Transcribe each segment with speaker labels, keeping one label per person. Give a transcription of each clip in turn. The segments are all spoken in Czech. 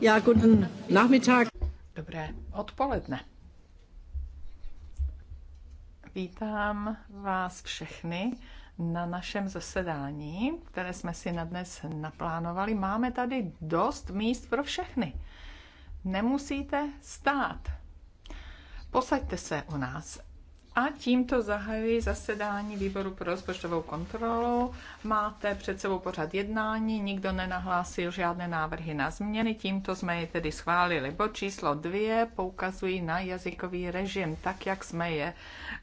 Speaker 1: Já guten Nachmittag.
Speaker 2: Dobré odpoledne. Vítám vás všechny na našem zasedání, které jsme si na dnes naplánovali. Máme tady dost míst pro všechny. Nemusíte stát. Posaďte se u nás a tímto zahajuji zasedání výboru pro rozpočtovou kontrolu. Máte před sebou pořad jednání, nikdo nenahlásil žádné návrhy na změny, tímto jsme je tedy schválili. Bod číslo dvě poukazují na jazykový režim. Tak, jak jsme je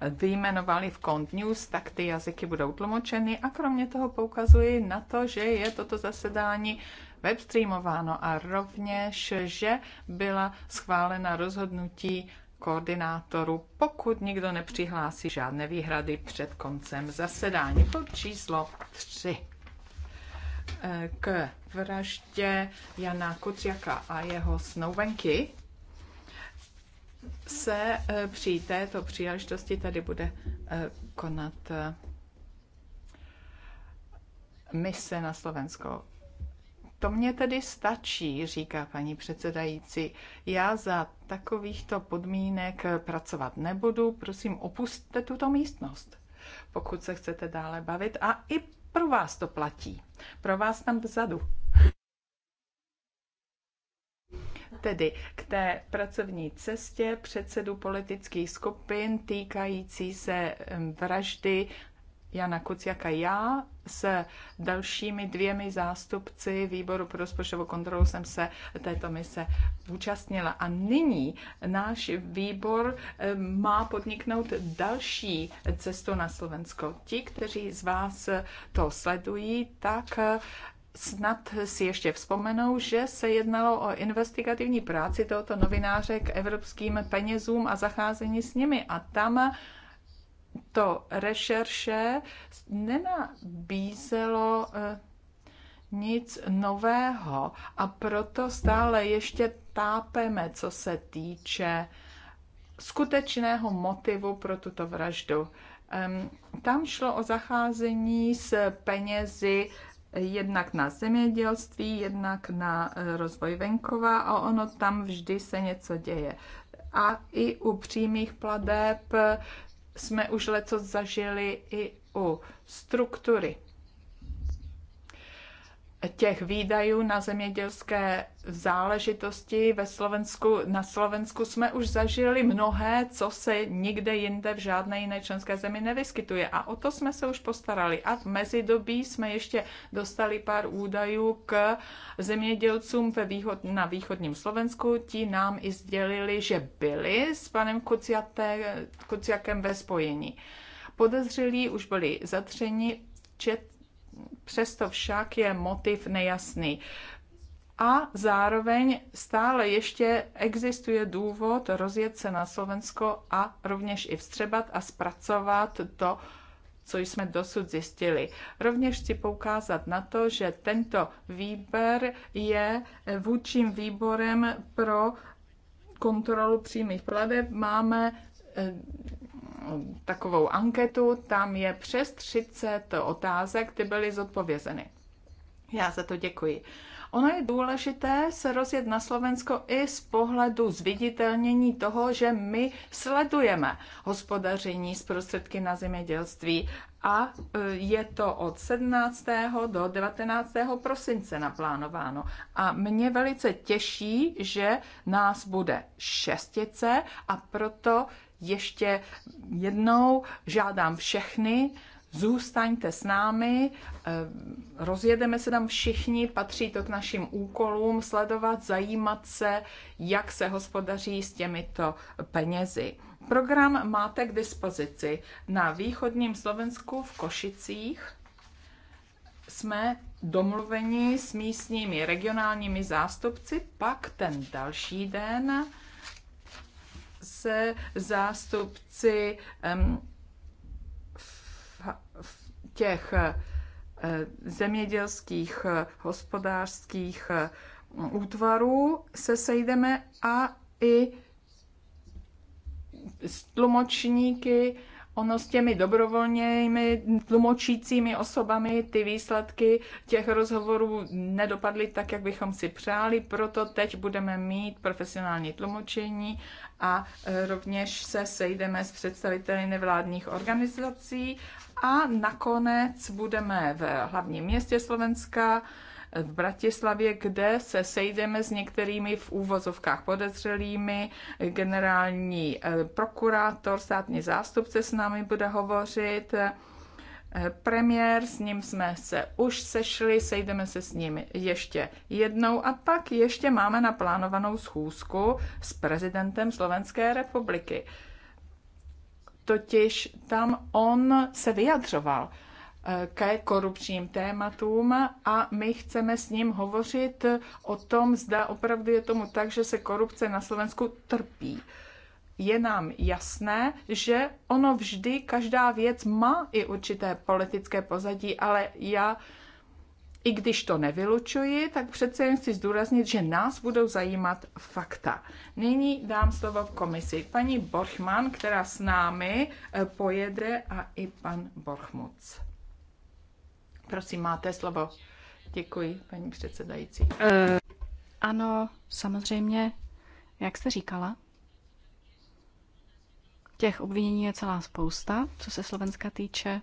Speaker 2: vyjmenovali v Cont News, tak ty jazyky budou tlumočeny a kromě toho poukazují na to, že je toto zasedání webstreamováno a rovněž, že byla schválena rozhodnutí koordinátorů, pokud nikdo nepřihlásí žádné výhrady před koncem zasedání. Bod číslo 3 e, k vraždě Jana Kuciaka a jeho snoubenky se e, při této příležitosti tady bude e, konat mise na Slovensko to mě tedy stačí, říká paní předsedající. Já za takovýchto podmínek pracovat nebudu. Prosím, opustte tuto místnost, pokud se chcete dále bavit. A i pro vás to platí. Pro vás tam vzadu. Tedy k té pracovní cestě předsedu politických skupin týkající se vraždy Jana Kuciaka já s dalšími dvěmi zástupci výboru pro rozpočtovou kontrolu jsem se této mise účastnila. A nyní náš výbor eh, má podniknout další cestu na Slovensko. Ti, kteří z vás to sledují, tak eh, snad si ještě vzpomenou, že se jednalo o investigativní práci tohoto novináře k evropským penězům a zacházení s nimi. A tam to rešerše nenabízelo eh, nic nového a proto stále ještě tápeme, co se týče skutečného motivu pro tuto vraždu. Tam šlo o zacházení s penězi jednak na zemědělství, jednak na eh, rozvoj venkova a ono tam vždy se něco děje. A i u přímých pladeb jsme už leco zažili i u struktury těch výdajů na zemědělské záležitosti ve Slovensku, na Slovensku jsme už zažili mnohé, co se nikde jinde v žádné jiné členské zemi nevyskytuje. A o to jsme se už postarali. A v mezidobí jsme ještě dostali pár údajů k zemědělcům ve východ, na východním Slovensku. Ti nám i sdělili, že byli s panem Kuciate, Kuciakem ve spojení. Podezřelí už byli zatřeni, čet. Přesto však je motiv nejasný. A zároveň stále ještě existuje důvod rozjet se na Slovensko a rovněž i vstřebat a zpracovat to, co jsme dosud zjistili. Rovněž chci poukázat na to, že tento výběr je vůdčím výborem pro kontrolu přímých pladeb. Máme eh, takovou anketu, tam je přes 30 otázek, ty byly zodpovězeny. Já za to děkuji. Ono je důležité se rozjet na Slovensko i z pohledu zviditelnění toho, že my sledujeme hospodaření z prostředky na zemědělství a e, je to od 17. do 19. prosince naplánováno. A mě velice těší, že nás bude šestice a proto ještě jednou žádám všechny, zůstaňte s námi, eh, rozjedeme se tam všichni, patří to k našim úkolům, sledovat, zajímat se, jak se hospodaří s těmito penězi. Program máte k dispozici na východním Slovensku v Košicích. Jsme domluveni s místními regionálními zástupci, pak ten další den se zástupci těch eh, zemědělských, eh, hospodářských eh, útvarů se sejdeme a i s tlumočníky Ono s těmi dobrovolnými tlumočícími osobami ty výsledky těch rozhovorů nedopadly tak, jak bychom si přáli, proto teď budeme mít profesionální tlumočení a e, rovněž se sejdeme s představiteli nevládních organizací a nakonec budeme v hlavním městě Slovenska v Bratislavě, kde se sejdeme s některými v úvozovkách podezřelými. Generální eh, prokurátor, státní zástupce s námi bude hovořit. Eh, premiér, s ním jsme se už sešli, sejdeme se s ním ještě jednou a pak ještě máme naplánovanou schůzku s prezidentem Slovenské republiky totiž tam on se vyjadřoval ke korupčním tématům a my chceme s ním hovořit o tom, zda opravdu je tomu tak, že se korupce na Slovensku trpí. Je nám jasné, že ono vždy, každá věc má i určité politické pozadí, ale já i když to nevylučuji, tak přece jen chci zdůraznit, že nás budou zajímat fakta. Nyní dám slovo komisi. Paní Borchman, která s námi eh, pojede, a i pan Borchmuc. Prosím, máte slovo. Děkuji, paní předsedající. Uh,
Speaker 1: ano, samozřejmě, jak jste říkala, těch obvinění je celá spousta, co se Slovenska týče.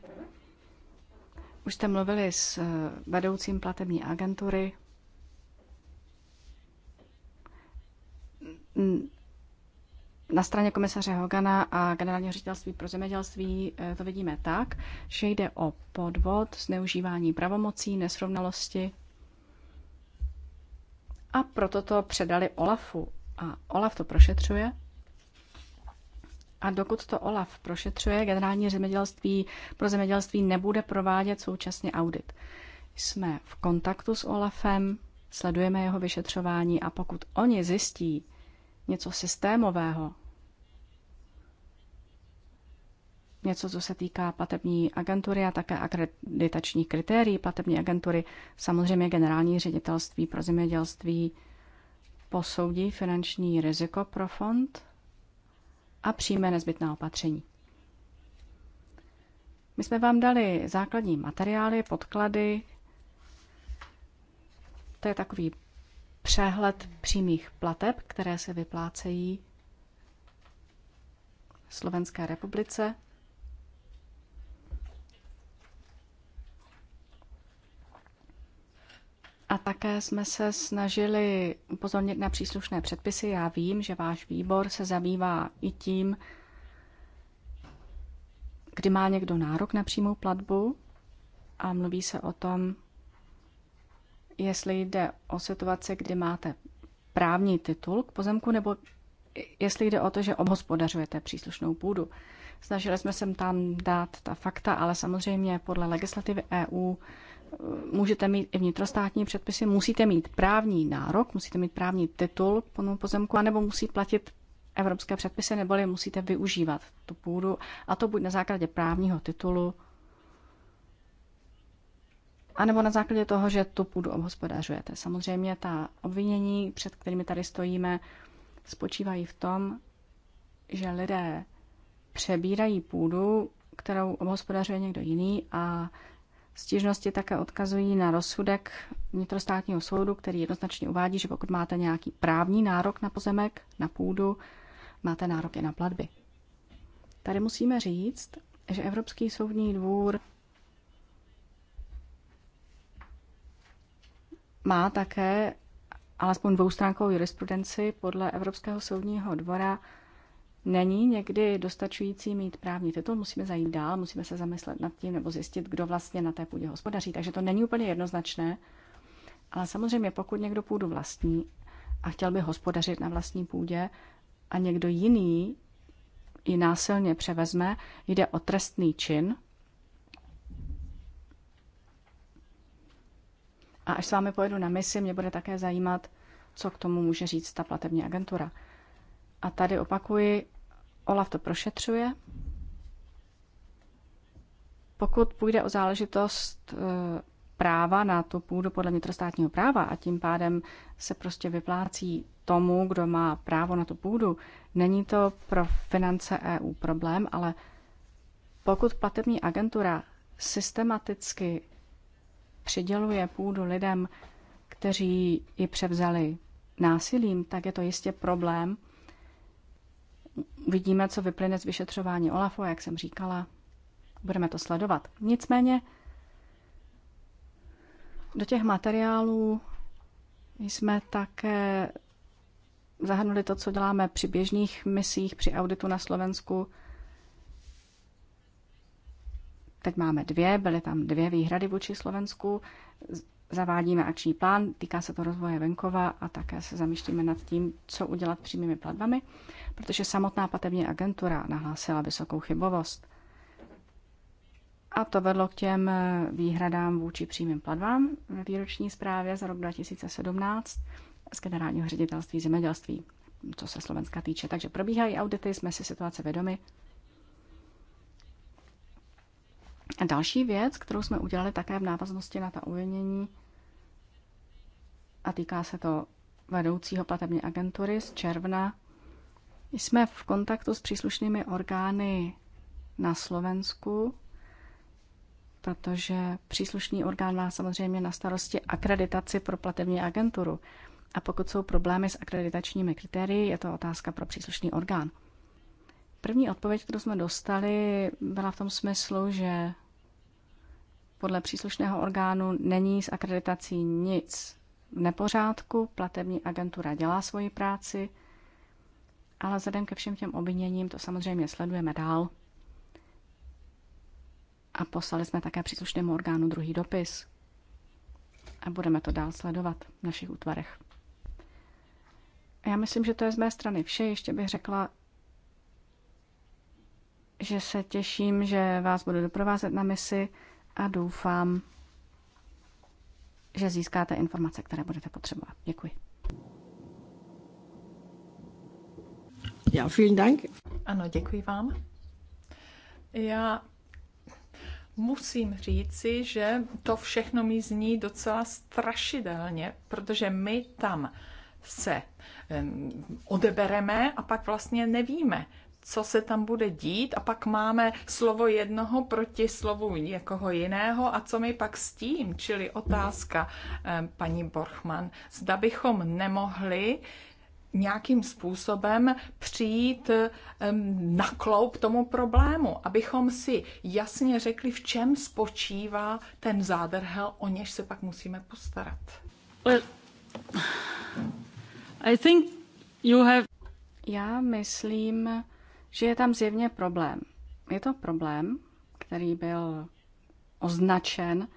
Speaker 1: Už jste mluvili s eh, vedoucím platební agentury na straně komisaře Hogana a generálního ředitelství pro zemědělství eh, to vidíme tak, že jde o podvod, zneužívání pravomocí, nesrovnalosti. A proto to předali Olafu. A Olaf to prošetřuje. A dokud to Olaf prošetřuje, generální zemědělství pro zemědělství nebude provádět současně audit. Jsme v kontaktu s Olafem, sledujeme jeho vyšetřování a pokud oni zjistí něco systémového, něco, co se týká platební agentury a také akreditačních kritérií platební agentury. Samozřejmě generální ředitelství pro zemědělství posoudí finanční riziko pro fond a přijme nezbytná opatření. My jsme vám dali základní materiály, podklady. To je takový přehled přímých plateb, které se vyplácejí Slovenské republice. A také jsme se snažili upozornit na příslušné předpisy. Já vím, že váš výbor se zabývá i tím, kdy má někdo nárok na přímou platbu a mluví se o tom, jestli jde o situace, kdy máte právní titul k pozemku, nebo jestli jde o to, že obhospodařujete příslušnou půdu. Snažili jsme se tam dát ta fakta, ale samozřejmě podle legislativy EU můžete mít i vnitrostátní předpisy, musíte mít právní nárok, musíte mít právní titul k tomu pozemku, anebo musí platit evropské předpisy, neboli musíte využívat tu půdu, a to buď na základě právního titulu, anebo na základě toho, že tu půdu obhospodařujete. Samozřejmě ta obvinění, před kterými tady stojíme, spočívají v tom, že lidé přebírají půdu, kterou obhospodařuje někdo jiný a Stížnosti také odkazují na rozsudek vnitrostátního soudu, který jednoznačně uvádí, že pokud máte nějaký právní nárok na pozemek, na půdu, máte nárok i na platby. Tady musíme říct, že Evropský soudní dvůr má také alespoň dvoustránkovou jurisprudenci podle Evropského soudního dvora není někdy dostačující mít právní titul, musíme zajít dál, musíme se zamyslet nad tím nebo zjistit, kdo vlastně na té půdě hospodaří. Takže to není úplně jednoznačné, ale samozřejmě pokud někdo půdu vlastní a chtěl by hospodařit na vlastní půdě a někdo jiný ji násilně převezme, jde o trestný čin. A až s vámi pojedu na misi, mě bude také zajímat, co k tomu může říct ta platební agentura. A tady opakuji, Olaf to prošetřuje. Pokud půjde o záležitost e, práva na tu půdu podle vnitrostátního práva a tím pádem se prostě vyplácí tomu, kdo má právo na tu půdu, není to pro finance EU problém, ale pokud platební agentura systematicky přiděluje půdu lidem, kteří ji převzali násilím, tak je to jistě problém Vidíme, co vyplyne z vyšetřování Olafu, jak jsem říkala. Budeme to sledovat. Nicméně do těch materiálů jsme také zahrnuli to, co děláme při běžných misích, při auditu na Slovensku. Teď máme dvě, byly tam dvě výhrady vůči Slovensku zavádíme akční plán, týká se to rozvoje venkova a také se zamýšlíme nad tím, co udělat přímými platbami, protože samotná platební agentura nahlásila vysokou chybovost. A to vedlo k těm výhradám vůči přímým platbám ve výroční zprávě za rok 2017 z generálního ředitelství zemědělství, co se Slovenska týče. Takže probíhají audity, jsme si situace vědomi. A další věc, kterou jsme udělali také v návaznosti na ta uvinění, a týká se to vedoucího platební agentury z června. Jsme v kontaktu s příslušnými orgány na Slovensku, protože příslušný orgán má samozřejmě na starosti akreditaci pro platební agenturu. A pokud jsou problémy s akreditačními kritérii, je to otázka pro příslušný orgán. První odpověď, kterou jsme dostali, byla v tom smyslu, že podle příslušného orgánu není s akreditací nic v nepořádku, platební agentura dělá svoji práci, ale vzhledem ke všem těm obviněním to samozřejmě sledujeme dál. A poslali jsme také příslušnému orgánu druhý dopis. A budeme to dál sledovat v našich útvarech. A já myslím, že to je z mé strany vše. Ještě bych řekla, že se těším, že vás budu doprovázet na misi a doufám, že získáte informace, které budete potřebovat. Děkuji. Já, vielen Dank.
Speaker 2: Ano, děkuji vám. Já musím říci, že to všechno mi zní docela strašidelně, protože my tam se odebereme a pak vlastně nevíme, co se tam bude dít a pak máme slovo jednoho proti slovu někoho jiného a co mi pak s tím, čili otázka eh, paní Borchman, zda bychom nemohli nějakým způsobem přijít ehm, na kloup tomu problému, abychom si jasně řekli, v čem spočívá ten zádrhel, o něž se pak musíme postarat. Well,
Speaker 1: I think you have... Já myslím, že je tam zjevně problém. Je to problém, který byl označen.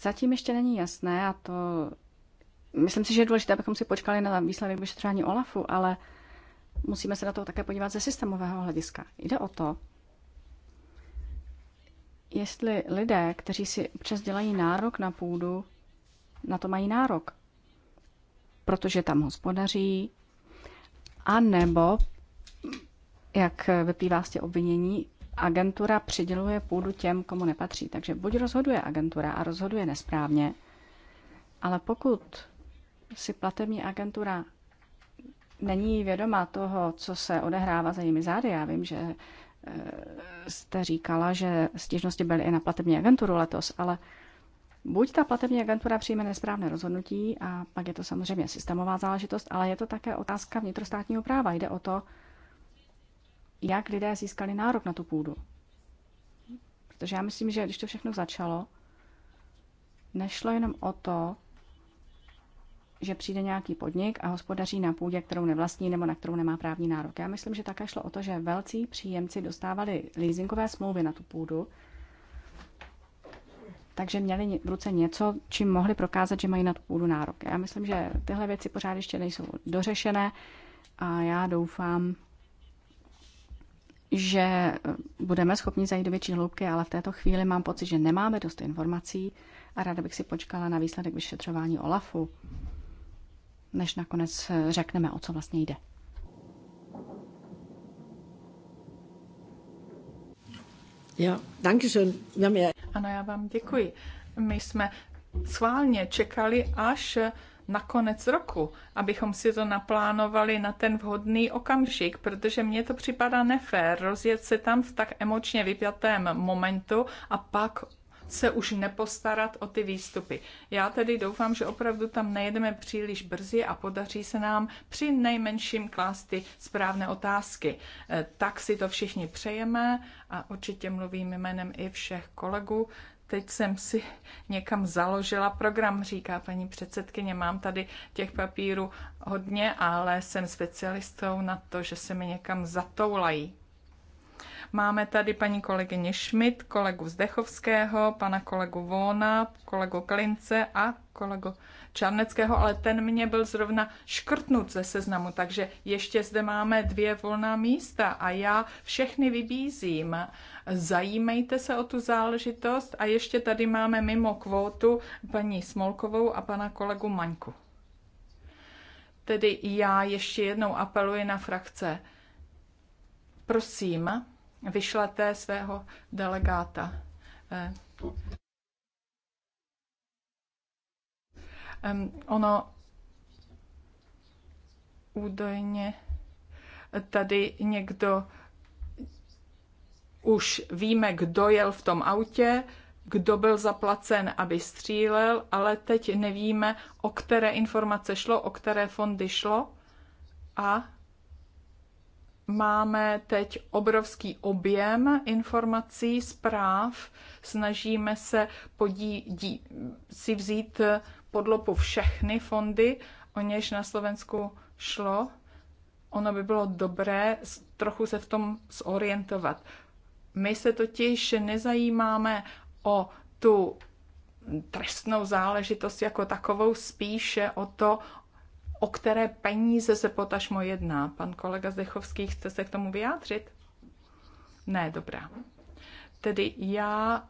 Speaker 1: Zatím ještě není jasné a to myslím si, že je důležité, abychom si počkali na výsledek vyšetřování OLAFu, ale musíme se na to také podívat ze systémového hlediska. Jde o to, jestli lidé, kteří si občas dělají nárok na půdu, na to mají nárok, protože tam hospodaří, a nebo jak vyplývá z těch obvinění, agentura přiděluje půdu těm, komu nepatří. Takže buď rozhoduje agentura a rozhoduje nesprávně, ale pokud si platební agentura není vědoma toho, co se odehrává za jejími zády, já vím, že eh, jste říkala, že stížnosti byly i na platební agenturu letos, ale buď ta platební agentura přijme nesprávné rozhodnutí a pak je to samozřejmě systémová záležitost, ale je to také otázka vnitrostátního práva. Jde o to, jak lidé získali nárok na tu půdu. Protože já myslím, že když to všechno začalo, nešlo jenom o to, že přijde nějaký podnik a hospodaří na půdě, kterou nevlastní nebo na kterou nemá právní nárok. Já myslím, že také šlo o to, že velcí příjemci dostávali leasingové smlouvy na tu půdu, takže měli v ruce něco, čím mohli prokázat, že mají na tu půdu nárok. Já myslím, že tyhle věci pořád ještě nejsou dořešené a já doufám, že eh, budeme schopni zajít do větší hloubky, ale v této chvíli mám pocit, že nemáme dost informací a ráda bych si počkala na výsledek vyšetřování OLAFu, než nakonec eh, řekneme, o co vlastně jde. Ja,
Speaker 2: danke schön. Ano, já vám děkuji. My jsme schválně čekali, až na konec roku, abychom si to naplánovali na ten vhodný okamžik, protože mně to připadá nefér rozjet se tam v tak emočně vypjatém momentu a pak se už nepostarat o ty výstupy. Já tedy doufám, že opravdu tam nejedeme příliš brzy a podaří se nám při nejmenším klást ty správné otázky. E, tak si to všichni přejeme a určitě mluvím jménem i všech kolegů, Teď jsem si někam založila program, říká paní předsedkyně. Mám tady těch papírů hodně, ale jsem specialistou na to, že se mi někam zatoulají. Máme tady paní kolegyně Schmidt, kolegu Zdechovského, pana kolegu Vona, kolegu Klince a kolegu Čarneckého, ale ten mě byl zrovna škrtnut ze seznamu, takže ještě zde máme dvě volná místa a já všechny vybízím. Zajímejte se o tu záležitost a ještě tady máme mimo kvótu paní Smolkovou a pana kolegu Maňku. Tedy já ještě jednou apeluji na frakce. Prosím, vyšlete svého delegáta. Eh, Ono údajně tady někdo už víme, kdo jel v tom autě, kdo byl zaplacen, aby střílel, ale teď nevíme, o které informace šlo, o které fondy šlo. A máme teď obrovský objem informací, zpráv, snažíme se podí- dí- si vzít Podlopu všechny fondy, o něž na Slovensku šlo. Ono by bylo dobré trochu se v tom zorientovat. My se totiž nezajímáme o tu trestnou záležitost jako takovou, spíše o to, o které peníze se potažmo jedná. Pan kolega Zdechovský chce se k tomu vyjádřit? Ne, dobrá. Tedy já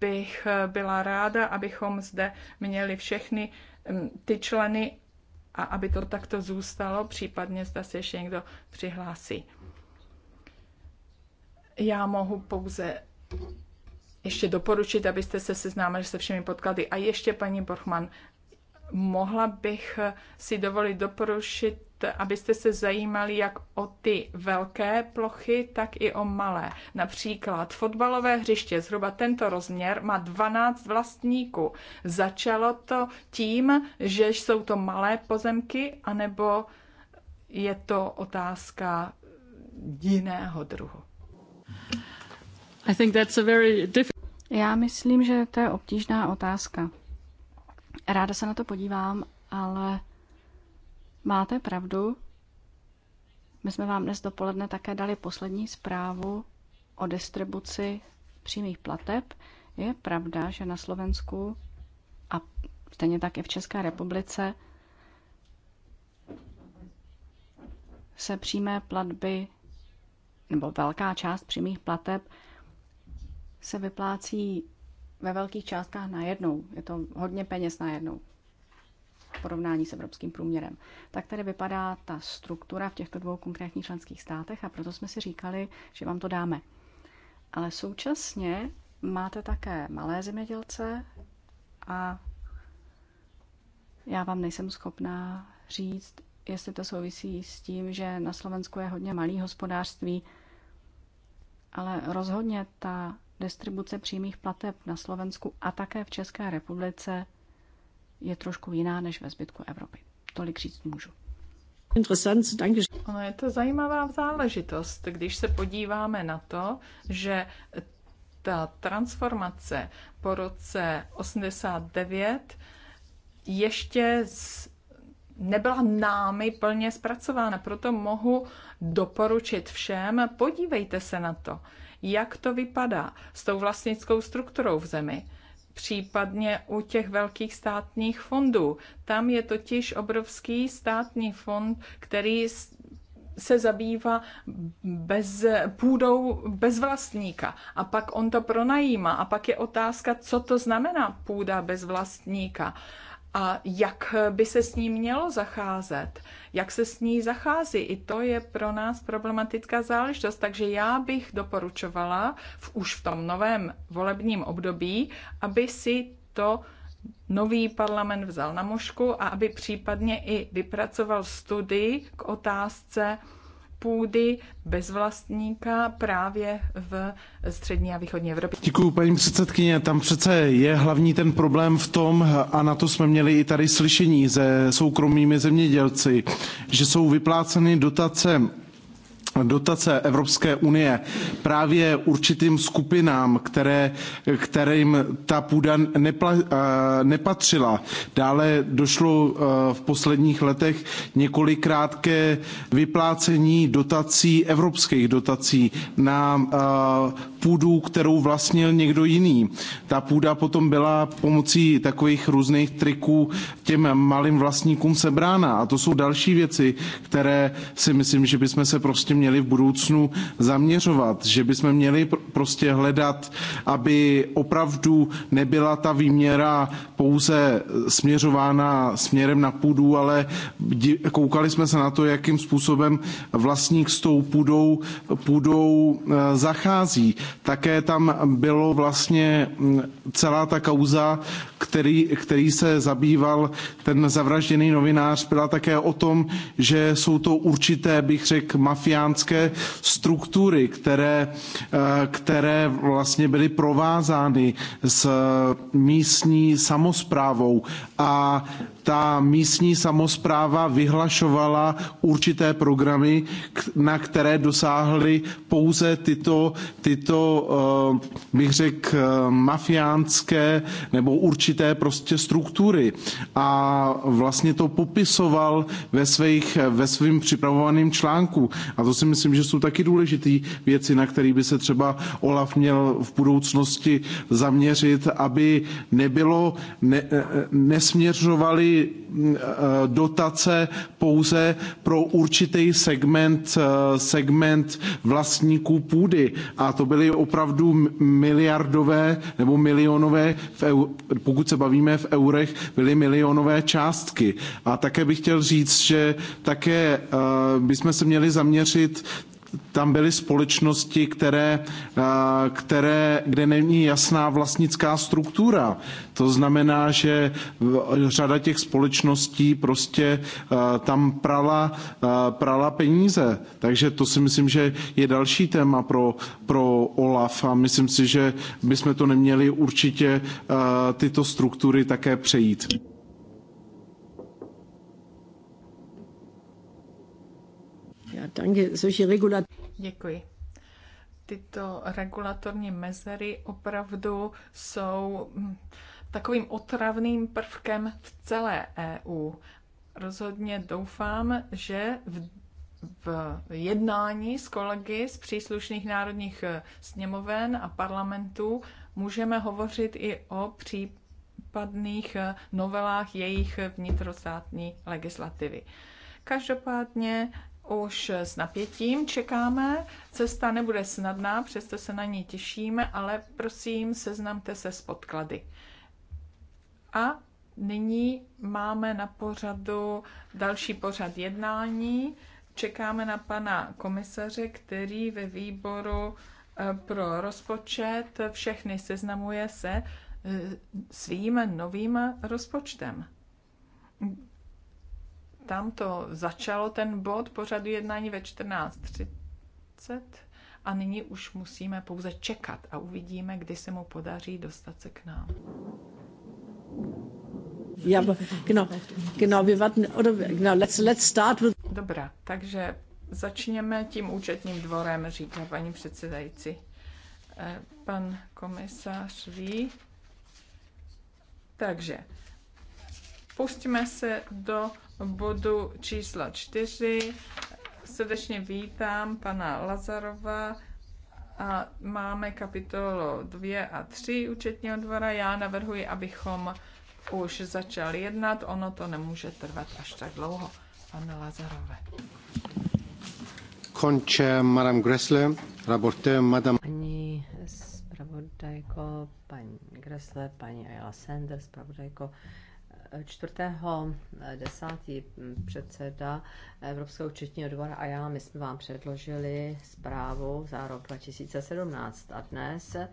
Speaker 2: bych eh, byla ráda, abychom zde měli všechny mm, ty členy a aby to takto zůstalo, případně zda se ještě někdo přihlásí. Já mohu pouze ještě doporučit, abyste se seznámili se všemi podklady. A ještě paní Borchman, mohla bych eh, si dovolit doporučit abyste se zajímali jak o ty velké plochy, tak i o malé. Například fotbalové hřiště, zhruba tento rozměr, má 12 vlastníků. Začalo to tím, že jsou to malé pozemky, anebo je to otázka jiného druhu?
Speaker 1: I think that's a very Já myslím, že to je obtížná otázka. Ráda se na to podívám, ale Máte pravdu. My jsme vám dnes dopoledne také dali poslední zprávu o distribuci přímých plateb. Je pravda, že na Slovensku a stejně tak i v České republice se přímé platby nebo velká část přímých plateb se vyplácí ve velkých částkách najednou. Je to hodně peněz najednou v porovnání s evropským průměrem. Tak tady vypadá ta struktura v těchto dvou konkrétních členských státech a proto jsme si říkali, že vám to dáme. Ale současně máte také malé zemědělce a já vám nejsem schopná říct, jestli to souvisí s tím, že na Slovensku je hodně malý hospodářství, ale rozhodně ta distribuce přímých plateb na Slovensku a také v České republice je trošku jiná než ve zbytku Evropy.
Speaker 2: Tolik říct můžu. Ono je to zajímavá záležitost, když se podíváme na to, že ta transformace po roce 89 ještě z, nebyla námi plně zpracována. Proto mohu doporučit všem, podívejte se na to, jak to vypadá s tou vlastnickou strukturou v zemi případně u těch velkých státních fondů. Tam je totiž obrovský státní fond, který se zabývá bez, půdou bez vlastníka a pak on to pronajímá a pak je otázka, co to znamená půda bez vlastníka. Uh, a jak by se s ní mělo zacházet, jak se s ní zachází. I to je pro nás problematická záležitost, takže já bych doporučovala v, už v tom novém volebním období, aby si to nový parlament vzal na mužku a aby případně i vypracoval studii k otázce půdy bez vlastníka právě v střední a východní Evropě.
Speaker 3: Děkuji, paní předsedkyně. Tam přece je hlavní ten problém v tom, a na to jsme měli i tady slyšení se soukromými zemědělci, že jsou vypláceny dotace dotace Evropské unie právě určitým skupinám, které, kterým ta půda nepla, eh, nepatřila. Dále došlo eh, v posledních letech několikrát ke vyplácení dotací, evropských dotací na eh, půdu, kterou vlastnil někdo jiný. Ta půda potom byla pomocí takových různých triků těm malým vlastníkům sebrána. A to jsou další věci, které si myslím, že bychom se prostě měli měli v budoucnu zaměřovat, že bychom měli prostě hledat, aby opravdu nebyla ta výměra pouze směřována směrem na půdu, ale koukali jsme se na to, jakým způsobem vlastník s tou půdou, půdou e, zachází. Také tam bylo vlastně celá ta kauza, který, který se zabýval ten zavražděný novinář, byla také o tom, že jsou to určité, bych řekl, mafiánské struktury, které, eh, které vlastně byly provázány s místní samozprávou a ta místní samospráva vyhlašovala určité programy, na které dosáhly pouze tyto, tyto eh, bych řekl, eh, mafiánské nebo určité prostě struktury. A vlastně to popisoval ve, svých, ve svým připravovaným článku. A to si myslím, že jsou taky důležité věci, na které by se třeba Olaf měl v budoucnosti zaměřit, aby nebylo, ne, eh, nesměřovali Mm, eh, dotace pouze pro určitý segment, eh, segment vlastníků půdy. A to byly opravdu miliardové nebo milionové, pokud se bavíme v eurech, byly milionové částky. A také bych chtěl říct, že také eh, bychom se měli zaměřit tam byly společnosti, které, které, kde není jasná vlastnická struktura. To znamená, že řada těch společností prostě tam prala, prala peníze. Takže to si myslím, že je další téma pro, pro OLAF a myslím si, že bychom to neměli určitě tyto struktury také přejít.
Speaker 2: Děkuji. Tyto regulatorní mezery opravdu jsou hm, takovým otravným prvkem v celé EU. Rozhodně doufám, že v v jednání s kolegy z příslušných národních eh, sněmoven a parlamentů můžeme hovořit i o případných eh, novelách jejich vnitrostátní legislativy. Každopádně už s napětím čekáme. Cesta nebude snadná, přesto se na ní těšíme, ale prosím, seznamte se s podklady. A nyní máme na pořadu další pořad jednání. Čekáme na pana komisaře, který ve výboru eh, pro rozpočet všechny seznamuje se eh, svým novým rozpočtem tam to začalo, ten bod pořadu jednání ve 14.30 a nyní už musíme pouze čekat a uvidíme, kdy se mu podaří dostat se k nám.
Speaker 4: Já genau, genau, wir warten, oder genau, let's, let's start with...
Speaker 2: Dobrá, takže začněme tím účetním dvorem, říká paní předsedající. Eh, pan komisař ví. Takže pustíme se do bodu číslo čtyři. Srdečně vítám pana Lazarova a máme kapitolu 2 a 3 účetního dvora. Já navrhuji, abychom už začali jednat. Ono to nemůže trvat až tak dlouho. Pane Lazarové.
Speaker 3: Konče, madam Gressle, raporté, madam.
Speaker 4: Paní zpravodajko, paní Gressle, paní Ayala Sanders, zpravodajko, 4.10. předseda Evropského účetního dvora a já, my jsme vám předložili zprávu za rok 2017 a dnes eh,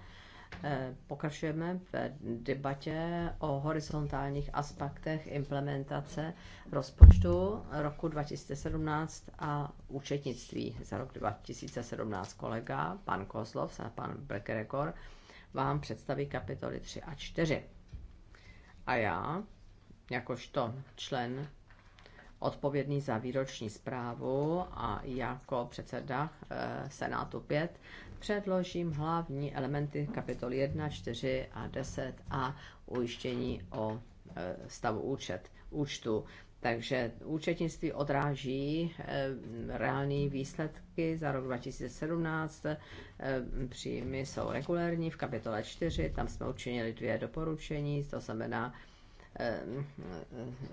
Speaker 4: pokračujeme v debatě o horizontálních aspektech implementace rozpočtu roku 2017 a účetnictví za rok 2017. Kolega, pan Kozlov a pan Brekerekor vám představí kapitoly 3 a 4. A já jakožto člen odpovědný za výroční zprávu a jako předseda eh, Senátu 5 předložím hlavní elementy kapitol 1, 4 a 10 a ujištění o eh, stavu účet, účtu. Takže účetnictví odráží eh, reální výsledky za rok 2017. Příjmy jsou regulérní v kapitole 4, tam jsme učinili dvě doporučení, to znamená Eh,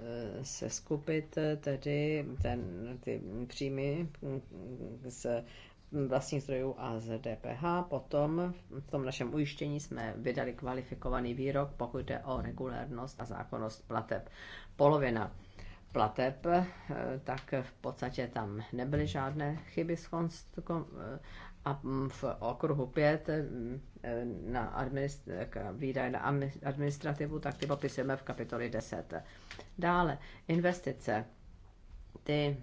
Speaker 4: eh, se skupit tedy ten, ty příjmy z vlastních zdrojů a z DPH. Potom v tom našem ujištění jsme vydali kvalifikovaný výrok, pokud jde o regulérnost a zákonnost plateb. Polovina plateb, eh, tak v podstatě tam nebyly žádné chyby a mm, v okruhu 5 mm, na administ- výdaje na administrativu, tak ty popisujeme v kapitoli 10. Dále, investice. Ty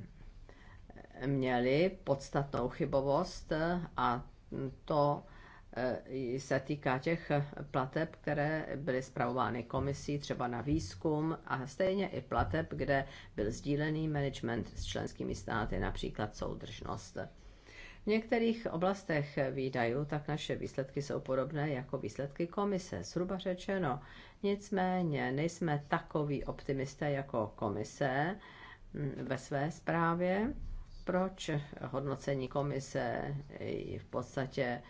Speaker 4: měly podstatnou chybovost a to e, se týká těch plateb, které byly zpravovány komisí, třeba na výzkum a stejně i plateb, kde byl sdílený management s členskými státy, například soudržnost. V některých oblastech výdajů tak naše výsledky jsou podobné jako výsledky komise, zhruba řečeno. Nicméně nejsme takový optimisté jako komise mm, ve své zprávě. Proč hodnocení komise v podstatě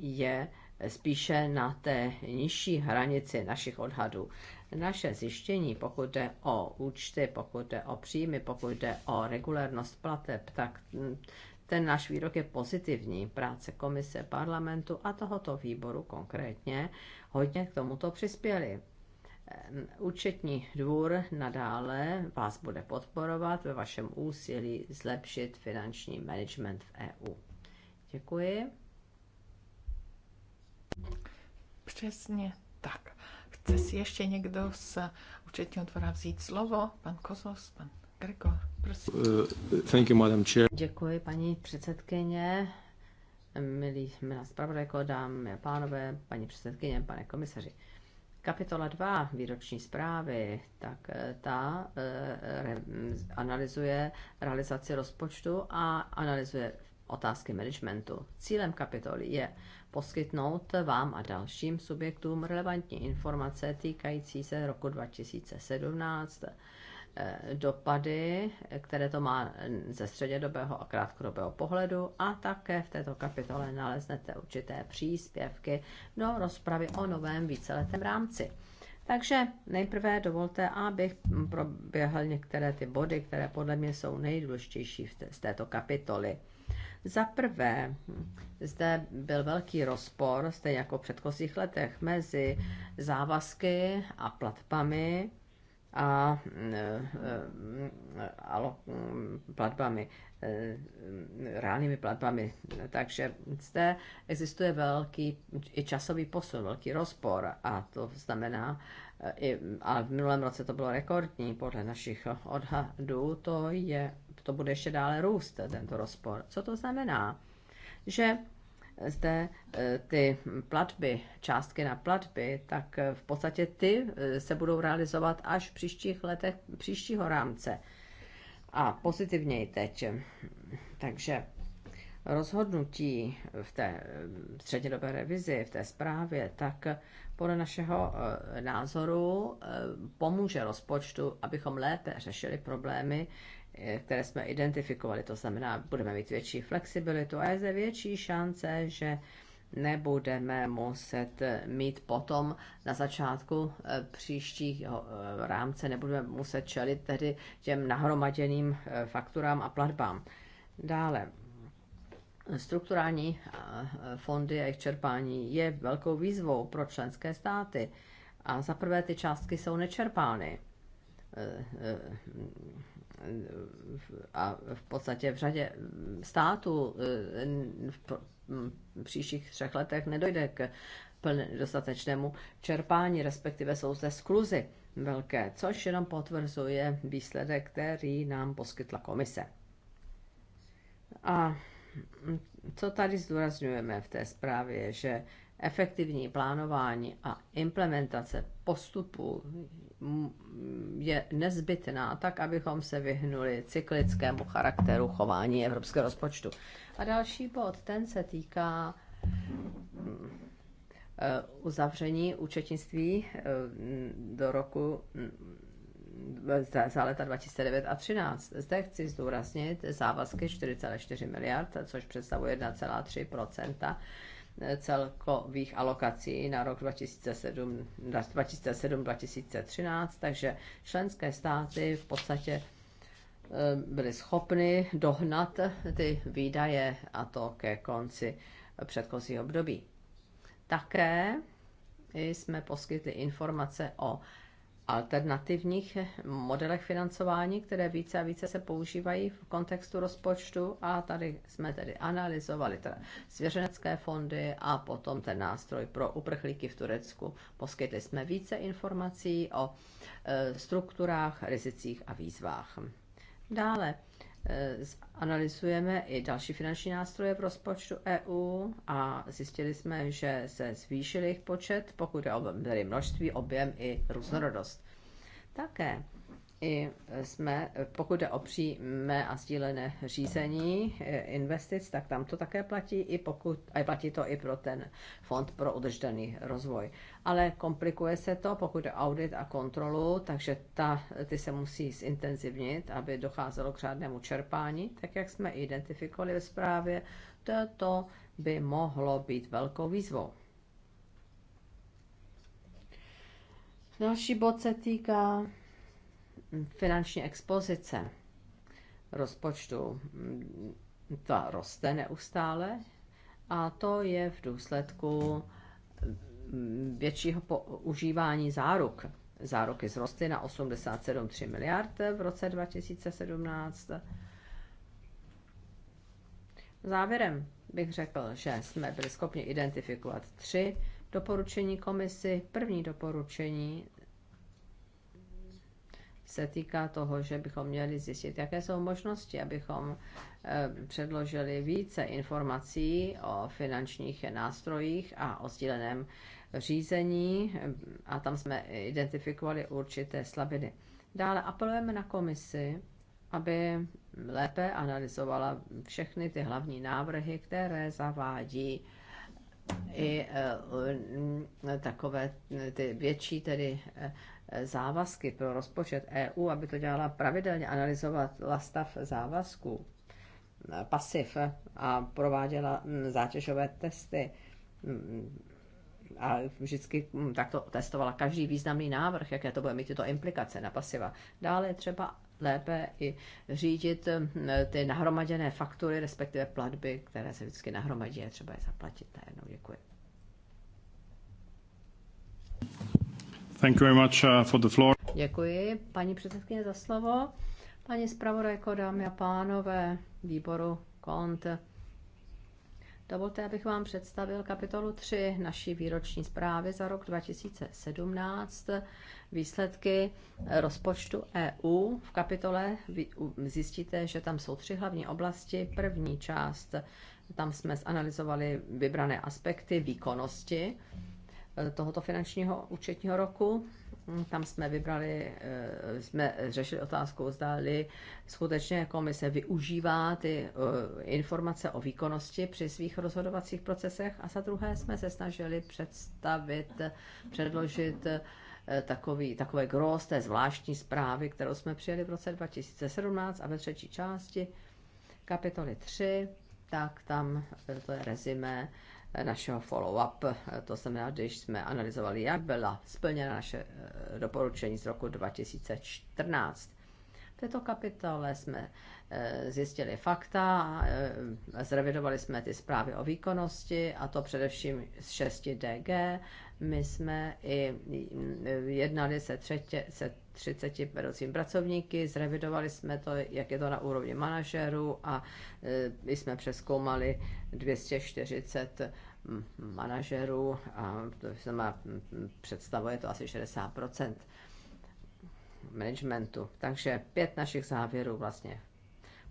Speaker 4: je spíše na té nižší hranici našich odhadů. Naše zjištění, pokud jde o účty, pokud jde o příjmy, pokud jde o regulérnost plateb, tak mm, ten náš výrok je pozitivní. Práce komise, parlamentu a tohoto výboru konkrétně hodně k tomuto přispěli. Ehm, účetní dvůr nadále vás bude podporovat ve vašem úsilí zlepšit finanční management v EU.
Speaker 2: Děkuji. Přesně tak. Chce si ještě někdo z účetního dvora vzít slovo? Pan Kozos, pan
Speaker 3: prosím. Uh, thank you, Madam Chair.
Speaker 4: Děkuji, paní předsedkyně. Milí, milá zpravodajko, dámy a pánové, paní předsedkyně, pane komisaři. Kapitola 2 výroční zprávy, tak eh, ta eh, re, analyzuje realizaci rozpočtu a analyzuje otázky managementu. Cílem kapitoly je poskytnout vám a dalším subjektům relevantní informace týkající se roku 2017 Eh, dopady, které to má ze střednědobého a krátkodobého pohledu a také v této kapitole naleznete určité příspěvky do rozpravy o novém víceletém rámci. Takže nejprve dovolte, abych proběhl některé ty body, které podle mě jsou nejdůležitější z této kapitoly. Za prvé, zde byl velký rozpor, stejně jako v předchozích letech, mezi závazky a platbami a e, e, alo, platbami, e, reálnými platbami. Takže zde existuje velký i časový posun, velký rozpor a to znamená, i, ale v minulém roce to bylo rekordní, podle našich odhadů to, je, to bude ještě dále růst, tento rozpor. Co to znamená? Že zde eh, ty platby, částky na platby, tak eh, v podstatě ty eh, se budou realizovat až v příštích letech příštího rámce. A pozitivněji teď. Takže rozhodnutí v té střednědobé revizi, v té zprávě, tak podle našeho názoru pomůže rozpočtu, abychom lépe řešili problémy, které jsme identifikovali. To znamená, budeme mít větší flexibilitu a je zde větší šance, že nebudeme muset mít potom na začátku eh, příštích eh, rámce, nebudeme muset čelit tedy těm nahromaděným eh, fakturám a platbám. Dále, strukturální fondy a jejich čerpání je velkou výzvou pro členské státy. A za prvé ty částky jsou nečerpány a v podstatě v řadě států eh, v příštích třech letech nedojde k plně dostatečnému čerpání, respektive jsou zde skluzy velké, což jenom potvrzuje výsledek, který nám poskytla komise. A co tady zdůrazňujeme v té zprávě, že efektivní plánování a implementace postupů je nezbytná, tak abychom se vyhnuli cyklickému charakteru chování evropského rozpočtu. A další bod, ten se týká eh, uzavření účetnictví eh, do roku za, leta 2009 a 2013. Zde chci zdůraznit závazky 4,4 miliard, což představuje 1,3 celkových alokací na rok 2007-2013, takže členské státy v podstatě eh, byly schopny dohnat ty výdaje a to ke konci předchozího období. Také jsme poskytli informace o alternativních modelech financování, které více a více se používají v kontextu rozpočtu a tady jsme tedy analyzovali teda svěřenecké fondy a potom ten nástroj pro uprchlíky v Turecku. Poskytli jsme více informací o e, strukturách, rizicích a výzvách. Dále Eh, analyzujeme i další finanční nástroje v rozpočtu EU a zjistili jsme, že se zvýšil jejich počet, pokud je o množství, objem i různorodost. Také i jsme, pokud jde o přímé a sdílené řízení e, investic, tak tam to také platí, i pokud, a platí to i pro ten fond pro udržitelný rozvoj. Ale komplikuje se to, pokud jde audit a kontrolu, takže ta, ty se musí zintenzivnit, aby docházelo k řádnému čerpání, tak jak jsme identifikovali ve zprávě, to by mohlo být velkou výzvou. Další bod se týká finanční expozice rozpočtu mm, ta roste neustále a to je v důsledku mm, většího používání záruk. Záruky zrostly na 87,3 miliard v roce 2017. Závěrem bych řekl, že jsme byli schopni identifikovat tři doporučení komisy. První doporučení se týká toho, že bychom měli zjistit, jaké jsou možnosti, abychom eh, předložili více informací o finančních nástrojích a o sdíleném řízení eh, a tam jsme identifikovali určité slabiny. Dále apelujeme na komisi, aby lépe analyzovala všechny ty hlavní návrhy, které zavádí i eh, takové ty větší tedy závazky pro rozpočet EU, aby to dělala pravidelně, analyzovat stav závazků, pasiv a prováděla mm, zátěžové testy mm, a vždycky mm, takto testovala každý významný návrh, jaké to bude mít tyto implikace na pasiva. Dále třeba lépe i řídit ty nahromaděné faktury, respektive platby, které se vždycky nahromadí a třeba je zaplatit najednou. Děkuji.
Speaker 3: Thank you very much uh, for the floor.
Speaker 4: Děkuji, paní předsedkyně, za slovo. Paní zpravodajko, dámy a pánové, výboru KONT. Dovolte, abych vám představil kapitolu 3 naší výroční zprávy za rok 2017, výsledky rozpočtu EU. V kapitole zjistíte, že tam jsou tři hlavní oblasti. První část, tam jsme zanalizovali vybrané aspekty výkonnosti Eh, tohoto finančního účetního roku. Mm, tam jsme vybrali, eh, jsme řešili otázku, zdali skutečně komise využívá ty eh, informace o výkonnosti při svých rozhodovacích procesech a za druhé jsme se snažili představit, předložit takový, takové gros té zvláštní zprávy, kterou jsme přijeli v roce 2017 a ve třetí části kapitoly 3, tak tam to je rezime Eh, našeho follow-up. Eh, to znamená, když jsme analyzovali, jak byla splněna naše eh, doporučení z roku 2014. V této kapitole jsme zjistili fakta, zrevidovali jsme ty zprávy o výkonnosti, a to především z 6 DG, my jsme i mm, jednali se, třetě, se 30 vedoucím pracovníky, zrevidovali jsme to, jak je to na úrovni manažerů a my e, jsme přeskoumali 240 mm, manažerů a to se má, mm, představuje to asi 60 managementu. Takže pět našich závěrů vlastně.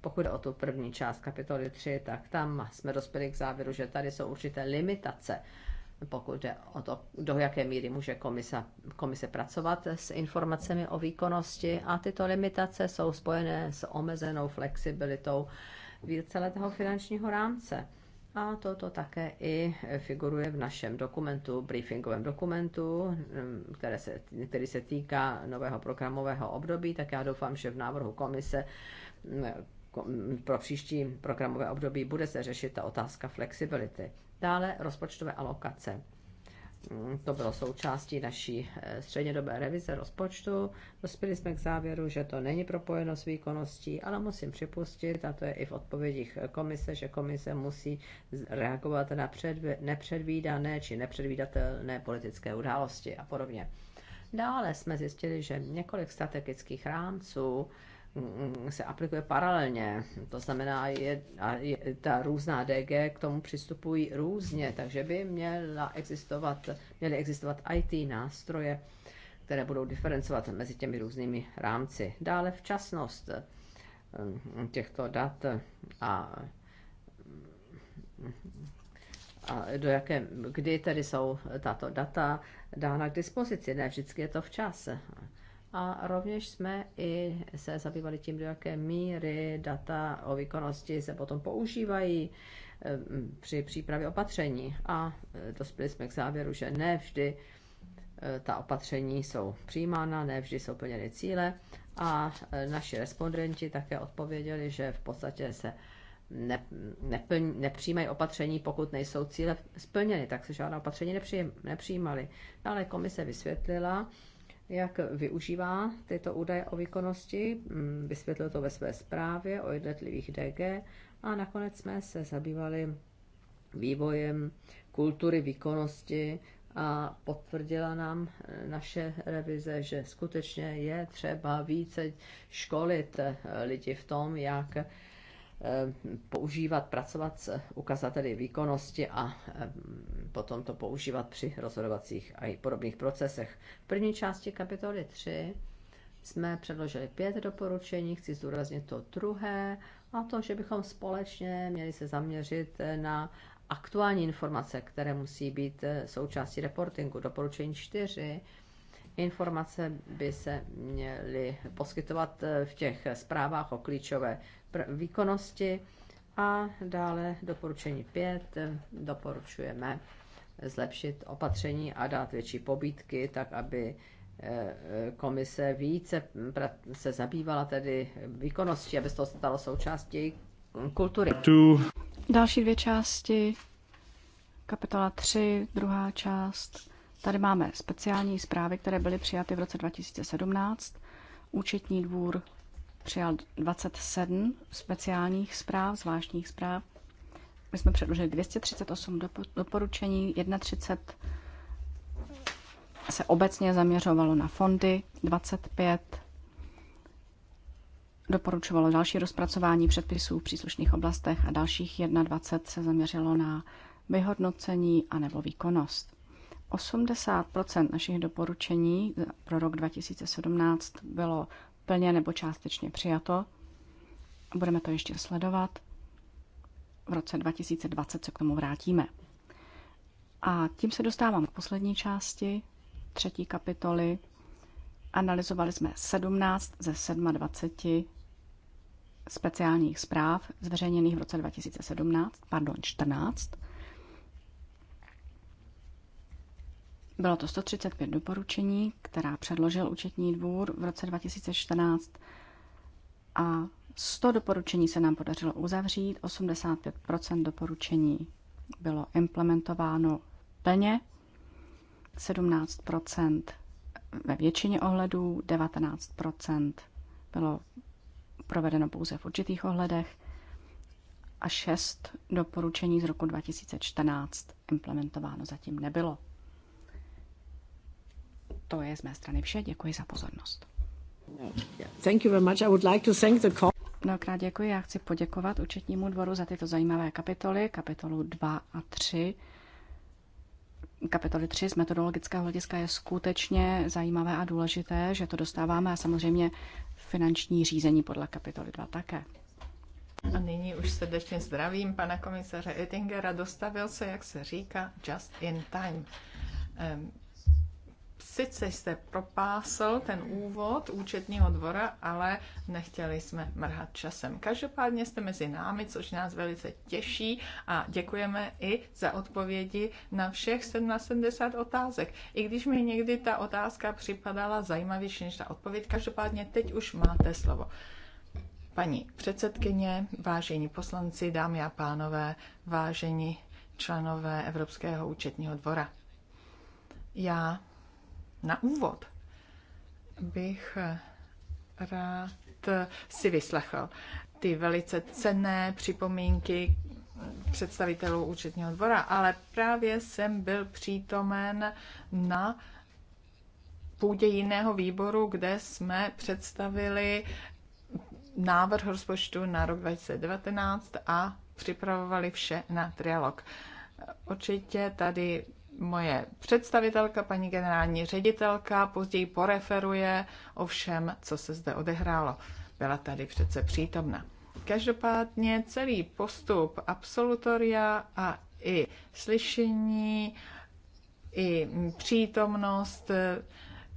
Speaker 4: Pokud jde o tu první část kapitoly 3, tak tam jsme dospěli k závěru, že tady jsou určité limitace pokud jde o to, do jaké míry může komisa, komise pracovat s informacemi o výkonnosti a tyto limitace jsou spojené s omezenou flexibilitou víceletého finančního rámce. A toto také i figuruje v našem dokumentu, briefingovém dokumentu, mm, které se, který se týká nového programového období, tak já doufám, že v návrhu komise mm, mm, pro příští programové období bude se řešit ta otázka flexibility. Dále rozpočtové alokace. Mm, to bylo součástí naší eh, střednědobé revize rozpočtu. Dospěli jsme k závěru, že to není propojeno s výkonností, ale musím připustit, a to je i v odpovědích eh, komise, že komise musí reagovat na předvě- nepředvídané či nepředvídatelné politické události a podobně. Dále jsme zjistili, že několik strategických rámců Mm, se aplikuje paralelně. To znamená, je, a je, ta různá DG k tomu přistupují různě, takže by měla existovat, měly existovat IT nástroje, které budou diferencovat mezi těmi různými rámci. Dále včasnost mm, těchto dat a, a do jaké, kdy tedy jsou tato data dána k dispozici. Ne vždycky je to včas. A rovněž jsme i se zabývali tím, do jaké míry data o výkonnosti se potom používají eh, při přípravě opatření. A eh, dospěli jsme k závěru, že ne vždy eh, ta opatření jsou přijímána, ne vždy jsou plněny cíle. A naši respondenti také odpověděli, že v podstatě se ne, neplň, nepřijímají opatření, pokud nejsou cíle splněny, tak se žádná opatření nepřijímali. Ale komise vysvětlila, jak využívá tyto údaje o výkonnosti. Mm, vysvětlil to ve své zprávě o jednotlivých DG a nakonec jsme se zabývali vývojem kultury výkonnosti a potvrdila nám eh, naše revize, že skutečně je třeba více školit eh, lidi v tom, jak Eh, používat, pracovat s ukazateli výkonnosti a eh, potom to používat při rozhodovacích a i podobných procesech. V první části kapitoly 3 jsme předložili pět doporučení, chci zdůraznit to druhé, a to, že bychom společně měli se zaměřit eh, na aktuální informace, které musí být součástí reportingu. Doporučení 4 Informace by se měly poskytovat eh, v těch zprávách o klíčové výkonnosti. A dále doporučení 5 doporučujeme zlepšit opatření a dát větší pobídky, tak aby eh, komise více se zabývala tedy výkonností, aby se to stalo součástí její kultury.
Speaker 1: Další dvě části, kapitola 3, druhá část, Tady máme speciální zprávy, které byly přijaty v roce 2017. Účetní dvůr přijal 27 speciálních zpráv, zvláštních zpráv. My jsme předložili 238 doporučení, 31 se obecně zaměřovalo na fondy, 25 doporučovalo další rozpracování předpisů v příslušných oblastech a dalších 21 se zaměřilo na vyhodnocení anebo výkonnost. 80 našich doporučení pro rok 2017 bylo plně nebo částečně přijato. Budeme to ještě sledovat. V roce 2020 se k tomu vrátíme. A tím se dostávám k poslední části, třetí kapitoly. Analyzovali jsme 17 ze 27 speciálních zpráv zveřejněných v roce 2017, pardon, 14. Bylo to 135 doporučení, která předložil účetní dvůr v roce 2014 a 100 doporučení se nám podařilo uzavřít, 85 doporučení bylo implementováno plně, 17 ve většině ohledů, 19 bylo provedeno pouze v určitých ohledech a 6 doporučení z roku 2014 implementováno zatím nebylo. To je z mé strany vše. Děkuji za pozornost. Thank you very much. I would like to thank the Mnohokrát děkuji. Já chci poděkovat účetnímu dvoru za tyto zajímavé kapitoly, kapitolu 2 a 3. Kapitoly 3 z metodologického hlediska je skutečně zajímavé a důležité, že to dostáváme a samozřejmě finanční řízení podle kapitoly 2 také.
Speaker 2: A nyní už srdečně zdravím pana komisaře Ettingera. Dostavil se, jak se říká, just in time. Um, sice jste propásl ten úvod účetního dvora, ale nechtěli jsme mrhat časem. Každopádně jste mezi námi, což nás velice těší a děkujeme i za odpovědi na všech 70 otázek. I když mi někdy ta otázka připadala zajímavější než ta odpověď, každopádně teď už máte slovo. Paní předsedkyně, vážení poslanci, dámy a pánové, vážení členové Evropského účetního dvora. Já na úvod bych rád si vyslechl ty velice cenné připomínky představitelů účetního dvora, ale právě jsem byl přítomen na půdě jiného výboru, kde jsme představili návrh rozpočtu na rok 2019 a připravovali vše na trialog. Určitě tady moje představitelka, paní generální ředitelka, později poreferuje o všem, co se zde odehrálo. Byla tady přece přítomna. Každopádně celý postup absolutoria a i slyšení, i přítomnost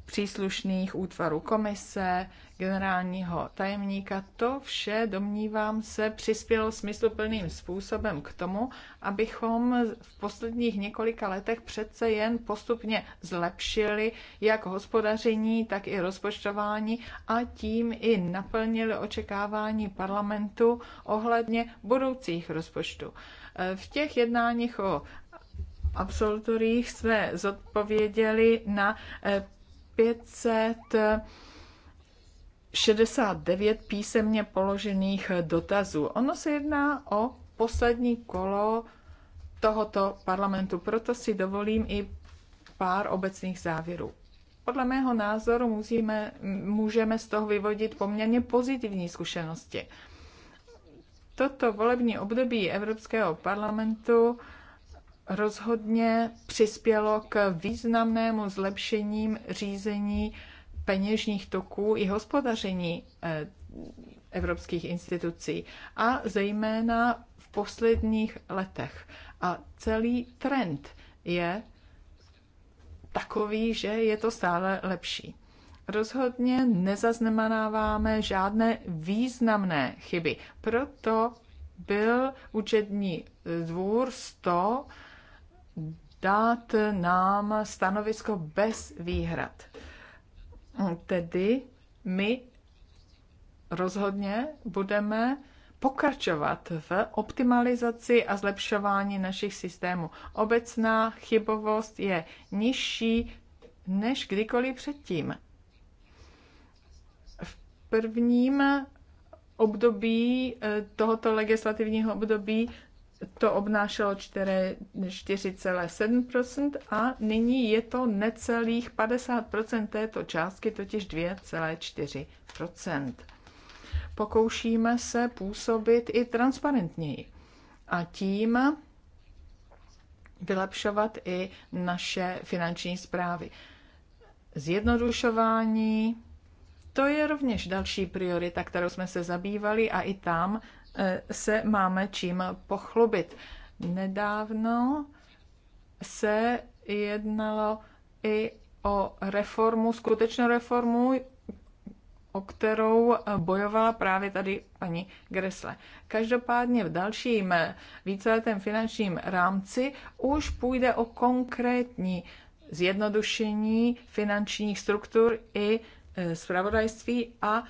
Speaker 2: příslušných útvarů komise, generálního tajemníka, to vše, domnívám se, přispělo smysluplným způsobem k tomu, abychom v posledních několika letech přece jen postupně zlepšili jak hospodaření, tak i rozpočtování a tím i naplnili očekávání parlamentu ohledně budoucích rozpočtů. V těch jednáních o absolutoriích jsme zodpověděli na 500 eh, 69 písemně položených dotazů. Ono se jedná o poslední kolo tohoto parlamentu, proto si dovolím i pár obecných závěrů. Podle mého názoru musíme, můžeme z toho vyvodit poměrně pozitivní zkušenosti. Toto volební období Evropského parlamentu rozhodně přispělo k významnému zlepšení řízení peněžních toků i hospodaření eh, evropských institucí a zejména v posledních letech. A celý trend je takový, že je to stále lepší. Rozhodně nezaznamenáváme žádné významné chyby. Proto byl účetní dvůr 100 dát nám stanovisko bez výhrad. Tedy my rozhodně budeme pokračovat v optimalizaci a zlepšování našich systémů. Obecná chybovost je nižší než kdykoliv předtím. V prvním období eh, tohoto legislativního období to obnášelo 4,7% a nyní je to necelých 50% této částky, totiž 2,4%. Pokoušíme se působit i transparentněji a tím vylepšovat i naše finanční zprávy. Zjednodušování, to je rovněž další priorita, kterou jsme se zabývali a i tam Eh, se máme čím pochlubit. Nedávno se jednalo i o reformu, skutečnou reformu, o kterou bojovala právě tady paní Gresle. Každopádně v dalším eh, víceletém finančním rámci už půjde o konkrétní zjednodušení finančních struktur i eh, zpravodajství a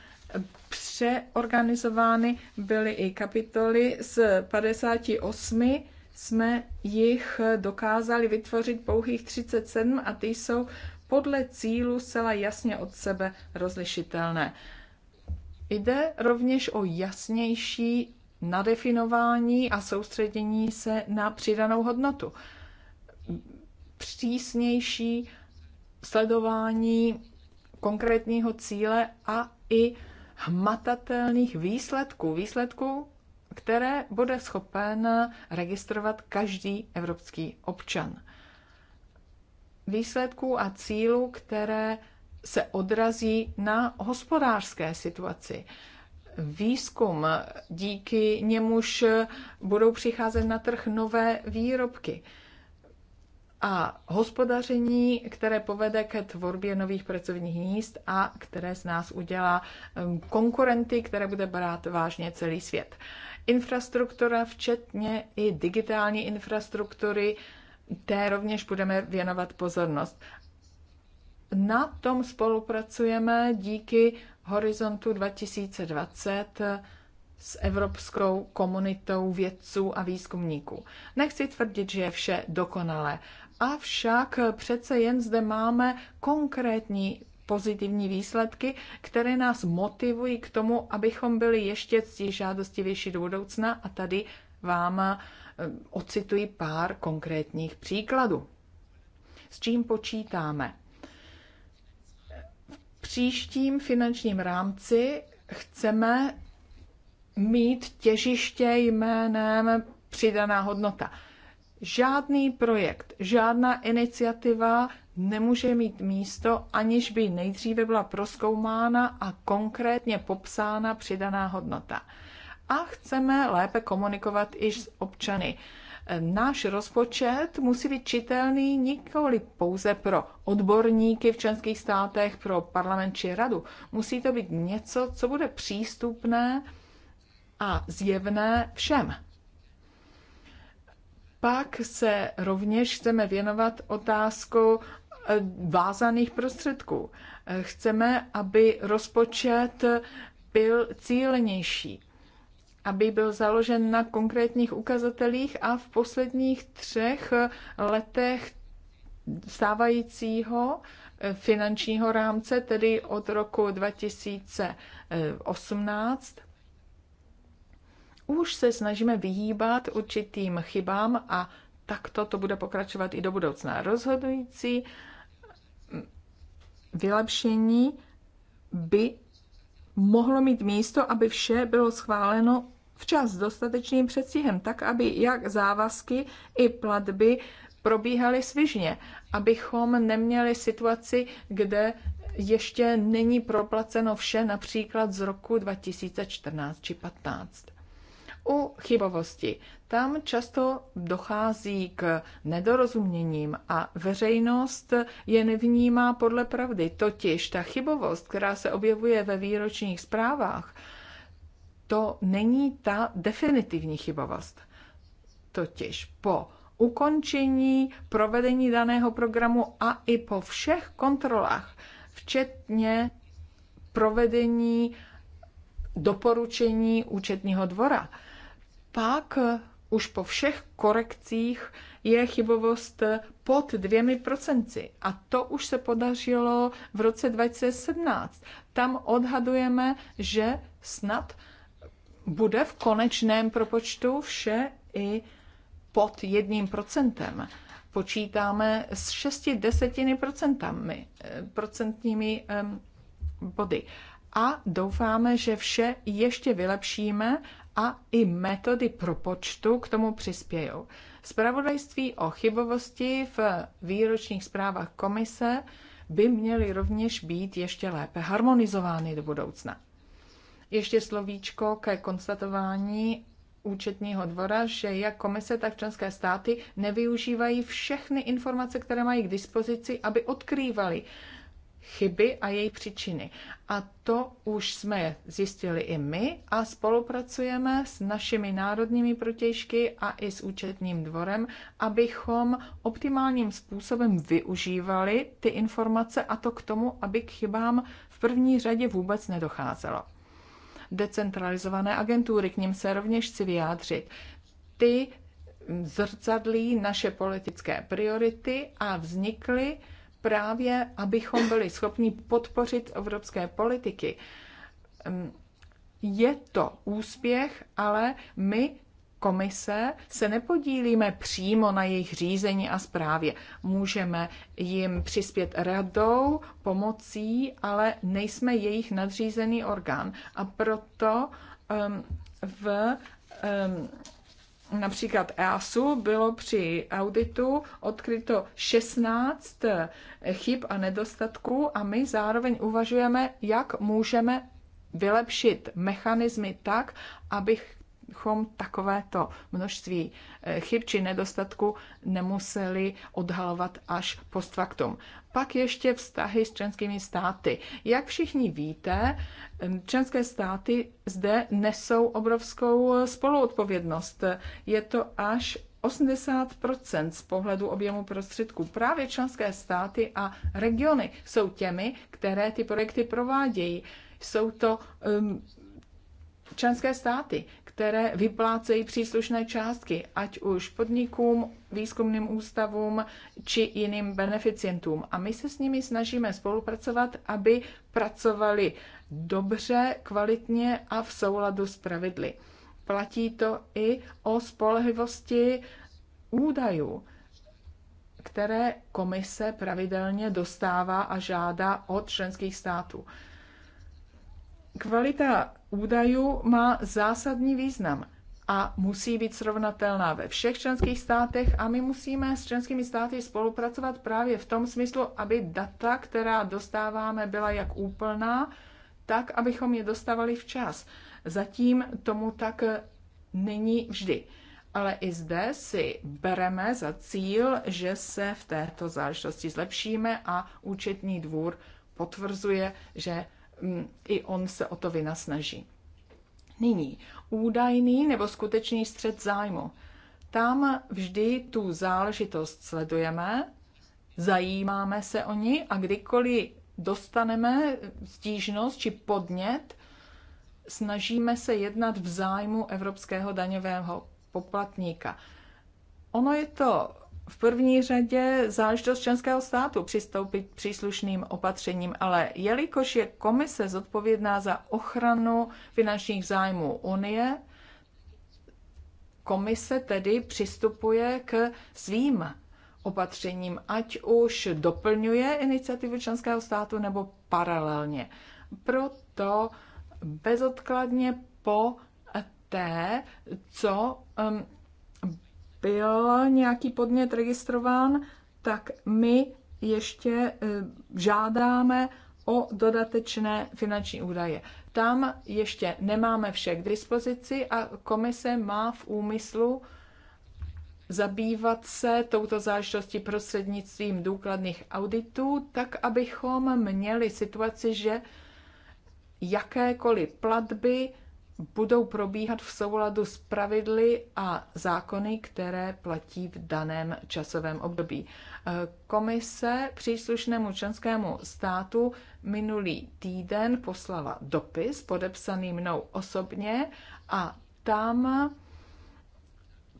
Speaker 2: přeorganizovány byly i kapitoly z 58 jsme jich dokázali vytvořit pouhých 37 a ty jsou podle cílu zcela jasně od sebe rozlišitelné. Jde rovněž o jasnější nadefinování a soustředění se na přidanou hodnotu. Přísnější sledování konkrétního cíle a i hmatatelných výsledků, výsledků, které bude schopen registrovat každý evropský občan. Výsledků a cílů, které se odrazí na hospodářské situaci. Výzkum, díky němuž budou přicházet na trh nové výrobky a hospodaření, které povede ke tvorbě nových pracovních míst a které z nás udělá um, konkurenty, které bude brát vážně celý svět. Infrastruktura, včetně i digitální infrastruktury, té rovněž budeme věnovat pozornost. Na tom spolupracujeme díky Horizontu 2020 eh, s evropskou komunitou vědců a výzkumníků. Nechci tvrdit, že je vše dokonalé. Avšak přece jen zde máme konkrétní pozitivní výsledky, které nás motivují k tomu, abychom byli ještě žádostivější do budoucna a tady vám eh, ocituji pár konkrétních příkladů. S čím počítáme? V příštím finančním rámci chceme mít těžiště jménem přidaná hodnota Žádný projekt, žádná iniciativa nemůže mít místo, aniž by nejdříve byla proskoumána a konkrétně popsána přidaná hodnota. A chceme lépe komunikovat i s občany. Náš rozpočet musí být čitelný nikoli pouze pro odborníky v členských státech, pro parlament či radu. Musí to být něco, co bude přístupné a zjevné všem pak se rovněž chceme věnovat otázkou eh, vázaných prostředků. Eh, chceme, aby rozpočet byl cílenější, aby byl založen na konkrétních ukazatelích a v posledních třech eh, letech stávajícího finančního rámce, tedy od roku 2018, už se snažíme vyhýbat určitým chybám a takto to bude pokračovat i do budoucna. Rozhodující vylepšení by mohlo mít místo, aby vše bylo schváleno včas dostatečným předstihem, tak aby jak závazky i platby probíhaly svižně, abychom neměli situaci, kde ještě není proplaceno vše například z roku 2014 či 15. U chybovosti. Tam často dochází k nedorozuměním a veřejnost je nevnímá podle pravdy. Totiž ta chybovost, která se objevuje ve výročních zprávách, to není ta definitivní chybovost. Totiž po ukončení provedení daného programu a i po všech kontrolách, včetně provedení doporučení účetního dvora, pak eh, už po všech korekcích je chybovost eh, pod dvěmi procenty. A to už se podařilo v roce 2017. Tam odhadujeme, že snad bude v konečném propočtu vše i pod jedním procentem. Počítáme s šesti desetiny procentami, eh, procentními body. A doufáme, že vše ještě vylepšíme a i metody propočtu k tomu přispějou. Spravodajství o chybovosti v výročních zprávách komise by měly rovněž být ještě lépe harmonizovány do budoucna. Ještě slovíčko ke konstatování účetního dvora, že jak komise, tak členské státy nevyužívají všechny informace, které mají k dispozici, aby odkrývali chyby a její příčiny. A to už jsme zjistili i my a spolupracujeme s našimi národními protěžky a i s účetním dvorem, abychom optimálním způsobem využívali ty informace a to k tomu, aby k chybám v první řadě vůbec nedocházelo. Decentralizované agentury, k ním se rovněž chci vyjádřit. Ty zrcadlí naše politické priority a vznikly právě abychom byli schopni podpořit evropské politiky. Je to úspěch, ale my komise se nepodílíme přímo na jejich řízení a zprávě. Můžeme jim přispět radou, pomocí, ale nejsme jejich nadřízený orgán. A proto um, v um, například EASu bylo při auditu odkryto 16 eh, chyb a nedostatků a my zároveň uvažujeme, jak můžeme vylepšit mechanismy tak, abychom takovéto množství eh, chyb či nedostatků nemuseli odhalovat až post factum. Pak ještě vztahy s členskými státy. Jak všichni víte, členské státy zde nesou obrovskou spoluodpovědnost. Je to až 80 z pohledu objemu prostředků. Právě členské státy a regiony jsou těmi, které ty projekty provádějí. Jsou to um, členské státy, které vyplácejí příslušné částky, ať už podnikům, výzkumným ústavům či jiným beneficientům. A my se s nimi snažíme spolupracovat, aby pracovali dobře, kvalitně a v souladu s pravidly. Platí to i o spolehlivosti údajů, které komise pravidelně dostává a žádá od členských států. Kvalita údajů má zásadní význam a musí být srovnatelná ve všech členských státech a my musíme s členskými státy spolupracovat právě v tom smyslu, aby data, která dostáváme, byla jak úplná, tak, abychom je dostávali včas. Zatím tomu tak není vždy. Ale i zde si bereme za cíl, že se v této záležitosti zlepšíme a účetní dvůr potvrzuje, že Mm, i on se o to vynasnaží. Nyní, údajný nebo skutečný střed zájmu. Tam vždy tu záležitost sledujeme, zajímáme se o ní a kdykoliv dostaneme stížnost či podnět, snažíme se jednat v zájmu evropského daňového poplatníka. Ono je to v první řadě záležitost členského státu přistoupit k příslušným opatřením, ale jelikož je komise zodpovědná za ochranu finančních zájmů Unie, komise tedy přistupuje k svým opatřením, ať už doplňuje iniciativu členského státu nebo paralelně. Proto bezodkladně po té, co um, byl nějaký podnět registrován, tak my ještě eh, žádáme o dodatečné finanční údaje. Tam ještě nemáme vše k dispozici a komise má v úmyslu zabývat se touto záležitostí prostřednictvím důkladných auditů, tak abychom měli situaci, že jakékoliv platby budou probíhat v souladu s pravidly a zákony, které platí v daném časovém období. Eh, komise příslušnému členskému státu minulý týden poslala dopis podepsaný mnou osobně a tam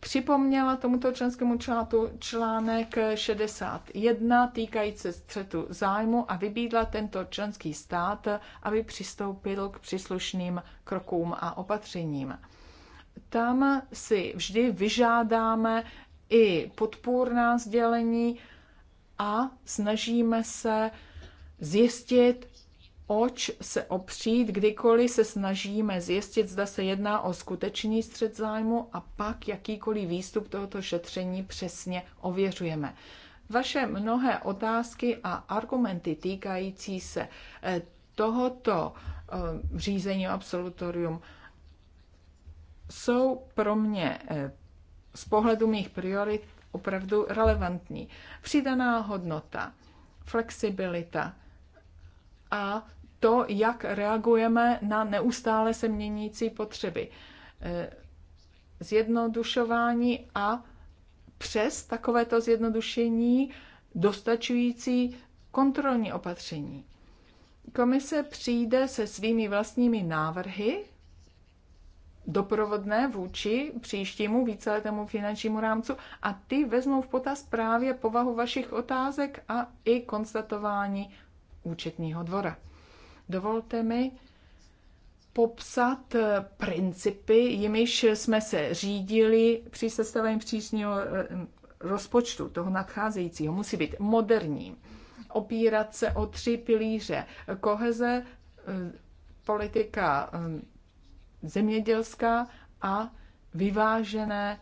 Speaker 2: připomněla tomuto členskému čátu článek 61 týkající se střetu zájmu a vybídla tento členský stát, aby přistoupil k příslušným krokům a opatřením. Tam si vždy vyžádáme i podpůrná sdělení a snažíme se zjistit, oč se opřít, kdykoliv se snažíme zjistit, zda se jedná o skutečný střed zájmu a pak jakýkoliv výstup tohoto šetření přesně ověřujeme. Vaše mnohé otázky a argumenty týkající se eh, tohoto eh, řízení absolutorium jsou pro mě eh, z pohledu mých priorit opravdu relevantní. Přidaná hodnota, flexibilita a to, jak reagujeme na neustále se měnící potřeby. Eh, zjednodušování a přes takovéto zjednodušení dostačující kontrolní opatření. Komise přijde se svými vlastními návrhy doprovodné vůči příštímu víceletému finančnímu rámcu a ty vezmou v potaz právě povahu vašich otázek a i konstatování účetního dvora. Dovolte mi popsat eh, principy, jimiž jsme se řídili při sestavení přísního eh, rozpočtu, toho nadcházejícího. Musí být moderní, opírat se o tři pilíře. Koheze, eh, politika zemědělská a vyvážené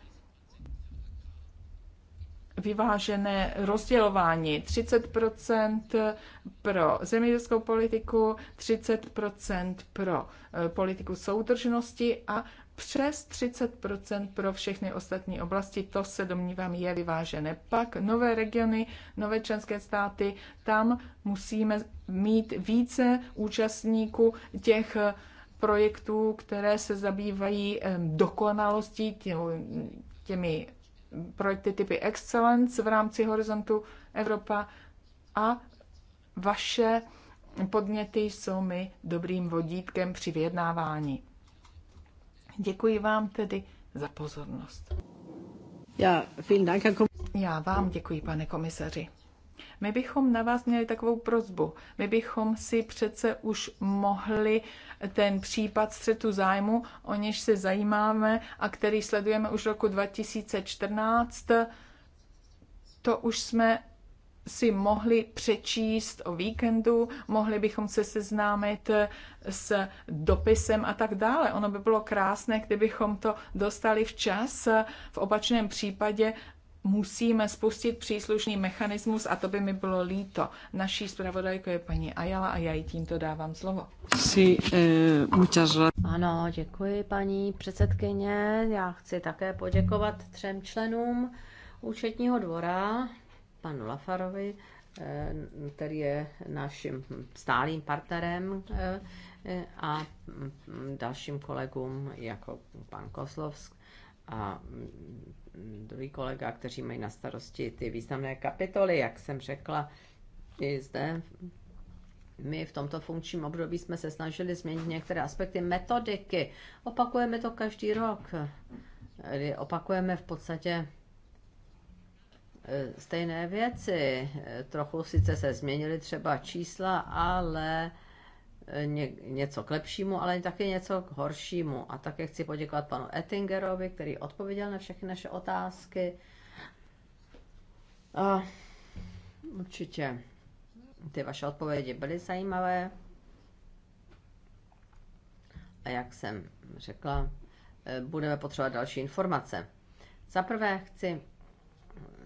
Speaker 2: vyvážené rozdělování. 30% pro zemědělskou politiku, 30% pro eh, politiku soudržnosti a přes 30% pro všechny ostatní oblasti, to se domnívám je vyvážené. Pak nové regiony, nové členské státy, tam musíme mít více účastníků těch eh, projektů, které se zabývají eh, dokonalostí, těmi projekty typy Excellence v rámci Horizontu Evropa a vaše podněty jsou mi dobrým vodítkem při vyjednávání. Děkuji vám tedy za pozornost. Já, Já vám děkuji, pane komisaři. My bychom na vás měli takovou prozbu. My bychom si přece už mohli ten případ střetu zájmu, o něž se zajímáme a který sledujeme už roku 2014, to už jsme si mohli přečíst o víkendu, mohli bychom se seznámit s dopisem a tak dále. Ono by bylo krásné, kdybychom to dostali včas. V opačném případě musíme spustit příslušný mechanismus a to by mi bylo líto. Naší zpravodajko je paní Ajala a já jí tímto dávám slovo.
Speaker 1: Si eh, ano,
Speaker 2: děkuji paní
Speaker 4: předsedkyně. Já chci také poděkovat třem členům účetního dvora, panu Lafarovi, eh, který je naším stálým partnerem eh, eh, a mm, dalším kolegům jako pan Koslovský a mm, druhý kolega, kteří mají na starosti ty významné kapitoly, jak jsem řekla, i zde my v tomto funkčním období jsme se snažili změnit některé aspekty metodiky. Opakujeme to každý rok. Opakujeme v podstatě e, stejné věci. E, trochu sice se změnily třeba čísla, ale ně, něco k lepšímu, ale také něco k horšímu. A také chci poděkovat panu Ettingerovi, který odpověděl na všechny naše otázky. A určitě ty vaše odpovědi byly zajímavé. A jak jsem řekla, eh, budeme potřebovat další informace. Za prvé chci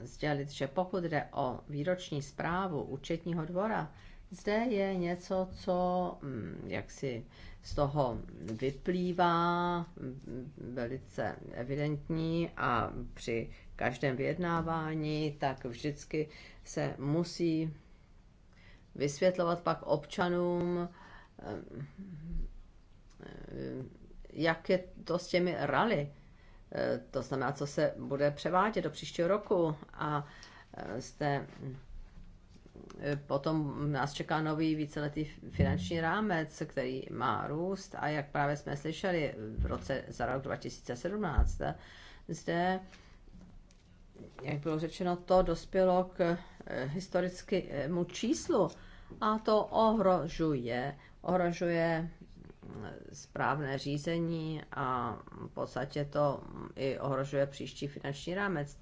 Speaker 4: sdělit, že pokud jde o výroční zprávu účetního dvora, zde je něco, co mm, jak si z toho vyplývá mm, velice evidentní a při každém vyjednávání tak vždycky se musí vysvětlovat pak občanům, mm, eh, jak je to s těmi rally. Eh, to znamená, co se bude převádět do příštího roku a eh, zde Potom nás čeká nový víceletý finanční rámec, který má růst a jak právě jsme slyšeli v roce za rok 2017, zde, jak bylo řečeno, to dospělo k eh, historickému číslu a to ohrožuje, ohrožuje mm, správné řízení a v podstatě to i ohrožuje příští finanční rámec.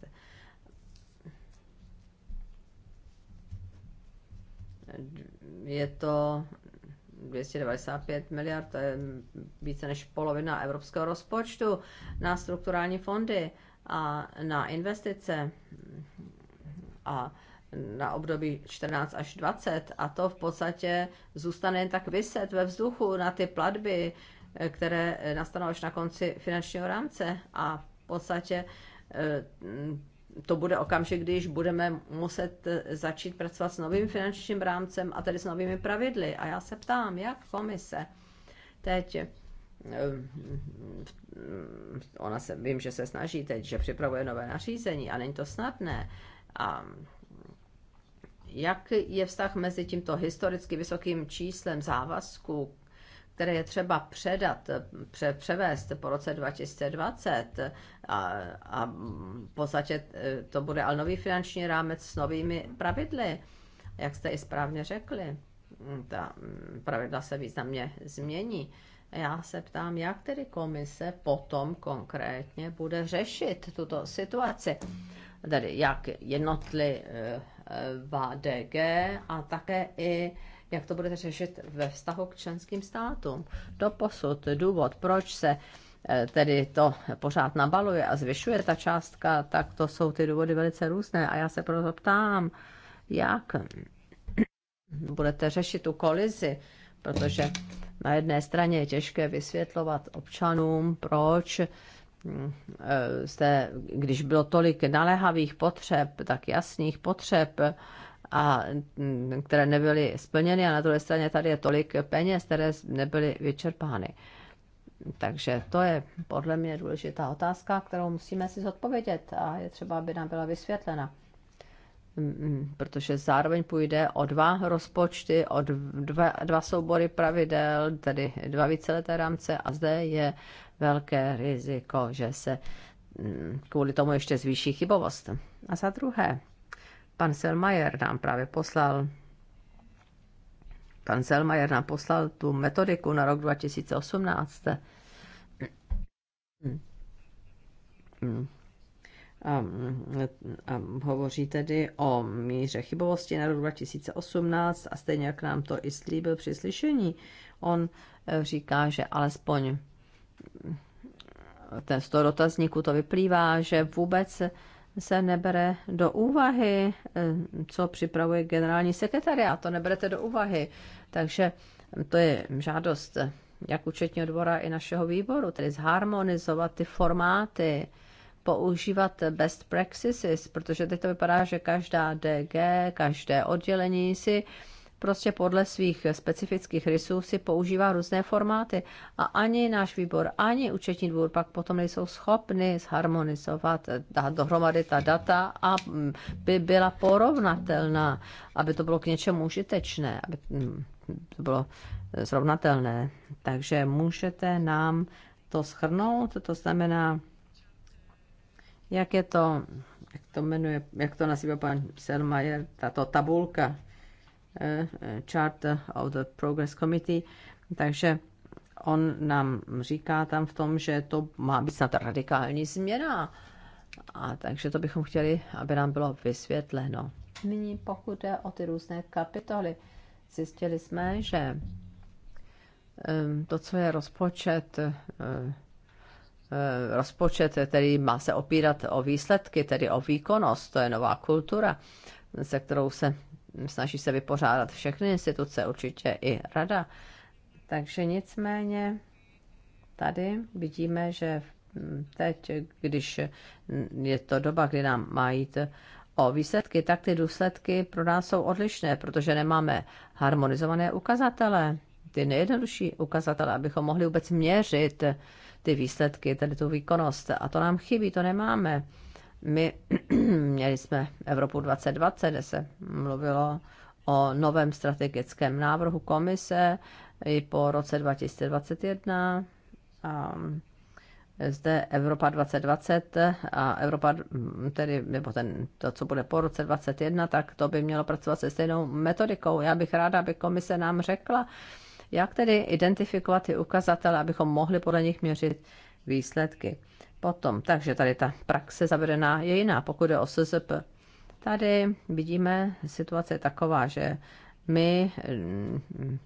Speaker 4: je to 295 miliard, to je více než polovina evropského rozpočtu na strukturální fondy a na investice a na období 14 až 20 a to v podstatě zůstane jen tak vyset ve vzduchu na ty platby, které nastanou až na konci finančního rámce a v podstatě eh, to bude okamžik, když budeme muset eh, začít pracovat s novým finančním rámcem a tedy s novými pravidly. A já se ptám, jak komise teď eh, eh, ona se, vím, že se snaží teď, že připravuje nové nařízení a není to snadné. A jak je vztah mezi tímto historicky vysokým číslem závazků, které je třeba předat, pře, převést po roce 2020 a, a v podstatě e, to bude ale nový finanční rámec s novými pravidly, jak jste i správně řekli. Ta mm, pravidla se významně změní. Já se ptám, jak tedy komise potom konkrétně bude řešit tuto situaci. Tedy jak jednotlivá e, e, DG a také i jak to budete řešit ve vztahu k členským státům. Doposud důvod, proč se eh, tedy to pořád nabaluje a zvyšuje ta částka, tak to jsou ty důvody velice různé. A já se proto ptám, jak budete řešit tu kolizi, protože na jedné straně je těžké vysvětlovat občanům, proč hm, eh, jste, když bylo tolik naléhavých potřeb, tak jasných potřeb, a mm, které nebyly splněny a na druhé straně tady je tolik peněz, které nebyly vyčerpány. Takže to je podle mě důležitá otázka, kterou musíme si zodpovědět a je třeba, aby nám byla vysvětlena. Mm, mm, protože zároveň půjde o dva rozpočty, o dva, dva soubory pravidel, tedy dva víceleté rámce a zde je velké riziko, že se kvůli tomu ještě zvýší chybovost. A za druhé, Pan Selmayer nám právě poslal pan Selmayer nám poslal tu metodiku na rok 2018. A, a hovoří tedy o míře chybovosti na rok 2018 a stejně jak nám to i slíbil při slyšení, on eh, říká, že alespoň ten z toho dotazníku to vyplývá, že vůbec se nebere do úvahy, eh, co připravuje generální sekretariát, to neberete do úvahy. Takže to je žádost jak účetního dvora i našeho výboru, tedy zharmonizovat ty formáty, používat best practices, protože teď to vypadá, že každá DG, každé oddělení si prostě podle svých specifických rysů si používá různé formáty. A ani náš výbor, ani účetní dvůr pak potom nejsou schopny zharmonizovat, dát dohromady ta data, by byla porovnatelná, aby to bylo k něčemu užitečné, aby mm, to bylo eh, srovnatelné. Takže můžete nám to schrnout, to znamená, jak je to, jak to jmenuje, jak to nazývá pan Selmayer, tato tabulka chart of the Progress Committee, takže on nám říká tam v tom, že to má být snad radikální změna. A takže to bychom chtěli, aby nám bylo vysvětleno. Nyní pokud jde o ty různé kapitoly, zjistili jsme, že ehm, to, co je rozpočet, ehm, rozpočet, který má se opírat o výsledky, tedy o výkonnost, to je nová kultura, se kterou se snaží se vypořádat všechny instituce, určitě i rada. Takže nicméně tady vidíme, že teď, když je to doba, kdy nám má jít o výsledky, tak ty důsledky pro nás jsou odlišné, protože nemáme harmonizované ukazatele, ty nejjednodušší ukazatele, abychom mohli vůbec měřit ty výsledky, tedy tu výkonnost. A to nám chybí, to nemáme. My měli jsme Evropu 2020, kde se mluvilo o novém strategickém návrhu komise i po roce 2021. A zde Evropa 2020 a Evropa, tedy, nebo ten, to, co bude po roce 2021, tak to by mělo pracovat se stejnou metodikou. Já bych ráda, aby komise nám řekla, jak tedy identifikovat ty ukazatele, abychom mohli podle nich měřit výsledky. Potom, takže tady ta praxe zavedená je jiná, pokud je o SZP. Tady vidíme, situace je taková, že my mm,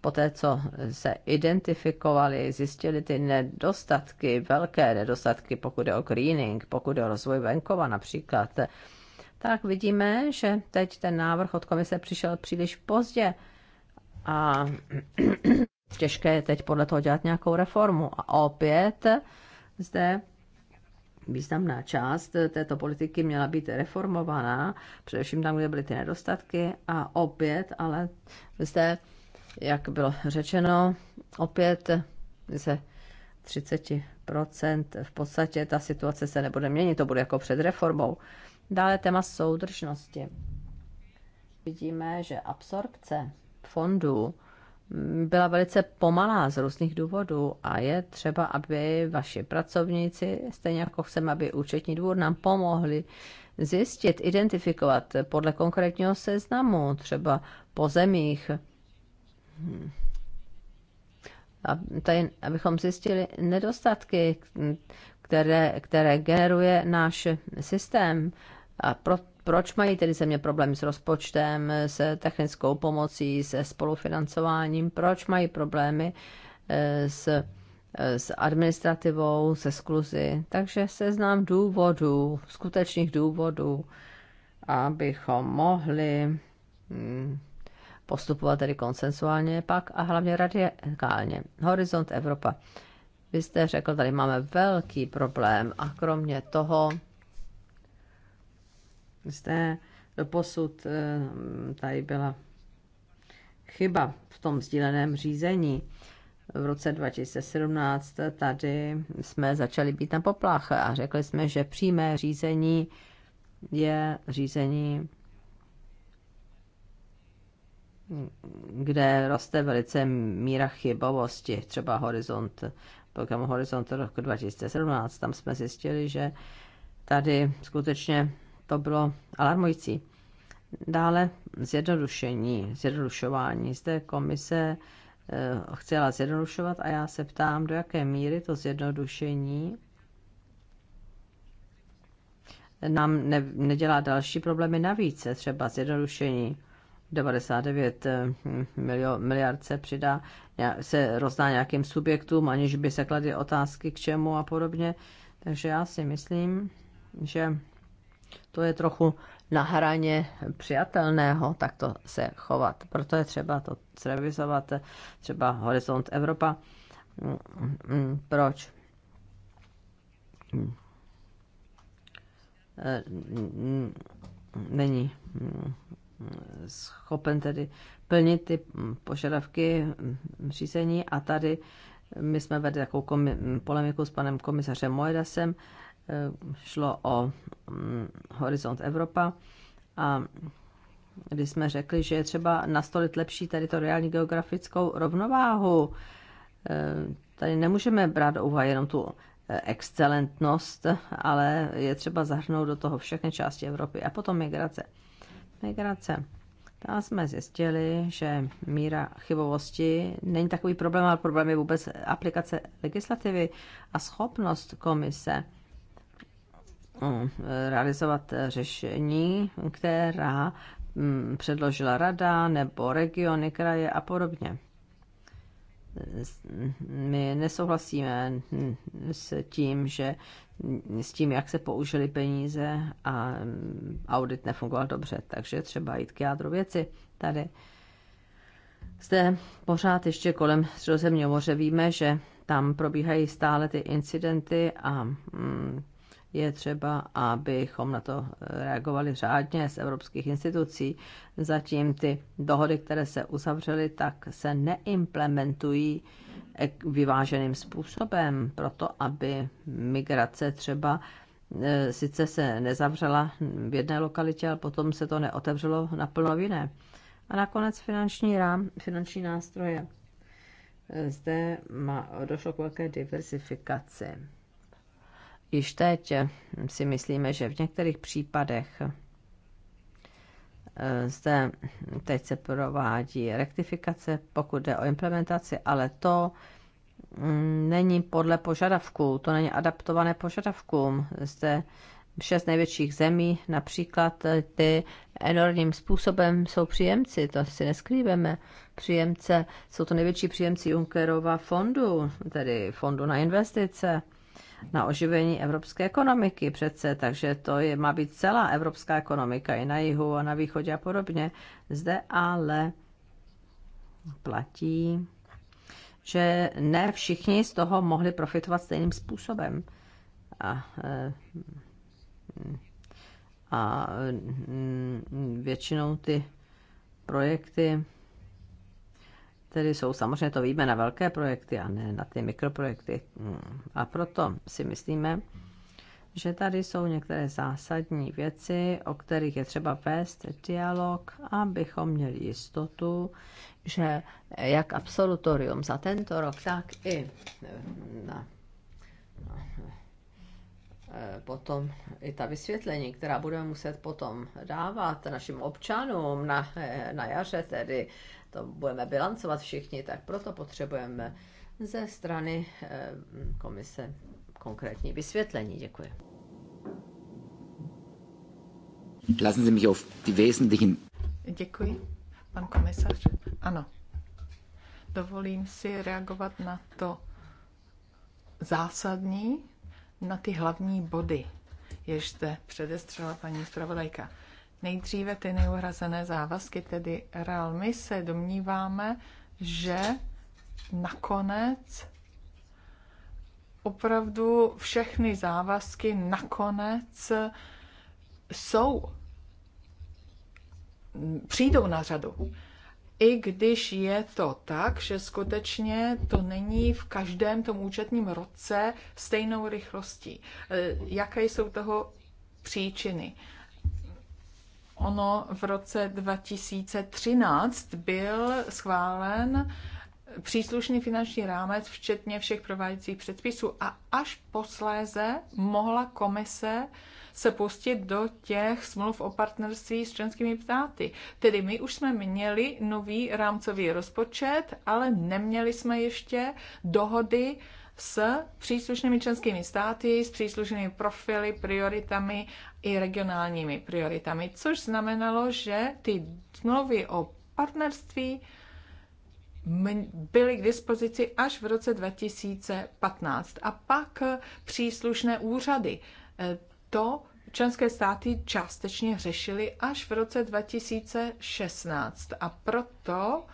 Speaker 4: po té, co se identifikovali, zjistili ty nedostatky, velké nedostatky, pokud je o greening, pokud je o rozvoj venkova například, tak vidíme, že teď ten návrh od komise přišel příliš pozdě a těžké je teď podle toho dělat nějakou reformu. A opět zde významná část této politiky měla být reformovaná, především tam, kde byly ty nedostatky a opět, ale zde, jak bylo řečeno, opět se 30% v podstatě ta situace se nebude měnit, to bude jako před reformou. Dále téma soudržnosti. Vidíme, že absorpce fondů byla velice pomalá z různých důvodů a je třeba, aby vaši pracovníci, stejně jako chceme, aby účetní dvůr nám pomohli zjistit, identifikovat podle konkrétního seznamu, třeba po zemích, a tady, abychom zjistili nedostatky, které, které generuje náš systém. A proto proč mají tedy země problém s rozpočtem, se technickou pomocí, se spolufinancováním? Proč mají problémy eh, s, eh, s administrativou, se skluzy? Takže seznám důvodů, skutečných důvodů, abychom mohli hm, postupovat tedy konsensuálně pak a hlavně radikálně. Horizont Evropa. Vy jste řekl, tady máme velký problém a kromě toho zde doposud eh, tady byla chyba v tom sdíleném řízení. V roce 2017 tady jsme začali být na poplach a řekli jsme, že přímé řízení je řízení, kde roste velice míra chybovosti, třeba horizont, programu Horizont roku 2017. Tam jsme zjistili, že tady skutečně to bylo alarmující. Dále zjednodušení, zjednodušování. Zde komise eh, chtěla zjednodušovat a já se ptám, do jaké míry to zjednodušení nám ne, nedělá další problémy navíc, třeba zjednodušení 99 eh, milio, miliard se přidá, se rozdá nějakým subjektům, aniž by se kladly otázky k čemu a podobně. Takže já si myslím, že to je trochu na hraně přijatelného takto se chovat. Proto je třeba to zrevizovat, třeba Horizont Evropa. Proč? Eh, není schopen tedy plnit ty požadavky řízení a tady my jsme vedli takovou polemiku s panem komisařem Moedasem, Eh, šlo o mm, Horizont Evropa a kdy jsme řekli, že je třeba nastolit lepší teritoriální geografickou rovnováhu. Eh, tady nemůžeme brát do úvahy jenom tu eh, excelentnost, ale je třeba zahrnout do toho všechny části Evropy. A potom migrace. Migrace. Tam jsme zjistili, že míra chybovosti není takový problém, ale problém je vůbec aplikace legislativy a schopnost komise realizovat řešení, která mm, předložila rada nebo regiony, kraje a podobně. My nesouhlasíme mm, s tím, že mm, s tím, jak se použili peníze a audit nefungoval dobře, takže třeba jít k jádru věci tady. Zde pořád ještě kolem Středozemního moře víme, že tam probíhají stále ty incidenty a je třeba, abychom na to reagovali řádně z evropských institucí. Zatím ty dohody, které se uzavřely, tak se neimplementují eh, vyváženým způsobem, proto aby migrace třeba eh, sice se nezavřela v jedné lokalitě, ale potom se to neotevřelo naplno v jiné. A nakonec finanční rám, finanční nástroje. Eh, zde má, došlo k velké diversifikaci Již teď si myslíme, že v některých případech eh, zde teď se provádí rektifikace, pokud jde o implementaci, ale to mm, není podle požadavků, to není adaptované požadavkům. Zde šest největších zemí, například eh, ty enormním způsobem jsou příjemci, to si neskrýveme. Příjemce, jsou to největší příjemci Junckerova fondu, tedy fondu na investice na oživení evropské ekonomiky přece, takže to je, má být celá evropská ekonomika i na jihu a na východě a podobně. Zde ale platí, že ne všichni z toho mohli profitovat stejným způsobem. A, eh, a mm, většinou ty projekty tedy jsou samozřejmě, to víme, na velké projekty a ne na ty mikroprojekty. Hmm. A proto si myslíme, že tady jsou některé zásadní věci, o kterých je třeba vést dialog, abychom měli jistotu, že jak absolutorium za tento rok, tak i na, eh, potom i ta vysvětlení, která budeme muset potom dávat našim občanům na, eh, na jaře tedy, to budeme bilancovat všichni, tak proto potřebujeme ze strany eh, komise
Speaker 2: konkrétní vysvětlení. Děkuji. Lassen Sie mich auf die wesentlichen. Děkuji, pan komisař. Ano. Dovolím si reagovat na to zásadní, na ty hlavní body, jež zde předestřela paní zpravodajka. Nejdříve ty neuhrazené závazky, tedy real. My se domníváme, že nakonec opravdu všechny závazky nakonec jsou, přijdou na řadu. I když je to tak, že skutečně to není v každém tom účetním roce stejnou rychlostí. E, jaké jsou toho příčiny? Ono v roce 2013 byl schválen příslušný finanční rámec, včetně všech prováděcích předpisů a až posléze mohla komise se pustit do těch smluv o partnerství s členskými ptáty. Tedy my už jsme měli nový rámcový rozpočet, ale neměli jsme ještě dohody s příslušnými členskými státy, s příslušnými profily, prioritami i regionálními prioritami, což znamenalo, že ty smlouvy o partnerství byly k dispozici až v roce 2015. A pak příslušné úřady. Eh, to členské státy částečně řešily až v roce 2016. A proto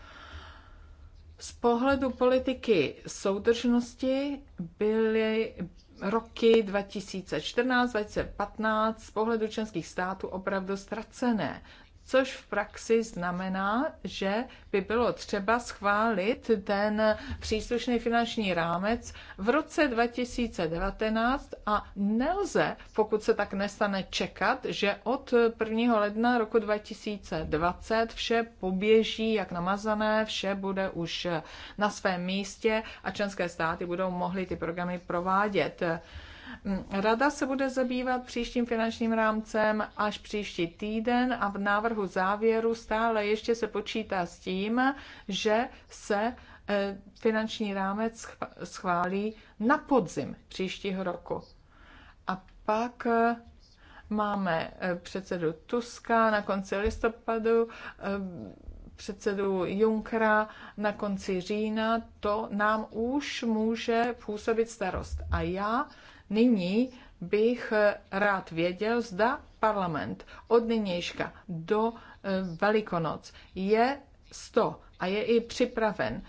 Speaker 2: z pohledu politiky soudržnosti byly roky 2014-2015 z pohledu členských států opravdu ztracené což v praxi znamená, že by bylo třeba schválit ten příslušný finanční rámec v roce 2019 a nelze, pokud se tak nestane, čekat, že od 1. ledna roku 2020 vše poběží jak namazané, vše bude už na svém místě a členské státy budou mohly ty programy provádět. Rada se bude zabývat příštím finančním rámcem až příští týden a v návrhu závěru stále ještě se počítá s tím, že se e, finanční rámec schválí na podzim příštího roku. A pak e, máme e, předsedu Tuska na konci listopadu, předsedu Junkra na konci října, to nám už může působit starost. A já Nyní bych rád věděl, zda parlament od nynějška do eh, Velikonoc je 100 a je i připraven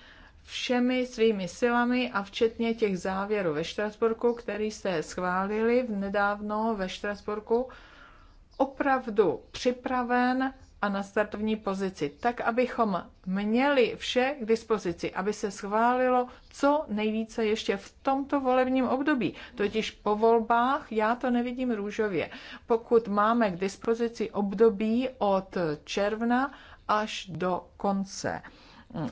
Speaker 2: všemi svými silami a včetně těch závěrů ve Štrasburku, který jste schválili v nedávno ve Štrasburku, opravdu připraven a na startovní pozici, tak abychom měli vše k dispozici, aby se schválilo co nejvíce ještě v tomto volebním období. Totiž po volbách já to nevidím růžově. Pokud máme k dispozici období od června až do konce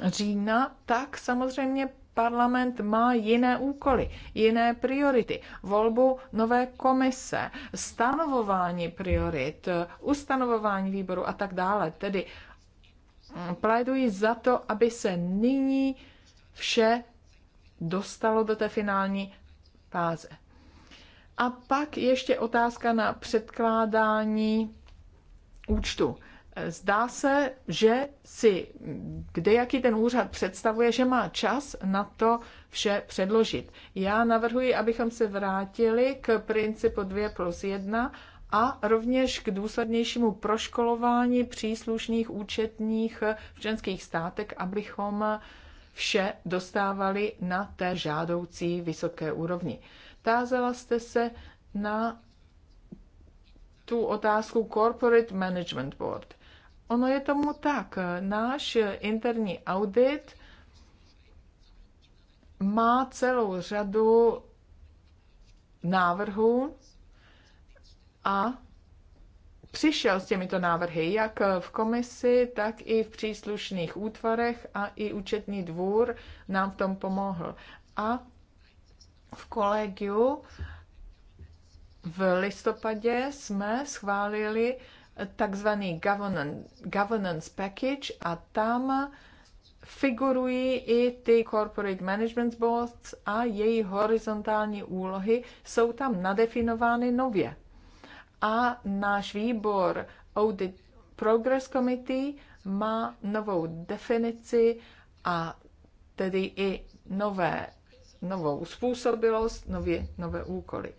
Speaker 2: října, tak samozřejmě parlament má jiné úkoly, jiné priority. Volbu nové komise, stanovování priorit, ustanovování výboru a tak dále. Tedy mm, pléduji za to, aby se nyní vše dostalo do té finální fáze. A pak ještě otázka na předkládání účtu. Zdá se, že si kde jaký ten úřad představuje, že má čas na to vše předložit. Já navrhuji, abychom se vrátili k principu 2 plus 1 a rovněž k důslednějšímu proškolování příslušných účetních v členských státech, abychom vše dostávali na té žádoucí vysoké úrovni. Tázala jste se na tu otázku Corporate Management Board. Ono je tomu tak. Náš interní audit má celou řadu návrhů a přišel s těmito návrhy, jak v komisi, tak i v příslušných útvarech a i účetní dvůr nám v tom pomohl. A v kolegiu v listopadě jsme schválili takzvaný governance, governance package a tam figurují i ty corporate management boards a její horizontální úlohy jsou tam nadefinovány nově. A náš výbor Audit Progress Committee má novou definici a tedy i nové, novou způsobilost, nově, nové úkoly.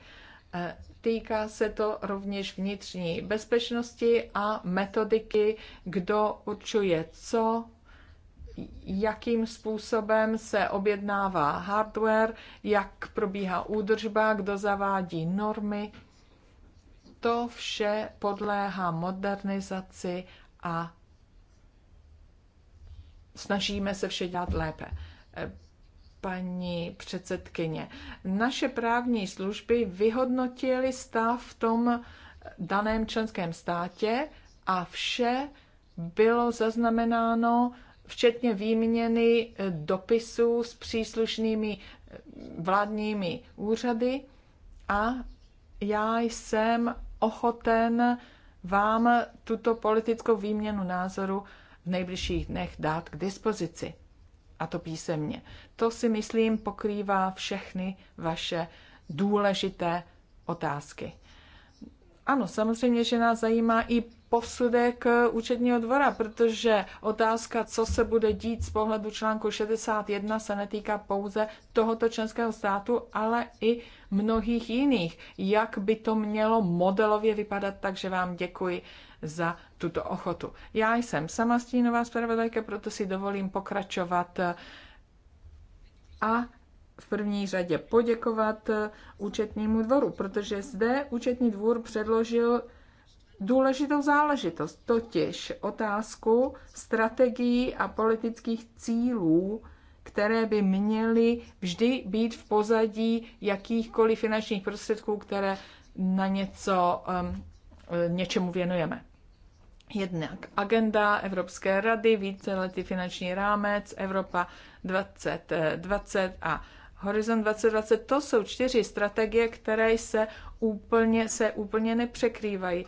Speaker 2: Eh, Týká se to rovněž vnitřní bezpečnosti a metodiky, kdo určuje co, jakým způsobem se objednává hardware, jak probíhá údržba, kdo zavádí normy. To vše podléhá modernizaci a snažíme se vše dělat lépe paní předsedkyně. Naše právní služby vyhodnotily stav v tom daném členském státě a vše bylo zaznamenáno, včetně výměny eh, dopisů s příslušnými eh, vládními úřady a já jsem ochoten vám tuto politickou výměnu názoru v nejbližších dnech dát k dispozici a to písemně. To si myslím pokrývá všechny vaše důležité otázky. Ano, samozřejmě, že nás zajímá i posudek eh, účetního dvora, protože otázka, co se bude dít z pohledu článku 61, se netýká pouze tohoto členského státu, ale i mnohých jiných. Jak by to mělo modelově vypadat, takže vám děkuji za tuto ochotu. Já jsem sama stínová zpravodajka, proto si dovolím pokračovat a v první řadě poděkovat eh, účetnímu dvoru, protože zde účetní dvůr předložil důležitou záležitost, totiž otázku strategií a politických cílů, které by měly vždy být v pozadí jakýchkoliv finančních prostředků, které na něco, um, něčemu věnujeme. Jednak agenda Evropské rady, víceletý finanční rámec, Evropa 2020 a Horizon 2020, to jsou čtyři strategie, které se úplně, se úplně nepřekrývají.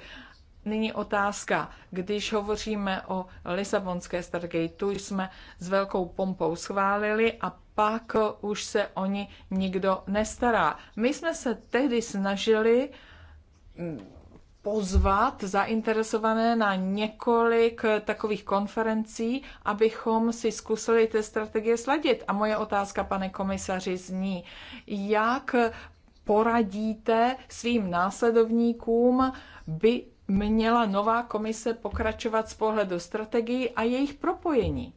Speaker 2: Nyní otázka, když hovoříme o Lisabonské strategii, tu jsme s velkou pompou schválili a pak už se o ní nikdo nestará. My jsme se tehdy snažili pozvat zainteresované na několik takových konferencí, abychom si zkusili ty strategie sladit. A moje otázka, pane komisaři, zní, jak poradíte svým následovníkům, by měla nová komise pokračovat z pohledu strategií a jejich propojení,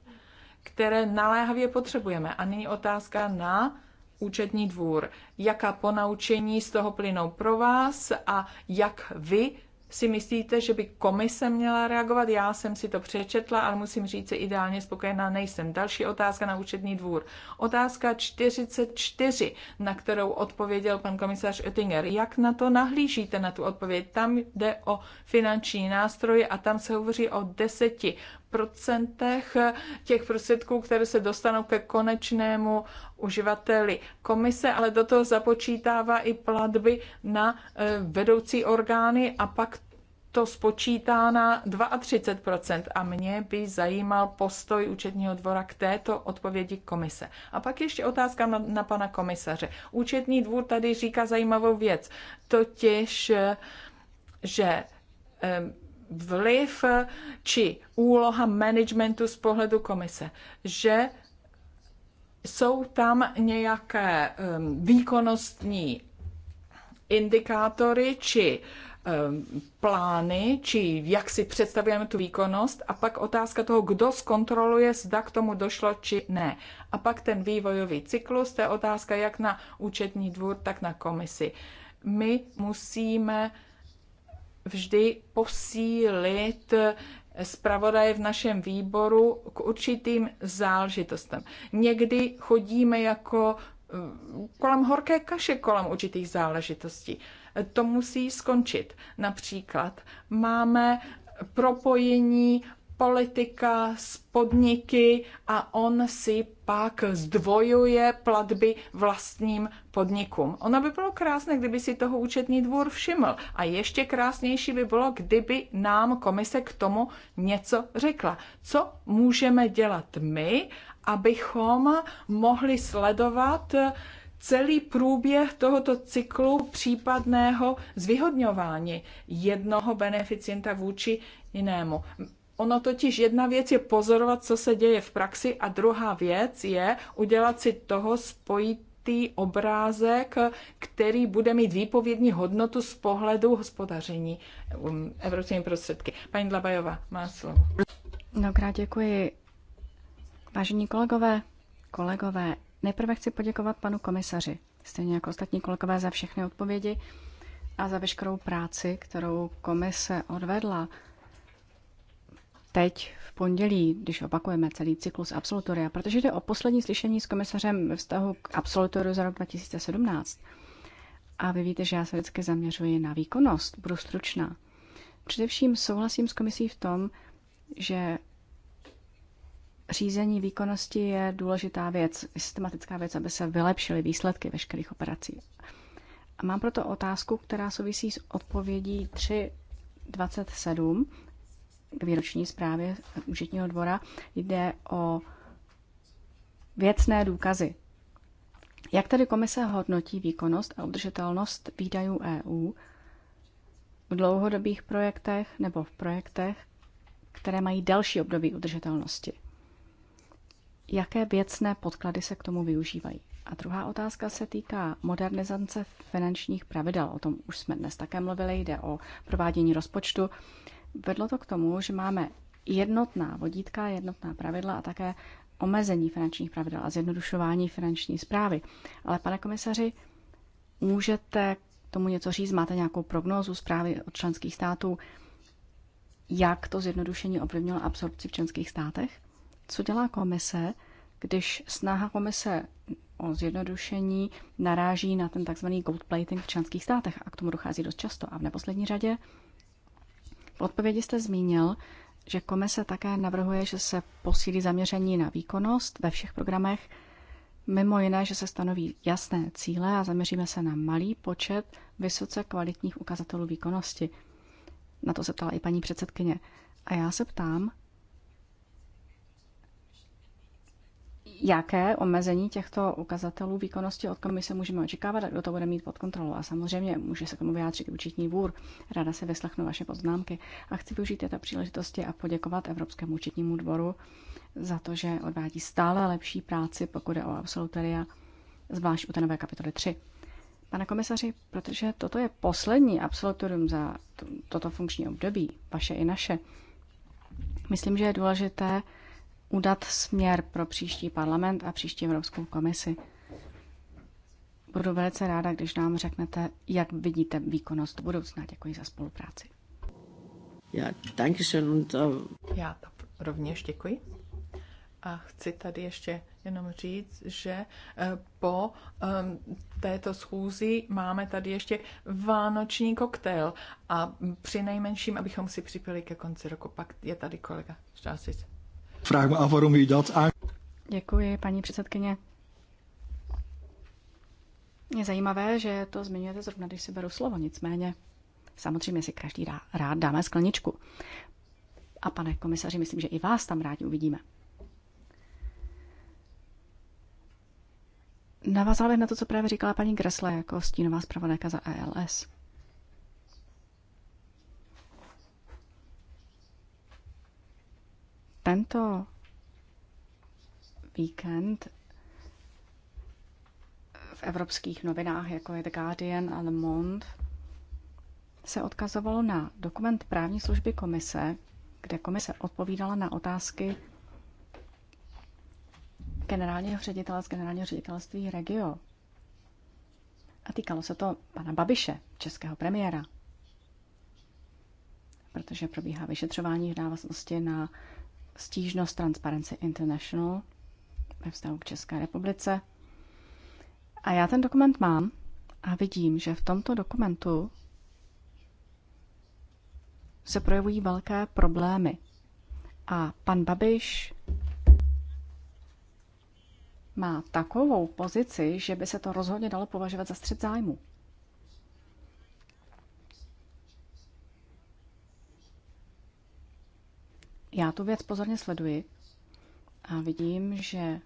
Speaker 2: které naléhavě potřebujeme. A nyní otázka na účetní dvůr. Jaká ponaučení z toho plynou pro vás a jak vy si myslíte, že by komise měla reagovat? Já jsem si to přečetla, ale musím říct, že ideálně spokojená nejsem. Další otázka na účetní dvůr. Otázka 44, na kterou odpověděl pan komisař Oettinger. Jak na to nahlížíte, na tu odpověď? Tam jde o finanční nástroje a tam se hovoří o deseti procentech těch prostředků, které se dostanou ke konečnému uživateli. Komise ale do toho započítává i platby na e, vedoucí orgány a pak to spočítá na 32% a mě by zajímal postoj účetního dvora k této odpovědi komise. A pak ještě otázka na, na pana komisaře. Účetní dvůr tady říká zajímavou věc, totiž, e, že e, vliv či úloha managementu z pohledu komise, že jsou tam nějaké um, výkonnostní indikátory či um, plány, či jak si představujeme tu výkonnost a pak otázka toho, kdo zkontroluje, zda k tomu došlo, či ne. A pak ten vývojový cyklus, to je otázka jak na účetní dvůr, tak na komisi. My musíme vždy posílit zpravodaje v našem výboru k určitým záležitostem. Někdy chodíme jako eh, kolem horké kaše kolem určitých záležitostí. To musí skončit. Například máme propojení politika s podniky a on si pak zdvojuje platby vlastním podnikům. Ono by bylo krásné, kdyby si toho účetní dvůr všiml a ještě krásnější by bylo, kdyby nám komise k tomu něco řekla. Co můžeme dělat my, abychom mohli sledovat celý průběh tohoto cyklu případného zvyhodňování jednoho beneficienta vůči jinému. Ono totiž jedna věc je pozorovat, co se děje v praxi a druhá věc je udělat si toho spojitý obrázek, který bude mít výpovědní hodnotu z pohledu hospodaření um, evropskými prostředky. Paní Dlabajová má slovo.
Speaker 1: Mnohokrát děkuji. Vážení kolegové, kolegové, nejprve chci poděkovat panu komisaři, stejně jako ostatní kolegové za všechny odpovědi a za veškerou práci, kterou komise odvedla teď v pondělí, když opakujeme celý cyklus absolutoria, protože jde o poslední slyšení s komisařem ve vztahu k absolutoriu za rok 2017. A vy víte, že já se vždycky zaměřuji na výkonnost, budu stručná. Především souhlasím s komisí v tom, že řízení výkonnosti je důležitá věc, systematická věc, aby se vylepšily výsledky veškerých operací. A mám proto otázku, která souvisí s odpovědí 327 k výroční zprávě účetního dvora, jde o věcné důkazy. Jak tedy komise hodnotí výkonnost a udržitelnost výdajů EU v dlouhodobých projektech nebo v projektech, které mají další období udržitelnosti? Jaké věcné podklady se k tomu využívají? A druhá otázka se týká modernizace finančních pravidel. O tom už jsme dnes také mluvili. Jde o provádění rozpočtu vedlo to k tomu, že máme jednotná vodítka, jednotná pravidla a také omezení finančních pravidel a zjednodušování finanční zprávy. Ale pane komisaři, můžete tomu něco říct? Máte nějakou prognózu zprávy od členských států, jak to zjednodušení ovlivnilo absorpci v členských státech? Co dělá komise, když snaha komise o zjednodušení naráží na ten takzvaný gold plating v členských státech a k tomu dochází dost často. A v neposlední řadě v odpovědi jste zmínil, že komise také navrhuje, že se posílí zaměření na výkonnost ve všech programech, mimo jiné, že se stanoví jasné cíle a zaměříme se na malý počet vysoce kvalitních ukazatelů výkonnosti. Na to se ptala i paní předsedkyně. A já se ptám, jaké omezení těchto ukazatelů výkonnosti od komise můžeme očekávat a kdo to bude mít pod kontrolou. A samozřejmě může se k tomu vyjádřit účetní vůr. Ráda se vyslechnu vaše poznámky a chci využít této příležitosti a poděkovat Evropskému účetnímu dvoru za to, že odvádí stále lepší práci, pokud je o absolutoria, zvlášť u té nové kapitoly 3. Pane komisaři, protože toto je poslední absolutorium za toto funkční období, vaše i naše, myslím, že je důležité, udat směr pro příští parlament a příští Evropskou komisi. Budu velice ráda, když nám řeknete, jak vidíte výkonnost budoucna. Děkuji za spolupráci.
Speaker 4: Já, danke schön. Uh,
Speaker 2: Já rovněž děkuji. A chci tady ještě jenom říct, že eh, po ehm, této schůzi máme tady ještě vánoční koktejl a při nejmenším, abychom si připili ke konci roku, pak je tady kolega Štásic
Speaker 3: vraag me af waarom u dat aan...
Speaker 2: Děkuji, paní
Speaker 1: předsedkyně. Je zajímavé, že to zmiňujete zrovna, když si beru slovo, nicméně samozřejmě si každý dá, rád dáme skleničku. A pane komisaři, myslím, že i vás tam rádi uvidíme. Navázala bych na to, co právě říkala paní Gresle jako stínová zpravodajka za ELS. Tento víkend v evropských novinách, jako je The Guardian a Le Monde, se odkazovalo na dokument právní služby komise, kde komise odpovídala na otázky generálního ředitele z generálního ředitelství Regio. A týkalo se to pana Babiše, českého premiéra, protože probíhá vyšetřování v návaznosti na stížnost Transparency International ve vztahu k České republice. A já ten dokument mám a vidím, že v tomto dokumentu se projevují velké problémy. A pan Babiš má takovou pozici, že by se to rozhodně dalo považovat za střed zájmu. Já tu věc pozorně sleduji a vidím, že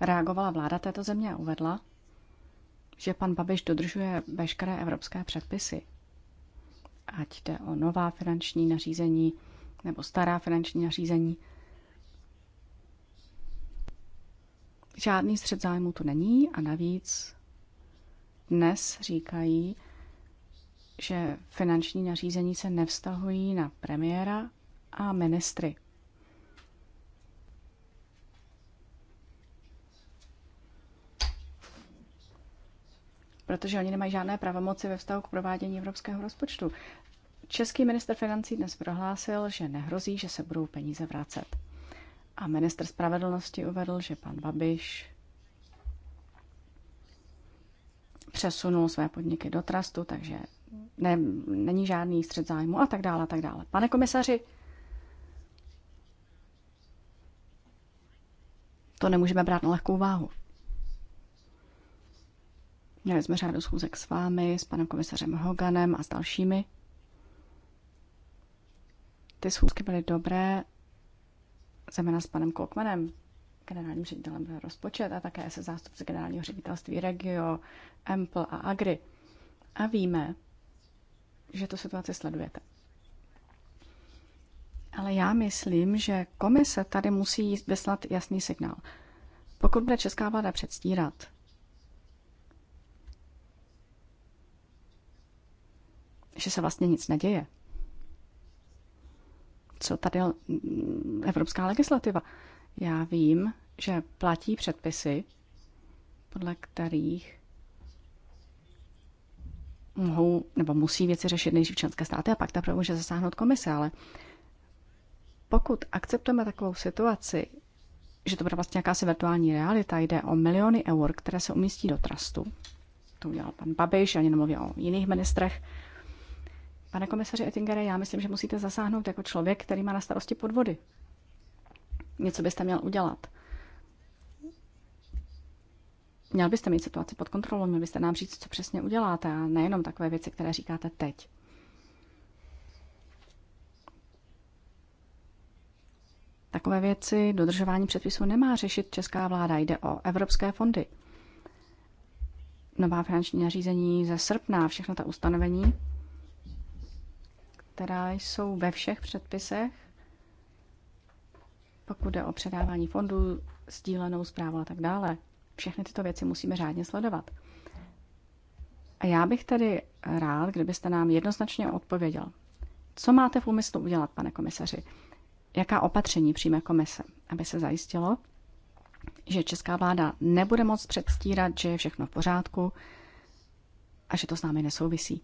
Speaker 1: reagovala vláda této země a uvedla, že pan Babiš dodržuje veškeré evropské předpisy. Ať jde o nová finanční nařízení nebo stará finanční nařízení. Žádný střed zájmu tu není a navíc dnes říkají, že finanční nařízení se nevztahují na premiéra a ministry. protože oni nemají žádné pravomoci ve vztahu k provádění evropského rozpočtu. Český minister financí dnes prohlásil, že nehrozí, že se budou peníze vracet. A minister spravedlnosti uvedl, že pan Babiš přesunul své podniky do trastu, takže ne, není žádný střed zájmu a tak dále, a tak dále. Pane komisaři, To nemůžeme brát na lehkou váhu. Měli jsme řádu schůzek s vámi, s panem komisařem Hoganem a s dalšími. Ty schůzky byly dobré, zejména s panem Kokmanem, generálním ředitelem pro rozpočet a také se zástupci generálního ředitelství Regio, Empl a Agri. A víme, že tu situaci sledujete. Ale já myslím, že komise tady musí vyslat jasný signál. Pokud bude česká vláda předstírat, že se vlastně nic neděje, co tady evropská legislativa? Já vím, že platí předpisy, podle kterých mohou nebo musí věci řešit nejdřív členské státy a pak teprve může zasáhnout komise, ale pokud akceptujeme takovou situaci, že to bude vlastně jakási virtuální realita, jde o miliony eur, které se umístí do trustu. To udělal pan Babiš, ani nemluví o jiných ministrech. Pane komisaři Ettingere, já myslím, že musíte zasáhnout jako člověk, který má na starosti podvody. Něco byste měl udělat. Měl byste mít situaci pod kontrolou, měl byste nám říct, co přesně uděláte a nejenom takové věci, které říkáte teď. Takové věci dodržování předpisů nemá řešit česká vláda, jde o evropské fondy. Nová finanční nařízení ze srpna, všechna ta ustanovení, která jsou ve všech předpisech, pokud jde o předávání fondů, sdílenou zprávu a tak dále. Všechny tyto věci musíme řádně sledovat. A já bych tedy rád, kdybyste nám jednoznačně odpověděl, co máte v úmyslu udělat, pane komisaři jaká opatření přijme komise, aby se zajistilo, že česká vláda nebude moc předstírat, že je všechno v pořádku a že to s námi nesouvisí.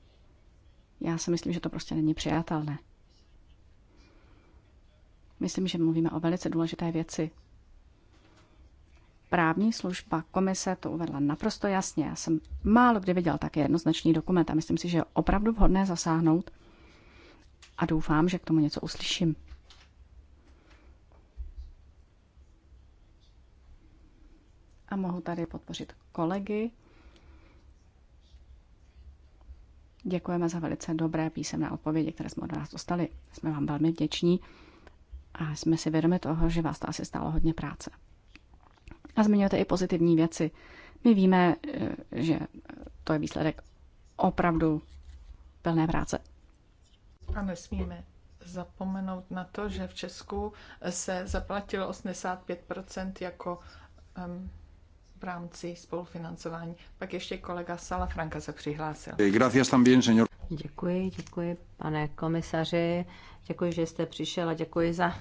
Speaker 1: Já si myslím, že to prostě není přijatelné. Myslím, že mluvíme o velice důležité věci. Právní služba komise to uvedla naprosto jasně. Já jsem málo kdy viděl tak jednoznačný dokument a myslím si, že je opravdu vhodné zasáhnout a doufám, že k tomu něco uslyším. a mohu tady podpořit kolegy. Děkujeme za velice dobré písemné odpovědi, které jsme od vás dostali. Jsme vám velmi vděční a jsme si vědomi toho, že vás to asi stálo hodně práce. A zmiňujete i pozitivní věci. My víme, eh, že to je výsledek opravdu plné práce.
Speaker 2: A nesmíme zapomenout na to, že v Česku se zaplatilo 85% jako um, v rámci spolufinancování. Pak ještě kolega Sala Franka se přihlásil.
Speaker 3: Eh,
Speaker 2: děkuji,
Speaker 4: děkuji, pane komisaři.
Speaker 2: Děkuji, že jste
Speaker 4: přišel a děkuji za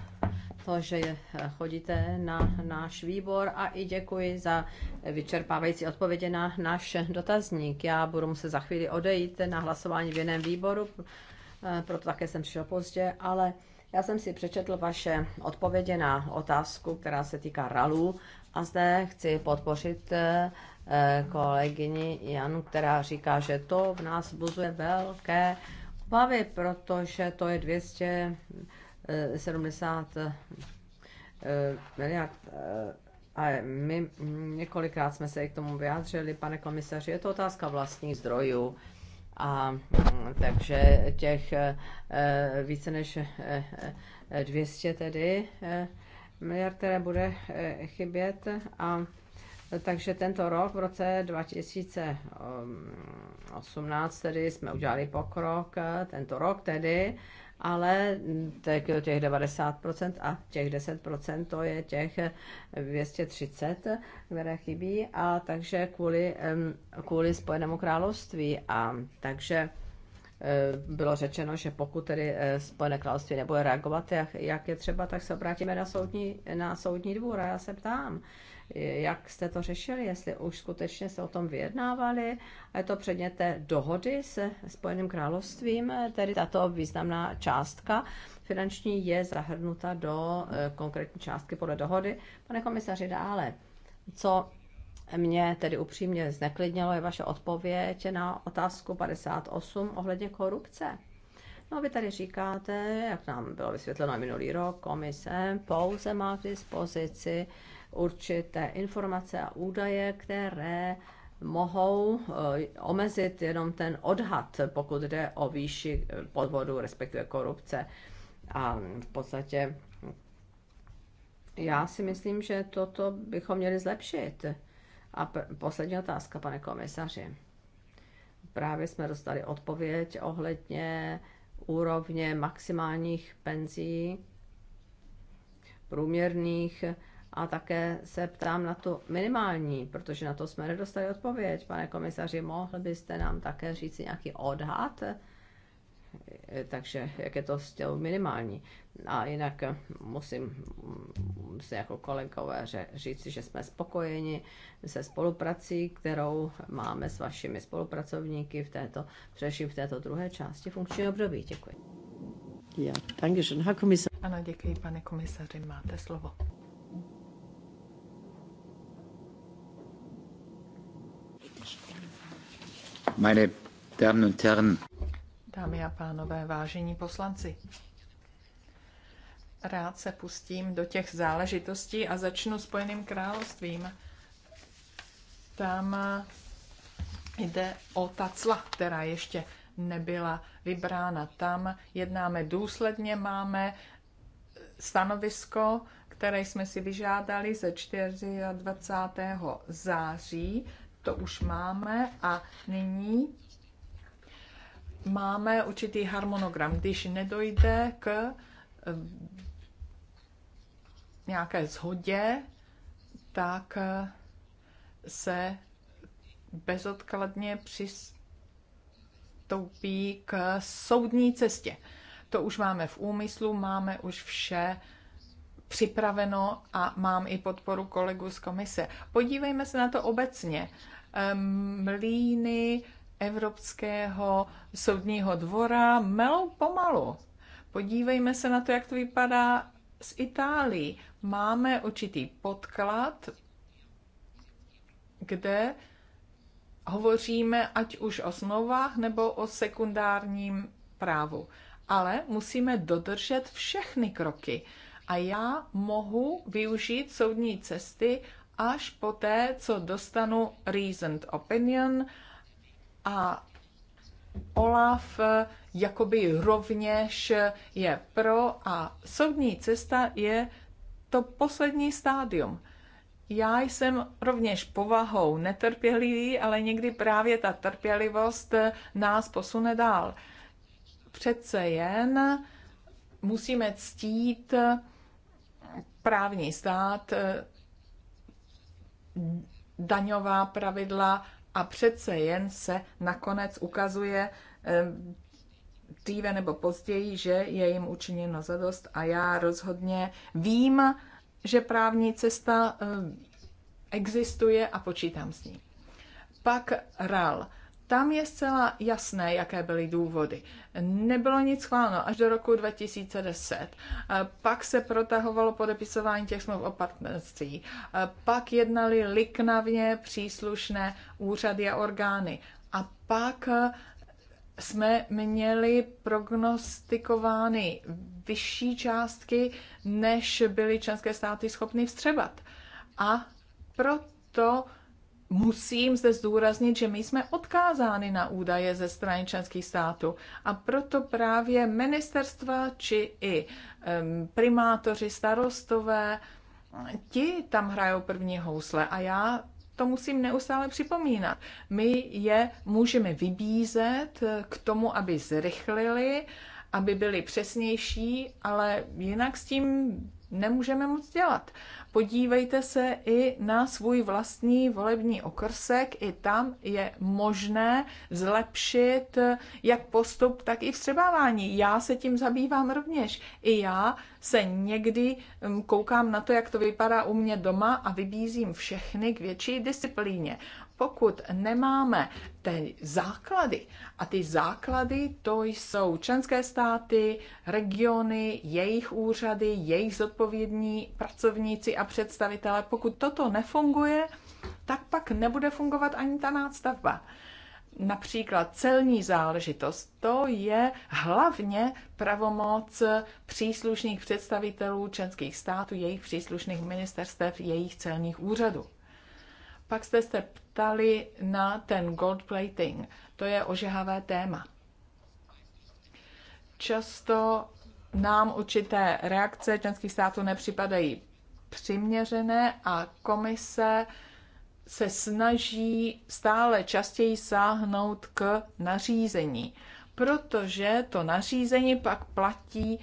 Speaker 4: to, že eh, chodíte na náš výbor a i děkuji za vyčerpávající odpovědi na náš dotazník. Já budu muset za chvíli odejít na hlasování v jiném výboru, eh, proto také jsem přišel pozdě, ale já jsem si přečetl vaše odpovědi na otázku, která se týká RALů a zde chci podpořit eh, eh, kolegyni Janu, která říká, že to v nás buzuje velké obavy, protože to je 270 eh, miliard. A my několikrát jsme se i k tomu vyjádřili, pane komisaři, je to otázka vlastních zdrojů. A mm, takže těch více než 200 tedy miliard, které bude eh, chybět a eh, takže tento rok, v roce 2018, tedy jsme udělali pokrok, eh, tento rok tedy, ale těch 90% a těch 10% to je těch 230, které chybí, a takže kvůli, kvůli Spojenému království. A takže Eh, bylo řečeno, že pokud tedy eh, Spojené království nebude reagovat, jak, jak je třeba, tak se obrátíme na soudní, na soudní dvůr. A já se ptám, eh, jak jste to řešili, jestli už skutečně se o tom vyjednávali. A je to předmět té dohody se Spojeným královstvím, tedy tato významná částka finanční je zahrnuta do konkrétní částky podle dohody. Pane komisaři, dále, co mě tedy upřímně zneklidnilo je vaše odpověď na otázku 58 ohledně korupce. No vy tady říkáte, jak nám bylo vysvětleno minulý rok, komise pouze má k dispozici určité informace a údaje, které mohou eh, omezit jenom ten odhad, pokud jde o výši podvodu, respektive korupce. A v podstatě já si myslím, že toto bychom měli zlepšit. A poslední otázka, pane komisaři. Právě jsme dostali odpověď ohledně úrovně maximálních penzí, průměrných, a také se ptám na to minimální, protože na to jsme nedostali odpověď. Pane komisaři, mohl byste nám také říct nějaký odhad takže jak je to s minimální. A jinak musím se jako kolegové říct, že jsme spokojeni se spoluprací, kterou máme s vašimi spolupracovníky v této, především v této druhé části funkčního období. Děkuji.
Speaker 2: Ja, danke schön, Herr Kommissar. Ano, děkuji, pane komisaři, máte slovo. Meine Damen und Herren, Dámy a pánové, vážení poslanci, rád se pustím do těch záležitostí a začnu Spojeným královstvím. Tam jde o ta cla, která ještě nebyla vybrána. Tam jednáme důsledně, máme stanovisko, které jsme si vyžádali ze 24. září. To už máme a nyní máme určitý harmonogram. Když nedojde k eh, nějaké shodě, tak eh, se bezodkladně přistoupí k soudní cestě. To už máme v úmyslu, máme už vše připraveno a mám i podporu kolegů z komise. Podívejme se na to obecně. Ehm, Mlíny, Evropského soudního dvora melou pomalu. Podívejme se na to, jak to vypadá s Itálií. Máme určitý podklad, kde hovoříme ať už o smlouvách nebo o sekundárním právu. Ale musíme dodržet všechny kroky. A já mohu využít soudní cesty až poté, co dostanu reasoned opinion, a Olaf eh, jakoby rovněž je pro a soudní cesta je to poslední stádium. Já jsem rovněž povahou netrpělivý, ale někdy právě ta trpělivost eh, nás posune dál. Přece jen musíme ctít eh, právní stát, daňová pravidla a přece jen se nakonec ukazuje eh, dříve nebo později, že je jim učiněno zadost a já rozhodně vím, že právní cesta eh, existuje a počítám s ní. Pak RAL. Tam je zcela jasné, jaké byly důvody. Nebylo nic schváleno až do roku 2010. Pak se protahovalo podepisování těch smluv o partnerství. Pak jednali liknavně příslušné úřady a orgány. A pak eh, jsme měli prognostikovány vyšší částky, než byly členské státy schopny vstřebat. A proto musím zde zdůraznit, že my jsme odkázáni na údaje ze strany členských států a proto právě ministerstva či i primátoři, starostové, ti tam hrajou první housle a já to musím neustále připomínat. My je můžeme vybízet eh, k tomu, aby zrychlili, aby byli přesnější, ale jinak s tím nemůžeme moc dělat podívejte se i na svůj vlastní volební okrsek. I tam je možné zlepšit jak postup, tak i vstřebávání. Já se tím zabývám rovněž. I já se někdy mm, koukám na to, jak to vypadá u mě doma a vybízím všechny k větší disciplíně pokud nemáme ty základy, a ty základy to jsou členské státy, regiony, jejich úřady, jejich zodpovědní pracovníci a představitelé, pokud toto nefunguje, tak pak nebude fungovat ani ta nástavba. Například celní záležitost, to je hlavně pravomoc příslušných představitelů členských států, jejich příslušných ministerstev, jejich celních úřadů pak jste se ptali na ten gold plating. To je ožehavé téma. Často nám určité reakce členských států nepřipadají přiměřené a komise se snaží stále častěji sáhnout k nařízení, protože to nařízení pak platí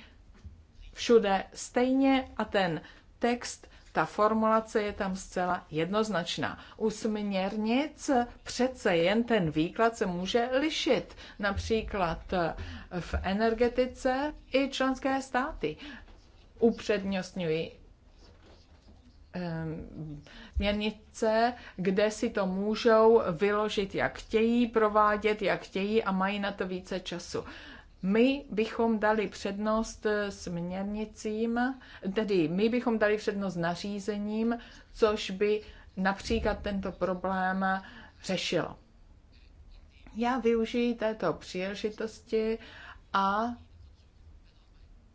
Speaker 2: všude stejně a ten text ta formulace je tam zcela jednoznačná. U směrnic přece jen ten výklad se může lišit. Například eh, v energetice i členské státy upřednostňují ehm, měrnice, kde si to můžou vyložit, jak chtějí, provádět, jak chtějí a mají na to více času. My bychom dali přednost eh, směrnicím, tedy my bychom dali přednost nařízením, což by například tento problém řešilo. Já využiji této příležitosti a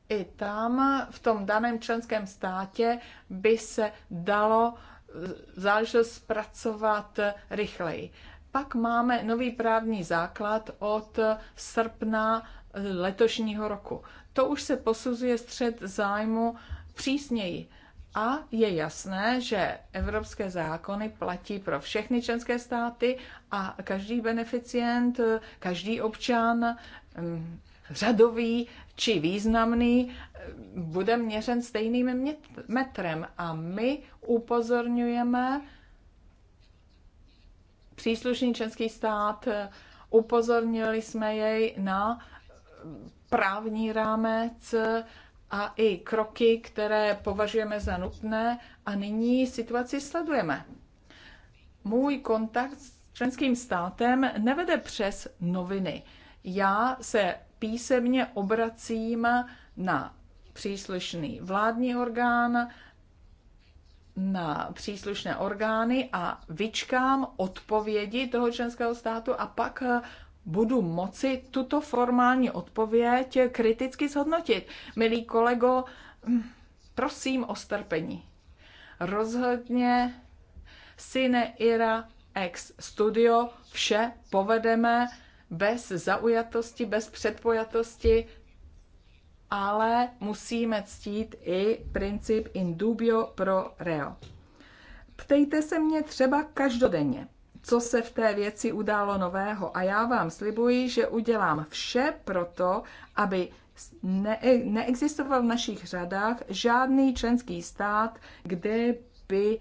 Speaker 2: i tam, v tom daném členském státě, by se dalo eh, záležitost zpracovat rychleji. Pak máme nový právní základ od srpna letošního roku. To už se posuzuje střed zájmu přísněji. A je jasné, že evropské zákony platí pro všechny členské státy a každý beneficient, každý občan, mm, řadový či významný, bude měřen stejným metrem. A my upozorňujeme příslušný členský stát, upozornili jsme jej na právní rámec a i kroky, které považujeme za nutné a nyní situaci sledujeme. Můj kontakt s členským státem nevede přes noviny. Já se písemně obracím na příslušný vládní orgán, na příslušné orgány a vyčkám odpovědi toho členského státu a pak budu moci tuto formální odpověď kriticky zhodnotit. Milý kolego, mm, prosím o strpení. Rozhodně sine ira ex studio vše povedeme bez zaujatosti, bez předpojatosti, ale musíme ctít i princip in dubio pro reo. Ptejte se mě třeba každodenně co se v té věci událo nového. A já vám slibuji, že udělám vše proto, aby ne- neexistoval v našich řadách žádný členský stát, kde by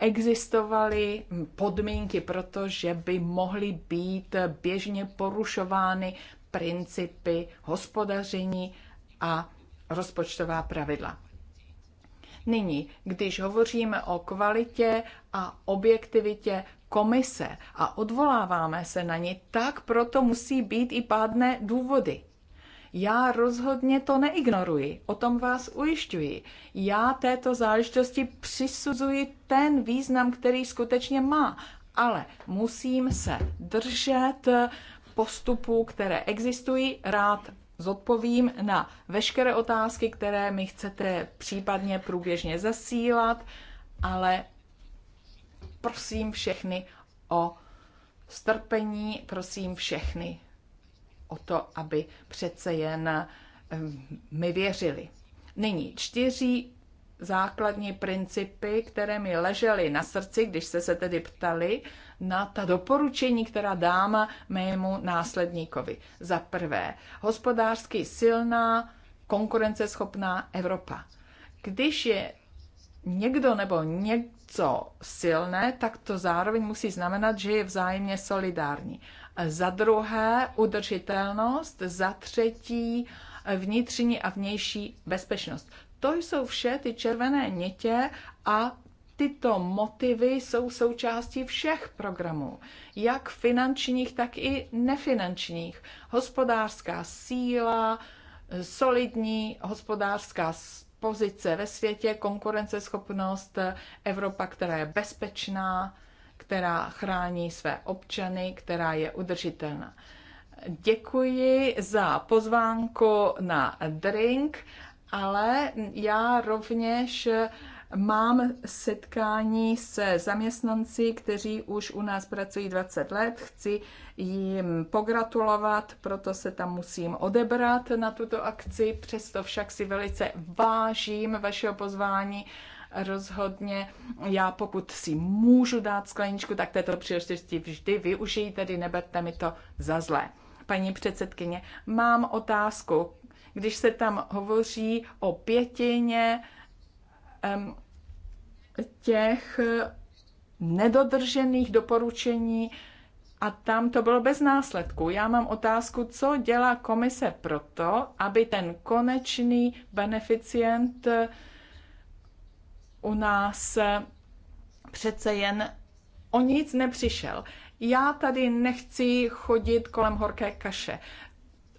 Speaker 2: existovaly podmínky, protože by mohly být běžně porušovány principy hospodaření a rozpočtová pravidla. Nyní, když hovoříme o kvalitě a objektivitě komise a odvoláváme se na ně, tak proto musí být i pádné důvody. Já rozhodně to neignoruji, o tom vás ujišťuji. Já této záležitosti přisuzuji ten význam, který skutečně má, ale musím se držet postupů, které existují. Rád zodpovím na veškeré otázky, které mi chcete případně průběžně zasílat, ale prosím všechny o strpení, prosím všechny o to, aby přece jen eh, mi věřili. Nyní čtyři základní principy, které mi ležely na srdci, když jste se tedy ptali na ta doporučení, která dám mému následníkovi. Za prvé, hospodářsky silná, konkurenceschopná Evropa. Když je někdo nebo něk, co silné, tak to zároveň musí znamenat, že je vzájemně solidární. Za druhé udržitelnost, za třetí vnitřní a vnější bezpečnost. To jsou vše ty červené nitě a tyto motivy jsou součástí všech programů, jak finančních, tak i nefinančních. Hospodářská síla, solidní hospodářská pozice ve světě, konkurenceschopnost, eh, Evropa, která je bezpečná, která chrání své občany, která je udržitelná. Děkuji za pozvánku na drink, ale já rovněž eh, Mám setkání se zaměstnanci, kteří už u nás pracují 20 let. Chci jim pogratulovat, proto se tam musím odebrat na tuto akci. Přesto však si velice vážím vašeho pozvání rozhodně já pokud si můžu dát skleničku, tak této příležitosti vždy využiji, tedy neberte mi to za zlé. Paní předsedkyně, mám otázku. Když se tam hovoří o pětině těch eh, nedodržených doporučení a tam to bylo bez následku. Já mám otázku, co dělá komise proto, aby ten konečný beneficient eh, u nás eh, přece jen o nic nepřišel. Já tady nechci chodit kolem horké kaše.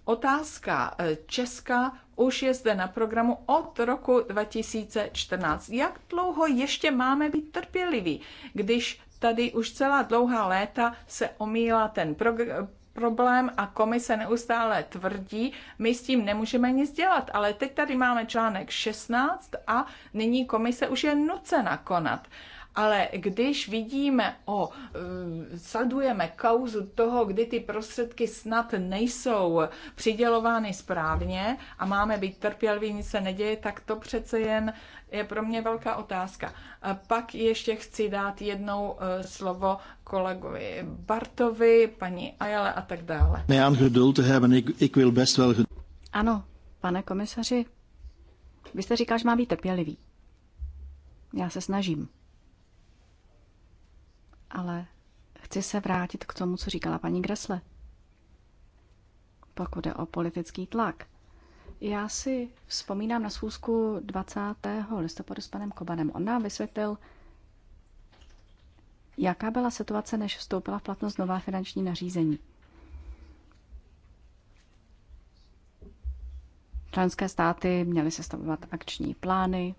Speaker 2: Otázka česká už je zde na programu od roku 2014. Jak dlouho ještě máme být trpěliví, když tady už celá dlouhá léta se omílá ten program, problém a komise neustále tvrdí, my s tím nemůžeme nic dělat, ale teď tady máme článek 16 a nyní komise už je nucena konat ale když vidíme o, eh, sadujeme kauzu toho, kdy ty prostředky snad nejsou přidělovány správně a máme být trpělivý, nic se neděje, tak to přece jen je pro mě velká otázka. A pak ještě chci dát jednou eh, slovo kolegovi Bartovi, paní Ajale a tak dále.
Speaker 3: Nejám geduld ik, ik best wel
Speaker 2: Ano, pane komisaři, vy jste
Speaker 1: říkal, že má být trpělivý. Já se snažím. Ale chci se vrátit k tomu, co říkala paní Gresle. Pokud je o politický tlak. Já si vzpomínám na schůzku 20. listopadu s panem Kobanem. On nám vysvětlil, jaká byla situace, než vstoupila v platnost nová finanční nařízení. Členské státy měly sestavovat akční plány,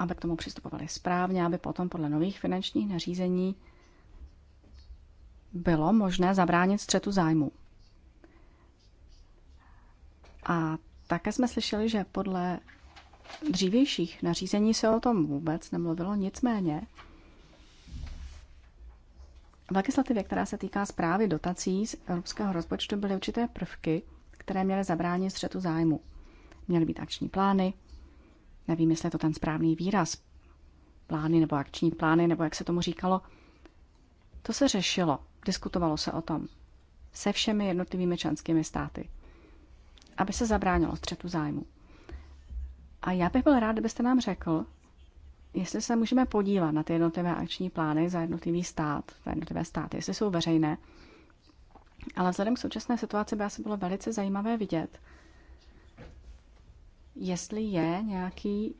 Speaker 1: aby k tomu přistupovali správně, aby potom podle nových finančních nařízení bylo možné zabránit střetu zájmu. A také jsme slyšeli, že podle dřívějších nařízení se o tom vůbec nemluvilo, nicméně v legislativě, která se týká zprávy dotací z evropského rozpočtu, byly určité prvky, které měly zabránit střetu zájmu. Měly být akční plány, nevím, jestli je to ten správný výraz, plány nebo akční plány, nebo jak se tomu říkalo, to se řešilo, diskutovalo se o tom se všemi jednotlivými členskými státy, aby se zabránilo střetu zájmu. A já bych byl rád, kdybyste nám řekl, jestli se můžeme podívat na ty jednotlivé akční plány za jednotlivý stát, za jednotlivé státy, jestli jsou veřejné. Ale vzhledem k současné situaci by asi bylo velice zajímavé vidět, jestli je nějaký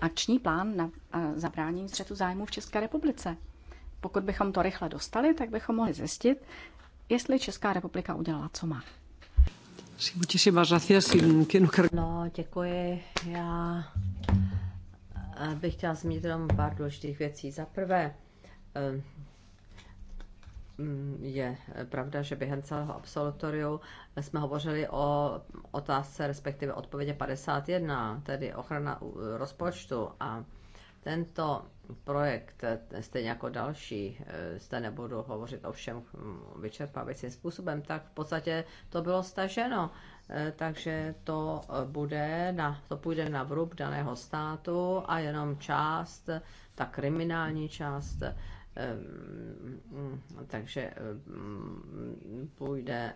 Speaker 1: akční plán na zabránění střetu zájmů v České republice. Pokud bychom to rychle dostali, tak bychom mohli zjistit, jestli Česká republika udělala, co má.
Speaker 3: No,
Speaker 4: no, děkuji. Já eh, bych chtěla zmínit jenom pár důležitých věcí. Za prvé, eh, Mm, je pravda, že během celého absolutoriu jsme hovořili o otázce, respektive odpovědě 51, tedy ochrana e, rozpočtu a tento projekt, e, stejně jako další, e, zde nebudu hovořit o všem mm, vyčerpávajícím způsobem, tak v podstatě to bylo staženo. Takže to bude, na, to půjde na vrub daného státu a jenom část, ta kriminální část, takže půjde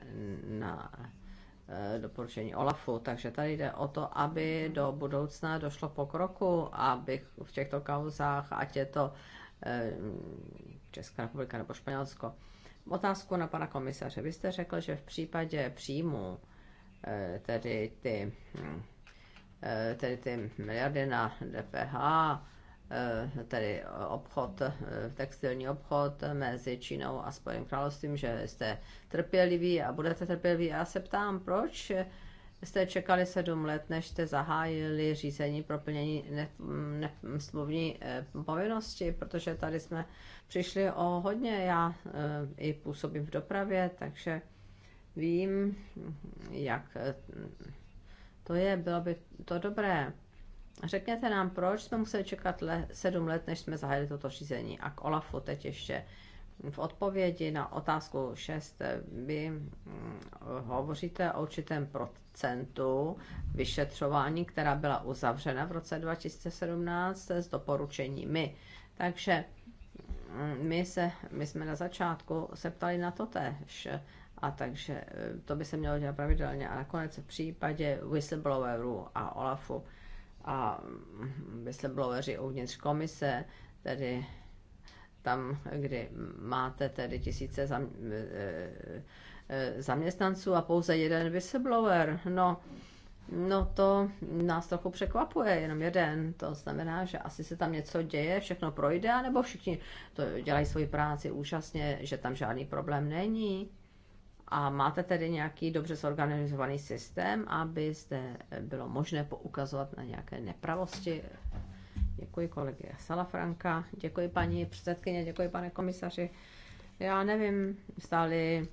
Speaker 4: na eh, doporučení OLAFu. Takže tady jde o to, aby do budoucna došlo pokroku, aby v těchto kauzách, ať je to eh, Česká republika nebo Španělsko. Otázku na pana komisaře. Vy jste řekl, že v případě příjmu eh, tedy ty, hm, tedy ty miliardy na DPH, Eh, tedy eh, obchod, eh, textilní obchod mezi Čínou a Spojeným královstvím, že jste trpěliví a budete trpěliví. Já se ptám, proč jste čekali sedm let, než jste zahájili řízení pro plnění ne, ne, smluvní povinnosti, protože tady jsme přišli o hodně. Já i působím v dopravě, takže vím, jak to je. Bylo by to dobré Řekněte nám, proč jsme museli čekat le- sedm let, než jsme zahájili toto řízení. A k Olafu teď ještě v odpovědi na otázku 6 vy mm, hovoříte o určitém procentu vyšetřování, která byla uzavřena v roce 2017 s doporučeními. Takže mm, my, se, my jsme na začátku se ptali na to též. A takže e, to by se mělo dělat pravidelně. A nakonec v případě whistleblowerů a OLAFu a whistlebloweři uvnitř komise, tedy tam, kdy máte tedy tisíce zam, eh, zaměstnanců a pouze jeden whistleblower, no, no to nás trochu překvapuje, jenom jeden. To znamená, že asi se tam něco děje, všechno projde, nebo všichni to dělají svoji práci úžasně, že tam žádný problém není. A máte tedy nějaký dobře zorganizovaný systém, aby zde bylo možné poukazovat na nějaké nepravosti? Děkuji kolegy Salafranka, děkuji paní předsedkyně, děkuji pane komisaři. Já nevím, stáli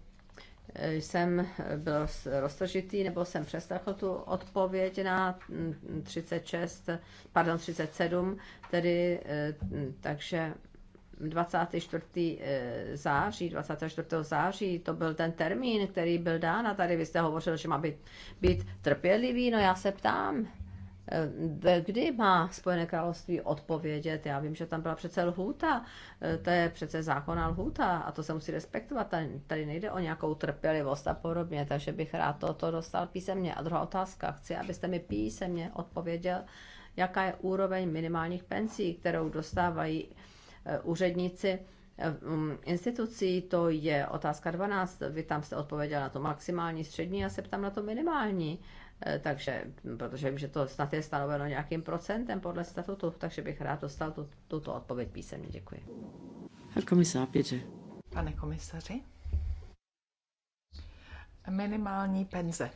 Speaker 4: eh, jsem byl roztržitý, nebo jsem přeslechl tu odpověď na 36, mm, pardon, 37, tedy eh, takže 24. Eh, září, 24. září, to byl ten termín, který byl dán a tady vy jste hovořil, že má být, být trpělivý, no já se ptám, eh, kdy má Spojené království odpovědět? Já vím, že tam byla přece lhůta, eh, to je přece zákonná lhůta a to se musí respektovat. Tady, tady nejde o nějakou trpělivost a podobně, takže bych rád toto dostal písemně. A druhá otázka, chci, abyste mi písemně odpověděl, jaká je úroveň minimálních pensí, kterou dostávají Eh, úředníci eh, mm, institucí, to je otázka 12, vy tam jste odpověděl na to maximální, střední, já se ptám na to minimální, eh, takže, mm, protože vím, že to snad je stanoveno nějakým procentem podle statutu, takže
Speaker 2: bych rád dostal tu, tuto odpověď písemně, děkuji.
Speaker 1: Herr Pěře.
Speaker 2: Pane komisaři? Minimální penze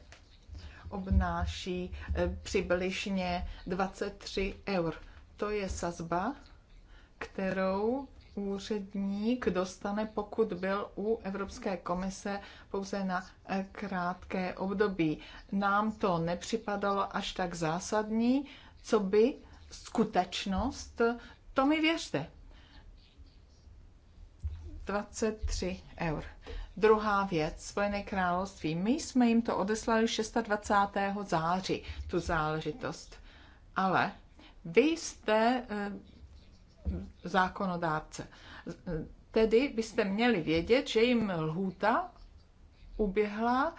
Speaker 2: obnáší přibližně 23 eur. To je sazba, kterou úředník dostane, pokud byl u Evropské komise pouze na eh, krátké období. Nám to nepřipadalo až tak zásadní, co by skutečnost, to mi věřte. 23 eur. Druhá věc, Spojené království. My jsme jim to odeslali 26. září, tu záležitost. Ale vy jste eh, zákonodárce. Tedy byste měli vědět, že jim lhůta uběhla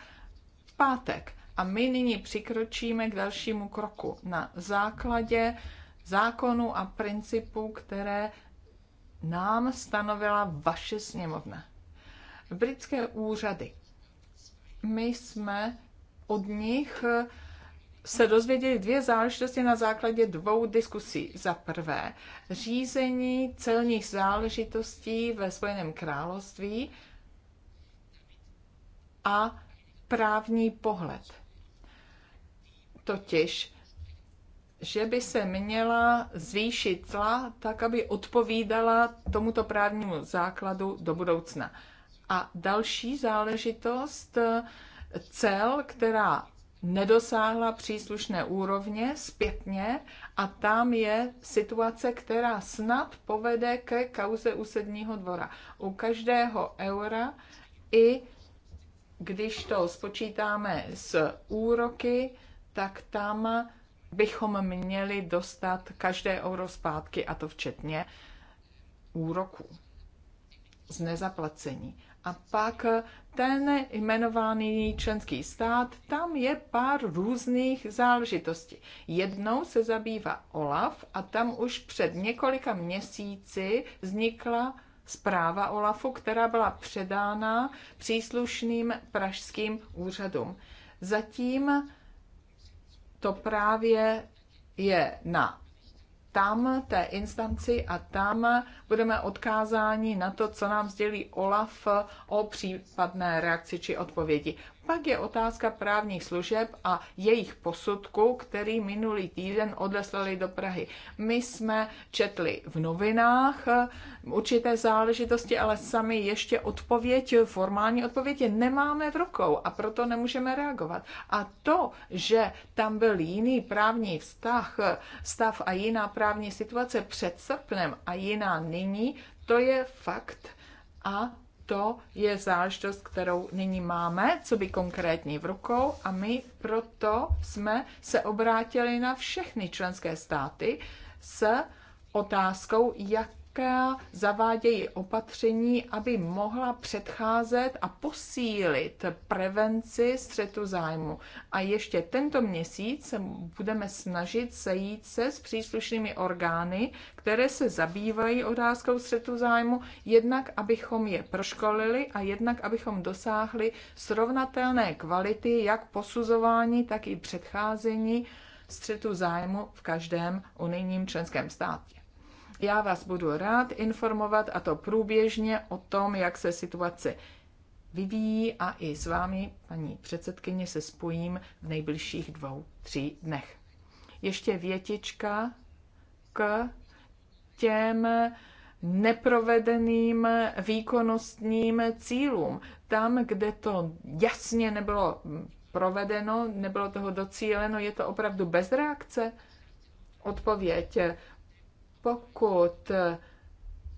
Speaker 2: v pátek. A my nyní přikročíme k dalšímu kroku na základě zákonu a principů, které nám stanovila vaše sněmovna. Britské úřady. My jsme od nich se dozvěděli dvě záležitosti na základě dvou diskusí. Za prvé, řízení celních záležitostí ve Spojeném království a právní pohled. Totiž, že by se měla zvýšit tla tak, aby odpovídala tomuto právnímu základu do budoucna. A další záležitost cel, která nedosáhla příslušné úrovně zpětně a tam je situace, která snad povede ke kauze úsedního dvora. U každého eura i když to spočítáme s úroky, tak tam bychom měli dostat každé euro zpátky, a to včetně úroků z nezaplacení. A pak ten jmenovaný členský stát, tam je pár různých záležitostí. Jednou se zabývá OLAF a tam už před několika měsíci vznikla zpráva OLAFu, která byla předána příslušným pražským úřadům. Zatím to právě je na tam té instanci a tam budeme odkázáni na to, co nám sdělí OLAF o případné reakci či odpovědi. Pak je otázka právních služeb a jejich posudku, který minulý týden odeslali do Prahy. My jsme četli v novinách eh, určité záležitosti, ale sami ještě odpověď, formální odpověď je nemáme v rukou a proto nemůžeme reagovat. A to, že tam byl jiný právní vztah, eh, stav a jiná právní situace před srpnem a jiná nyní, to je fakt a to je záležitost, kterou nyní máme, co by konkrétní v rukou a my proto jsme se obrátili na všechny členské státy s otázkou, jak také zavádějí opatření, aby mohla předcházet a posílit prevenci střetu zájmu. A ještě tento měsíc se budeme snažit sejít se s příslušnými orgány, které se zabývají otázkou střetu zájmu, jednak abychom je proškolili a jednak abychom dosáhli srovnatelné kvality jak posuzování, tak i předcházení střetu zájmu v každém unijním členském státě. Já vás budu rád informovat a to průběžně o tom, jak se situace vyvíjí a i s vámi, paní předsedkyně, se spojím v nejbližších dvou, tří dnech. Ještě větička k těm neprovedeným výkonnostním cílům. Tam, kde to jasně nebylo provedeno, nebylo toho docíleno, je to opravdu bez reakce? Odpověď pokud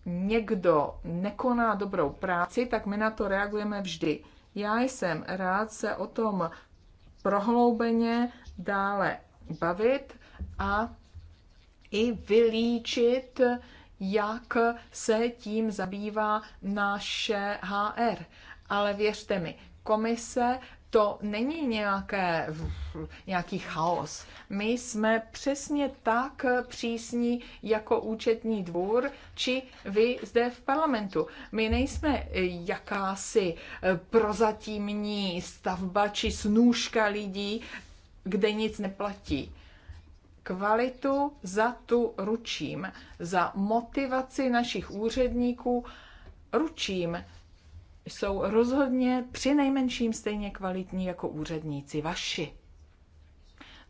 Speaker 2: někdo nekoná dobrou práci, tak my na to reagujeme vždy. Já jsem rád se o tom prohloubeně dále bavit a i vylíčit, jak se tím zabývá naše HR. Ale věřte mi, komise to není nějaké, nějaký chaos. My jsme přesně tak přísní jako účetní dvůr, či vy zde v parlamentu. My nejsme jakási prozatímní stavba či snůžka lidí, kde nic neplatí. Kvalitu za tu ručím, za motivaci našich úředníků ručím, jsou rozhodně při nejmenším stejně kvalitní jako úředníci vaši.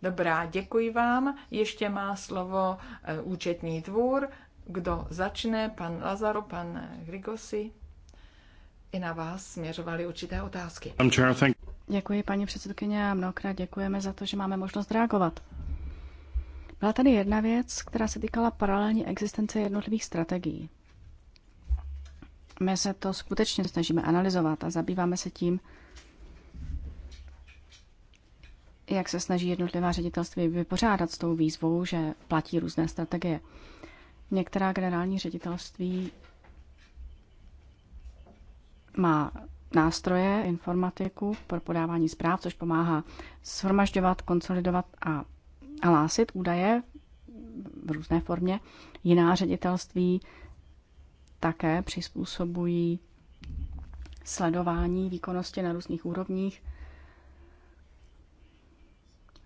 Speaker 2: Dobrá, děkuji vám. Ještě má slovo eh, účetní dvůr. Kdo začne? Pan Lazaro, pan Grigosi. I na vás směřovaly určité otázky. Děkuji, paní předsedkyně, a mnohokrát děkujeme
Speaker 1: za to, že máme možnost reagovat. Byla tady jedna věc, která se týkala paralelní existence jednotlivých strategií. My se to skutečně snažíme analyzovat a zabýváme se tím, jak se snaží jednotlivá ředitelství vypořádat s tou výzvou, že platí různé strategie. Některá generální ředitelství má nástroje, informatiku pro podávání zpráv, což pomáhá shromažďovat, konsolidovat a, a údaje v různé formě. Jiná ředitelství také přizpůsobují sledování výkonnosti na různých úrovních.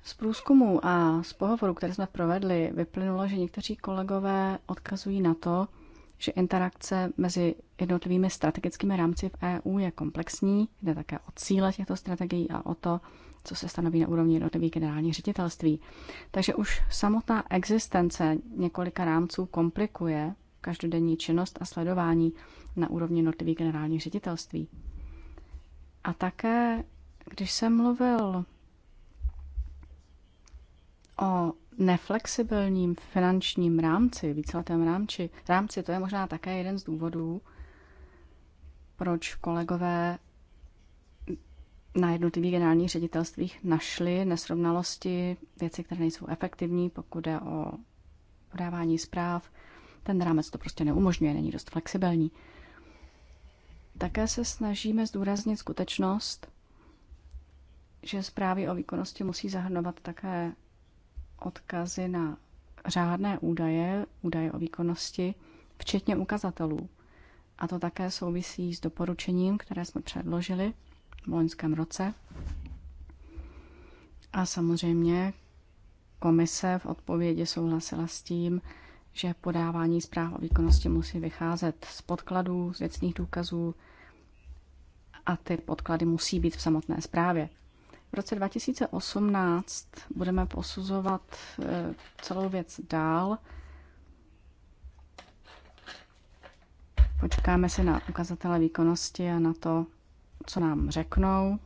Speaker 1: Z průzkumu a z pohovoru, které jsme provedli, vyplynulo, že někteří kolegové odkazují na to, že interakce mezi jednotlivými strategickými rámci v EU je komplexní, jde také o cíle těchto strategií a o to, co se stanoví na úrovni jednotlivých generálních ředitelství. Takže už samotná existence několika rámců komplikuje každodenní činnost a sledování na úrovni jednotlivých generálních ředitelství. A také, když jsem mluvil o neflexibilním finančním rámci, víceletém rámci, rámci, to je možná také jeden z důvodů, proč kolegové na jednotlivých generálních ředitelstvích našli nesrovnalosti, věci, které nejsou efektivní, pokud je o podávání zpráv, ten rámec to prostě neumožňuje, není dost flexibilní. Také se snažíme zdůraznit skutečnost, že zprávy o výkonnosti musí zahrnovat také odkazy na řádné údaje, údaje o výkonnosti, včetně ukazatelů. A to také souvisí s doporučením, které jsme předložili v loňském roce. A samozřejmě komise v odpovědi souhlasila s tím, že podávání zpráv o výkonnosti musí vycházet z podkladů, z věcných důkazů a ty podklady musí být v samotné zprávě. V roce 2018 budeme posuzovat eh, celou věc dál. Počkáme si na ukazatele výkonnosti a na to, co nám řeknou.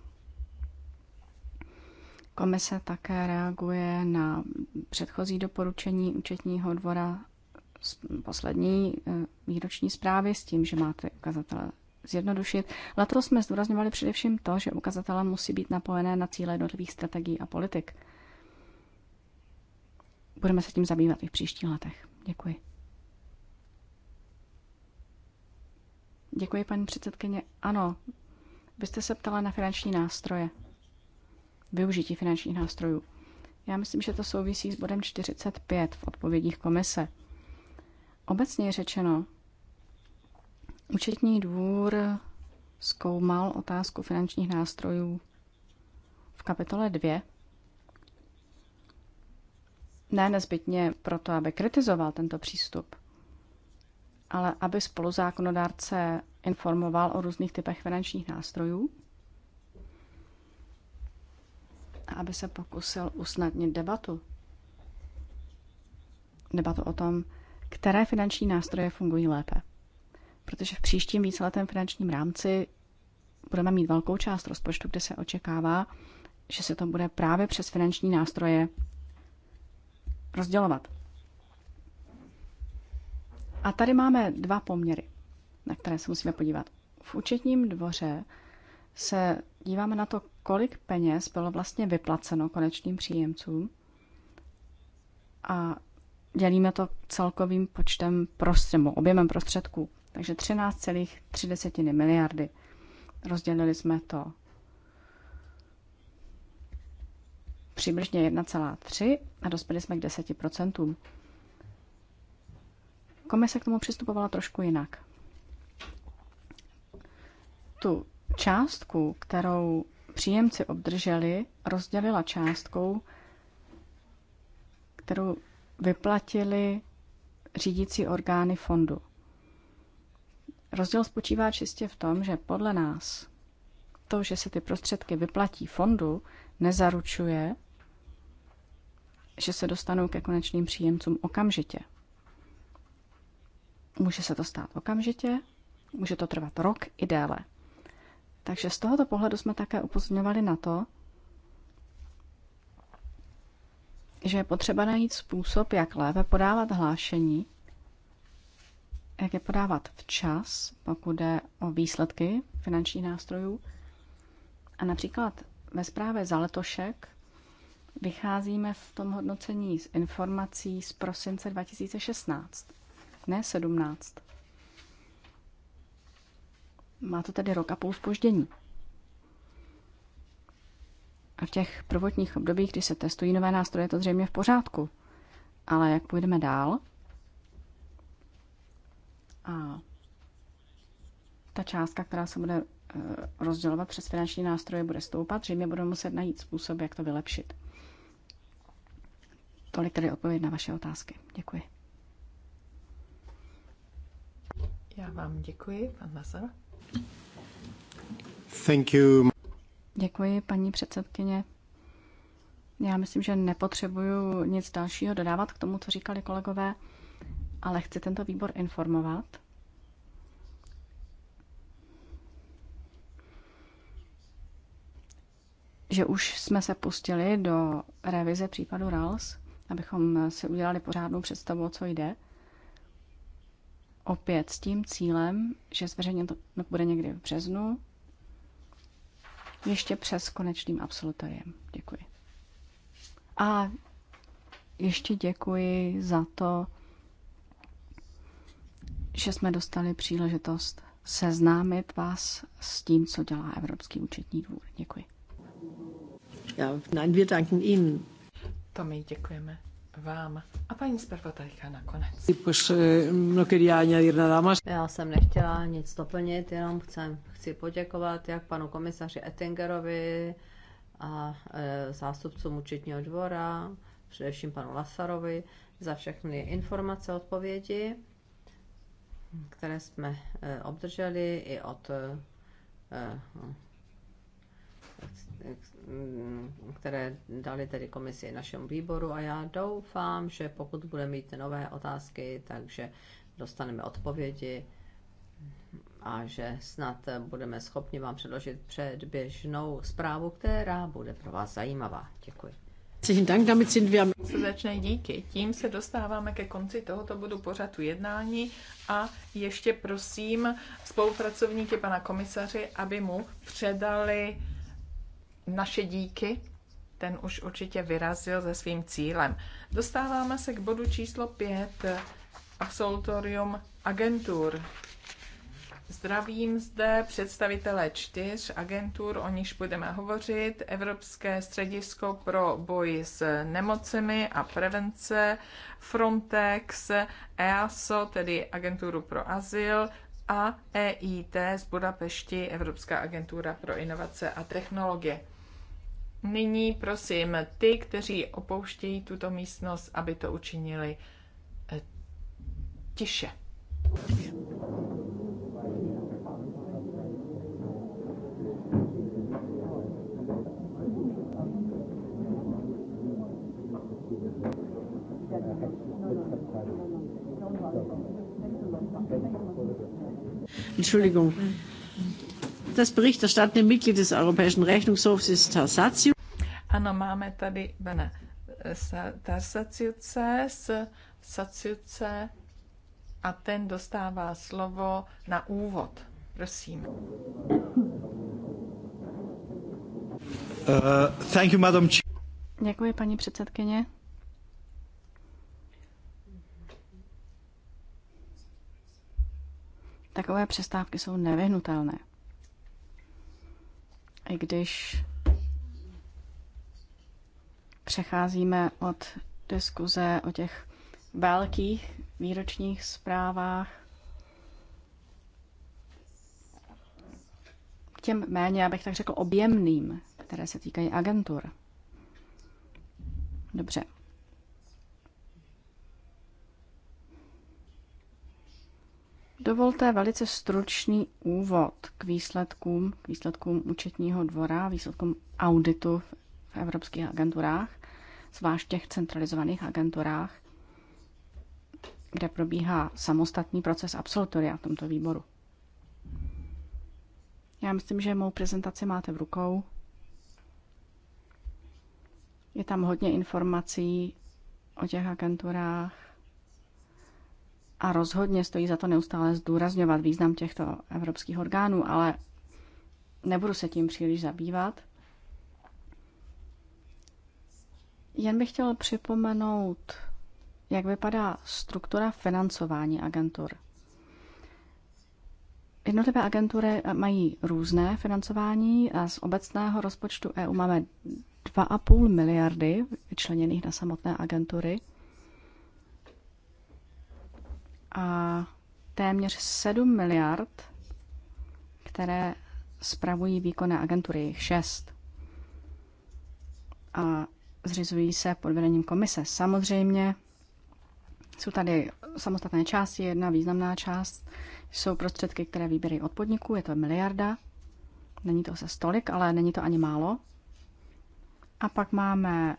Speaker 1: Komise také reaguje na předchozí doporučení účetního dvora poslední eh, výroční zprávy s tím, že máte ukazatele zjednodušit. Letos jsme zdůrazňovali především to, že ukazatele musí být napojené na cíle jednotlivých strategií a politik. Budeme se tím zabývat i v příštích letech. Děkuji. Děkuji, paní předsedkyně. Ano, vy jste se ptala na finanční nástroje. Využití finančních nástrojů. Já myslím, že to souvisí s bodem 45 v odpovědích komise – Obecně řečeno, účetní dvůr zkoumal otázku finančních nástrojů v kapitole 2. Ne nezbytně proto, aby kritizoval tento přístup, ale aby spoluzákonodárce informoval o různých typech finančních nástrojů a aby se pokusil usnadnit debatu. Debatu o tom, které finanční nástroje fungují lépe. Protože v příštím víceletém finančním rámci budeme mít velkou část rozpočtu, kde se očekává, že se to bude právě přes finanční nástroje rozdělovat. A tady máme dva poměry, na které se musíme podívat. V účetním dvoře se díváme na to, kolik peněz bylo vlastně vyplaceno konečným příjemcům a dělíme to celkovým počtem prostředků, objemem prostředků. Takže 13,3 miliardy. Rozdělili jsme to přibližně 1,3 a dospěli jsme k 10%. Komise k tomu přistupovala trošku jinak. Tu částku, kterou příjemci obdrželi, rozdělila částkou, kterou vyplatili řídící orgány fondu. Rozdíl spočívá čistě v tom, že podle nás to, že se ty prostředky vyplatí fondu, nezaručuje, že se dostanou ke konečným příjemcům okamžitě. Může se to stát okamžitě, může to trvat rok i déle. Takže z tohoto pohledu jsme také upozorňovali na to, že je potřeba najít způsob, jak lépe podávat hlášení, jak je podávat včas, pokud jde o výsledky finančních nástrojů. A například ve zprávě za letošek vycházíme v tom hodnocení z informací z prosince 2016, ne 17. Má to tedy rok a půl spoždění. A v těch prvotních obdobích, kdy se testují nové nástroje, je to zřejmě v pořádku. Ale jak půjdeme dál? A ta částka, která se bude eh, rozdělovat přes finanční nástroje, bude stoupat, zřejmě budeme muset najít způsob, jak to vylepšit. Tolik tedy odpověď na vaše otázky. Děkuji.
Speaker 2: Já vám děkuji, pan Mazar.
Speaker 3: Thank you.
Speaker 1: Děkuji, paní předsedkyně. Já myslím, že nepotřebuju nic dalšího dodávat k tomu, co říkali kolegové, ale chci tento výbor informovat. že už jsme se pustili do revize případu RALS, abychom si udělali pořádnou představu, o co jde. Opět s tím cílem, že zveřejněno to bude někdy v březnu, ještě přes konečným absolutoriem. Děkuji. A ještě děkuji za to, že jsme dostali příležitost seznámit vás s tím, co dělá Evropský účetní dvůr. Děkuji. Ja, nein, wir danken Ihnen.
Speaker 2: To my děkujeme vám a paní zpravodajka nakonec. Eh, no
Speaker 4: Já jsem nechtěla nic doplnit, jenom chcem, chci poděkovat jak panu komisaři Ettingerovi a e, zástupcům účetního dvora, především panu Lasarovi, za všechny informace, odpovědi, které jsme eh, obdrželi i od které dali tedy komisi našemu výboru a já doufám, že pokud bude mít nové otázky, takže dostaneme odpovědi a že snad budeme schopni vám předložit předběžnou zprávu, která bude pro vás zajímavá. Děkuji.
Speaker 2: Srdečné díky. Tím se dostáváme ke konci tohoto bodu pořadu jednání a ještě prosím spolupracovníky pana komisaři, aby mu předali naše díky. Ten už určitě vyrazil se svým cílem. Dostáváme se k bodu číslo 5, absolutorium agentur. Zdravím zde představitele čtyř agentur, o nichž budeme hovořit. Evropské středisko pro boj s nemocemi a prevence, Frontex, EASO, tedy agenturu pro azyl, a EIT z Budapešti, Evropská agentura pro inovace a technologie. Nyní prosím ty, kteří opouštějí tuto místnost, aby to učinili eh, tiše.
Speaker 1: Entschuldigung. Das berichterstattende Mitglied des Europäischen Rechnungshofs ist Tarsatio.
Speaker 2: Ano, máme tady Bene eh, Tarsatiuce z Saciuce a ten dostává slovo na úvod. Prosím. Uh,
Speaker 1: thank you, madam. Děkuji, paní předsedkyně. Takové přestávky jsou nevyhnutelné i když přecházíme od diskuze o těch velkých výročních zprávách k těm méně, abych tak řekl, objemným, které se týkají agentur. Dobře, Dovolte velice stručný úvod k výsledkům, k výsledkům účetního dvora, výsledkům auditu v, evropských agenturách, zvlášť těch centralizovaných agenturách, kde probíhá samostatný proces absolutoria v tomto výboru. Já myslím, že mou prezentaci máte v rukou. Je tam hodně informací o těch agenturách, a rozhodně stojí za to neustále zdůrazňovat význam těchto evropských orgánů, ale nebudu se tím příliš zabývat. Jen bych chtěl připomenout, jak vypadá struktura financování agentur. Jednotlivé agentury mají různé financování a z obecného rozpočtu EU máme 2,5 miliardy vyčleněných na samotné agentury a téměř 7 miliard, které spravují výkonné agentury, jich 6. A zřizují se pod vedením komise. Samozřejmě jsou tady samostatné části, jedna významná část jsou prostředky, které vybírají od podniků, je to miliarda, není to se stolik, ale není to ani málo. A pak máme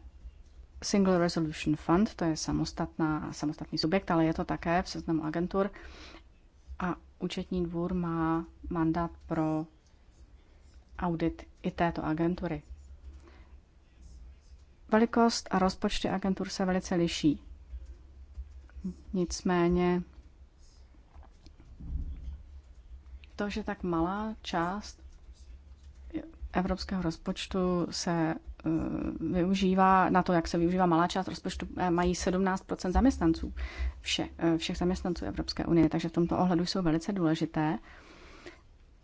Speaker 1: Single Resolution Fund, to je samostatná, samostatný subjekt, ale je to také v seznamu agentur. A účetní dvůr má mandát pro audit i této agentury. Velikost a rozpočty agentur se velice liší. Nicméně to, že tak malá část evropského rozpočtu se eh, využívá, na to, jak se využívá malá část rozpočtu, eh, mají 17 zaměstnanců, vše, eh, všech zaměstnanců Evropské unie, takže v tomto ohledu jsou velice důležité.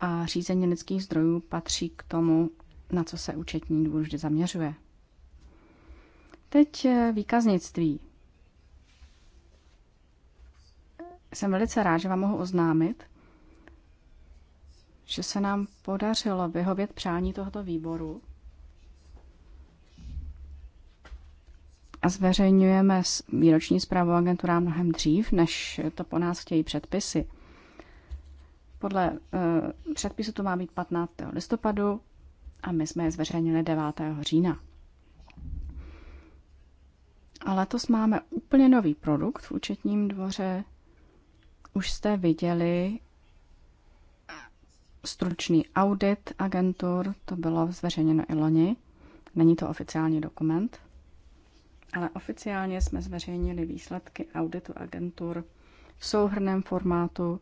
Speaker 1: A řízení lidských zdrojů patří k tomu, na co se účetní dvůr vždy zaměřuje. Teď výkaznictví. Jsem velice rád, že vám mohu oznámit, že se nám podařilo vyhovět přání tohoto výboru a zveřejňujeme výroční zprávu agentura mnohem dřív, než to po nás chtějí předpisy. Podle uh, předpisu to má být 15. listopadu a my jsme je zveřejnili 9. října. A letos máme úplně nový produkt v účetním dvoře. Už jste viděli stručný audit agentur, to bylo zveřejněno i loni. Není to oficiální dokument, ale oficiálně jsme zveřejnili výsledky auditu agentur v souhrném formátu,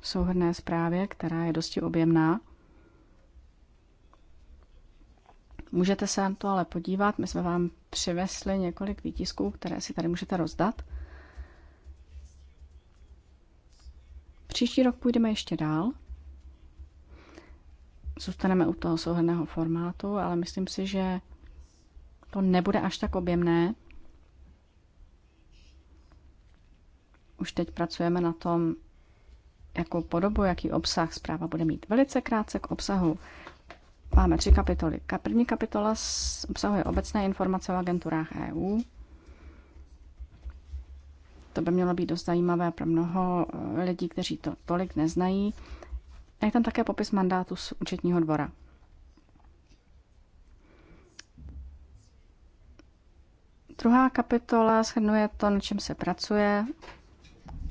Speaker 1: v souhrné zprávě, která je dosti objemná. Můžete se na to ale podívat, my jsme vám přivesli několik výtisků, které si tady můžete rozdat. Příští rok půjdeme ještě dál zůstaneme u toho souhrného formátu, ale myslím si, že to nebude až tak objemné. Už teď pracujeme na tom, jakou podobu, jaký obsah zpráva bude mít. Velice krátce k obsahu. Máme tři kapitoly. První kapitola obsahuje obecné informace o agenturách EU. To by mělo být dost zajímavé pro mnoho eh, lidí, kteří to tolik neznají. A je tam také popis mandátu z účetního dvora. Druhá kapitola shrnuje to, na čem se pracuje.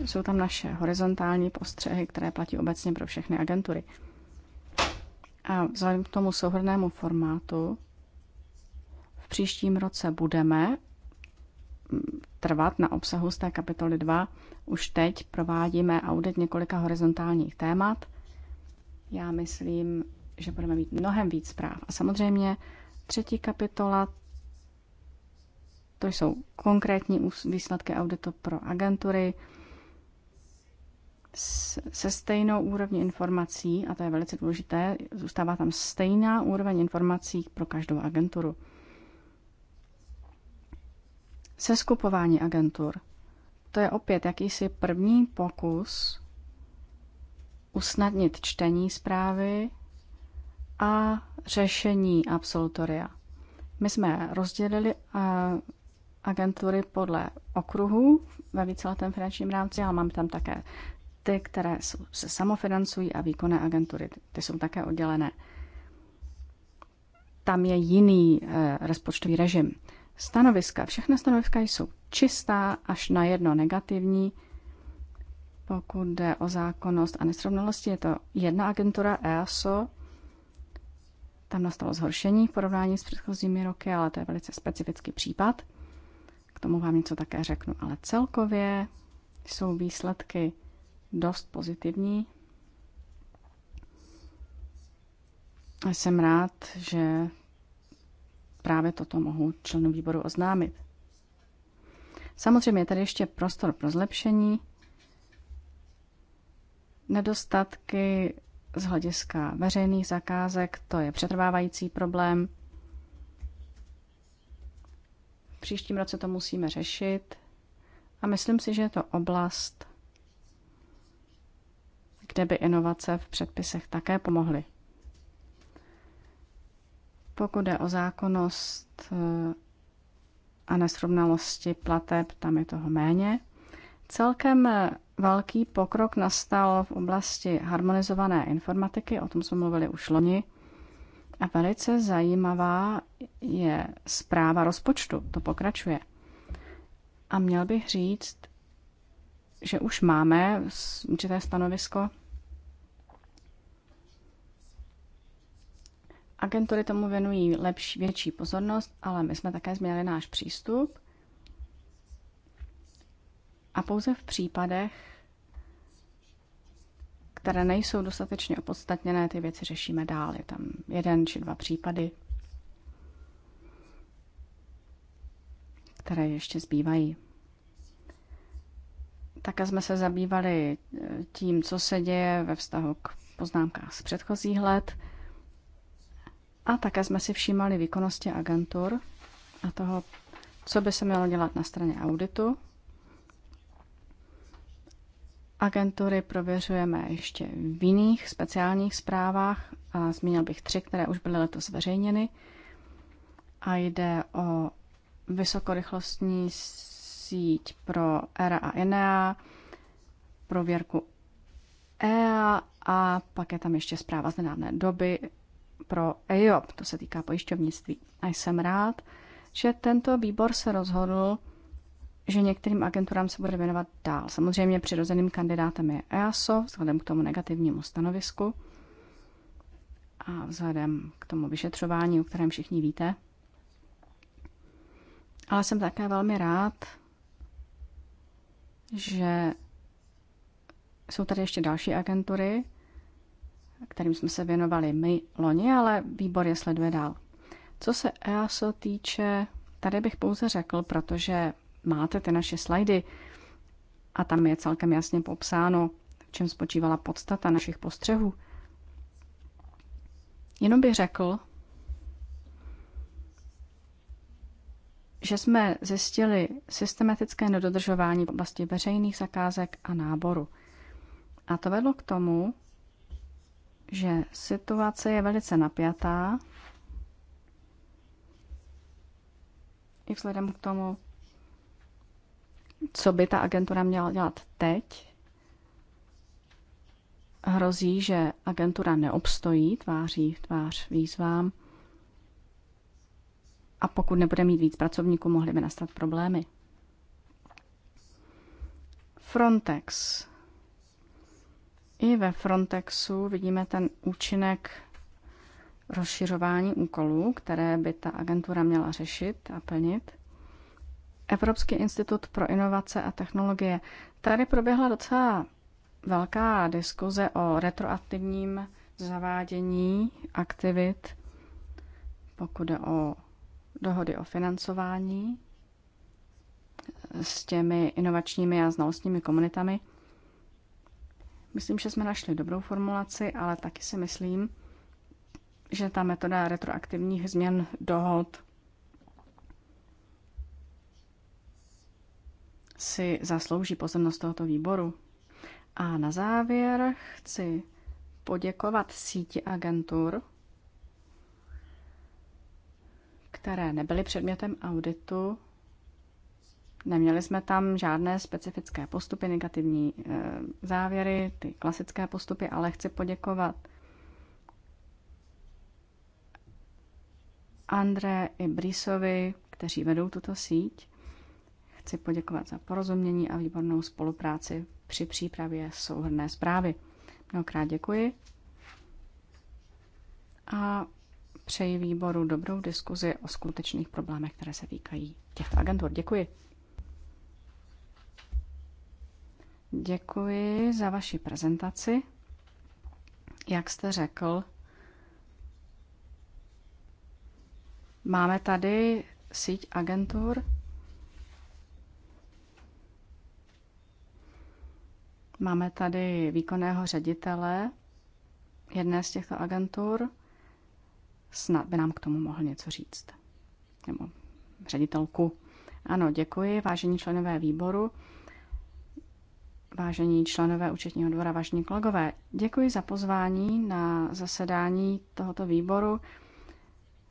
Speaker 1: Jsou tam naše horizontální postřehy, které platí obecně pro všechny agentury. A vzhledem k tomu souhrnému formátu v příštím roce budeme mm, trvat na obsahu z té kapitoly 2. Už teď provádíme audit několika horizontálních témat já myslím, že budeme mít mnohem víc zpráv. A samozřejmě třetí kapitola, to jsou konkrétní výsledky auditu pro agentury se stejnou úrovní informací, a to je velice důležité, zůstává tam stejná úroveň informací pro každou agenturu. Seskupování agentur. To je opět jakýsi první pokus usnadnit čtení zprávy a řešení absolutoria. My jsme rozdělili eh, agentury podle okruhů ve víceletém finančním rámci, ale máme tam také ty, které se samofinancují a výkonné agentury. Ty jsou také oddělené. Tam je jiný eh, rozpočtový režim. Stanoviska. Všechna stanoviska jsou čistá až na jedno negativní, pokud jde o zákonnost a nesrovnalosti, je to jedna agentura EASO. Tam nastalo zhoršení v porovnání s předchozími roky, ale to je velice specifický případ. K tomu vám něco také řeknu, ale celkově jsou výsledky dost pozitivní. A jsem rád, že právě toto mohu členům výboru oznámit. Samozřejmě je tady ještě prostor pro zlepšení, Nedostatky z hlediska veřejných zakázek, to je přetrvávající problém. V příštím roce to musíme řešit a myslím si, že je to oblast, kde by inovace v předpisech také pomohly. Pokud jde o zákonnost eh, a nesrovnalosti plateb, tam je toho méně. Celkem eh, Velký pokrok nastal v oblasti harmonizované informatiky, o tom jsme mluvili už loni. A velice zajímavá je zpráva rozpočtu, to pokračuje. A měl bych říct, že už máme určité stanovisko. Agentury tomu věnují lepší, větší pozornost, ale my jsme také změnili náš přístup a pouze v případech, které nejsou dostatečně opodstatněné, ty věci řešíme dál. Je tam jeden či dva případy, které ještě zbývají. Také jsme se zabývali eh, tím, co se děje ve vztahu k poznámkách z předchozích let. A také jsme si všímali výkonnosti agentur a toho, co by se mělo dělat na straně auditu agentury prověřujeme ještě v jiných speciálních zprávách a zmínil bych tři, které už byly letos zveřejněny. A jde o vysokorychlostní síť pro ERA a ENEA, prověrku EA a pak je tam ještě zpráva z nedávné doby pro EIOP, to se týká pojišťovnictví. A jsem rád, že tento výbor se rozhodl, že některým agenturám se bude věnovat dál. Samozřejmě přirozeným kandidátem je EASO, vzhledem k tomu negativnímu stanovisku a vzhledem k tomu vyšetřování, o kterém všichni víte. Ale jsem také velmi rád, že jsou tady ještě další agentury, kterým jsme se věnovali my loni, ale výbor je sleduje dál. Co se EASO týče, tady bych pouze řekl, protože máte ty naše slajdy a tam je celkem jasně popsáno, v čem spočívala podstata našich postřehů. Jenom bych řekl, že jsme zjistili systematické nedodržování v oblasti veřejných zakázek a náboru. A to vedlo k tomu, že situace je velice napjatá i vzhledem k tomu, co by ta agentura měla dělat teď, hrozí, že agentura neobstojí tváří v tvář výzvám a pokud nebude mít víc pracovníků, mohly by nastat problémy. Frontex. I ve Frontexu vidíme ten účinek rozšiřování úkolů, které by ta agentura měla řešit a plnit – Evropský institut pro inovace a technologie. Tady proběhla docela velká diskuze o retroaktivním zavádění aktivit, pokud jde o dohody o financování s těmi inovačními a znalostními komunitami. Myslím, že jsme našli dobrou formulaci, ale taky si myslím, že ta metoda retroaktivních změn dohod si zaslouží pozornost tohoto výboru. A na závěr chci poděkovat síti agentur, které nebyly předmětem auditu. Neměli jsme tam žádné specifické postupy, negativní eh, závěry, ty klasické postupy, ale chci poděkovat André i Brisovi, kteří vedou tuto síť. Chci poděkovat za porozumění a výbornou spolupráci při přípravě souhrné zprávy. Mnohokrát děkuji a přeji výboru dobrou diskuzi o skutečných problémech, které se týkají těchto agentur. Děkuji. Děkuji za vaši prezentaci. Jak jste řekl, máme tady síť agentur, Máme tady výkonného ředitele jedné z těchto agentur. Snad by nám k tomu mohl něco říct. Nebo ředitelku. Ano, děkuji, vážení členové výboru, vážení členové účetního dvora, vážení kolegové. Děkuji za pozvání na zasedání tohoto výboru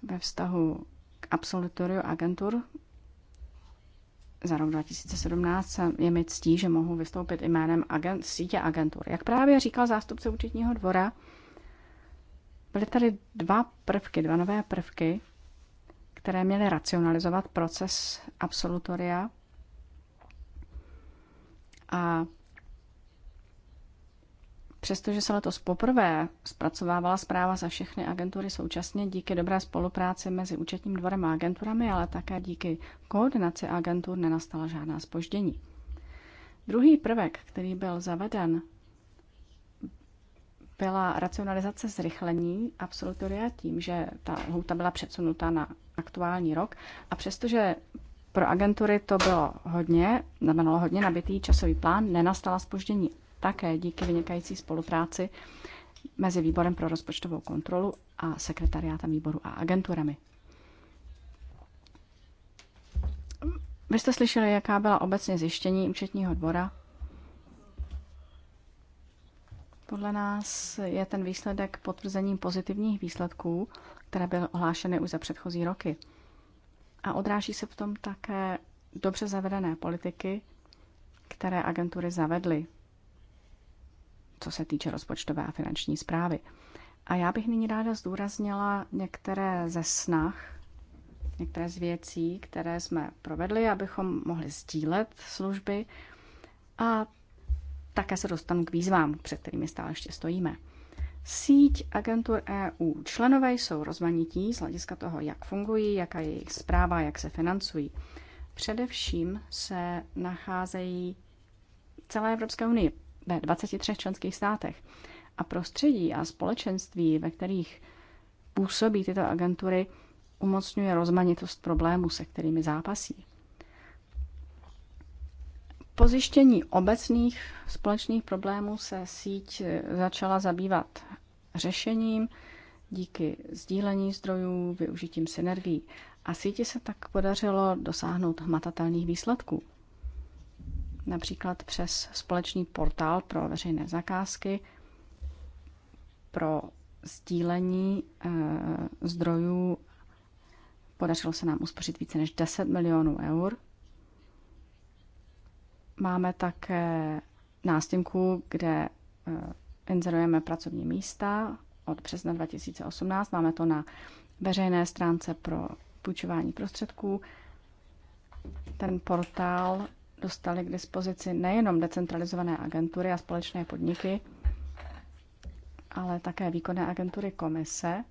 Speaker 1: ve vztahu k absolutoriu agentur, za rok 2017 je mi ctí, že mohu vystoupit jménem agent, sítě agentur. Jak právě říkal zástupce účetního dvora, byly tady dva prvky, dva nové prvky, které měly racionalizovat proces absolutoria a Přestože se letos poprvé zpracovávala zpráva za všechny agentury současně díky dobré spolupráci mezi účetním dvorem a agenturami, ale také díky koordinaci agentur nenastala žádná spoždění. Druhý prvek, který byl zaveden, byla racionalizace zrychlení absolutoria tím, že ta lhůta byla předsunuta na aktuální rok a přestože pro agentury to bylo hodně, znamenalo hodně nabitý časový plán, nenastala spoždění také díky vynikající spolupráci mezi Výborem pro rozpočtovou kontrolu a sekretariátem výboru a agenturami. Vy jste slyšeli, jaká byla obecně zjištění účetního dvora? Podle nás je ten výsledek potvrzením pozitivních výsledků, které byly ohlášeny už za předchozí roky. A odráží se v tom také dobře zavedené politiky, které agentury zavedly co se týče rozpočtové a finanční zprávy. A já bych nyní ráda zdůraznila některé ze snah, některé z věcí, které jsme provedli, abychom mohli sdílet služby a také se dostanu k výzvám, před kterými stále ještě stojíme. Síť agentur EU. Členové jsou rozmanití z hlediska toho, jak fungují, jaká je jejich zpráva, jak se financují. Především se nacházejí celé Evropské unii ve 23 členských státech. A prostředí a společenství, ve kterých působí tyto agentury, umocňuje rozmanitost problémů, se kterými zápasí. Po zjištění obecných společných problémů se síť začala zabývat řešením díky sdílení zdrojů, využitím synergií. A síti se tak podařilo dosáhnout hmatatelných výsledků například přes společný portál pro veřejné zakázky, pro sdílení e, zdrojů. Podařilo se nám uspořit více než 10 milionů eur. Máme také nástěnku, kde eh, inzerujeme pracovní místa od března 2018. Máme to na veřejné stránce pro půjčování prostředků. Ten portál dostali k dispozici nejenom decentralizované agentury a společné podniky, ale také výkonné agentury komise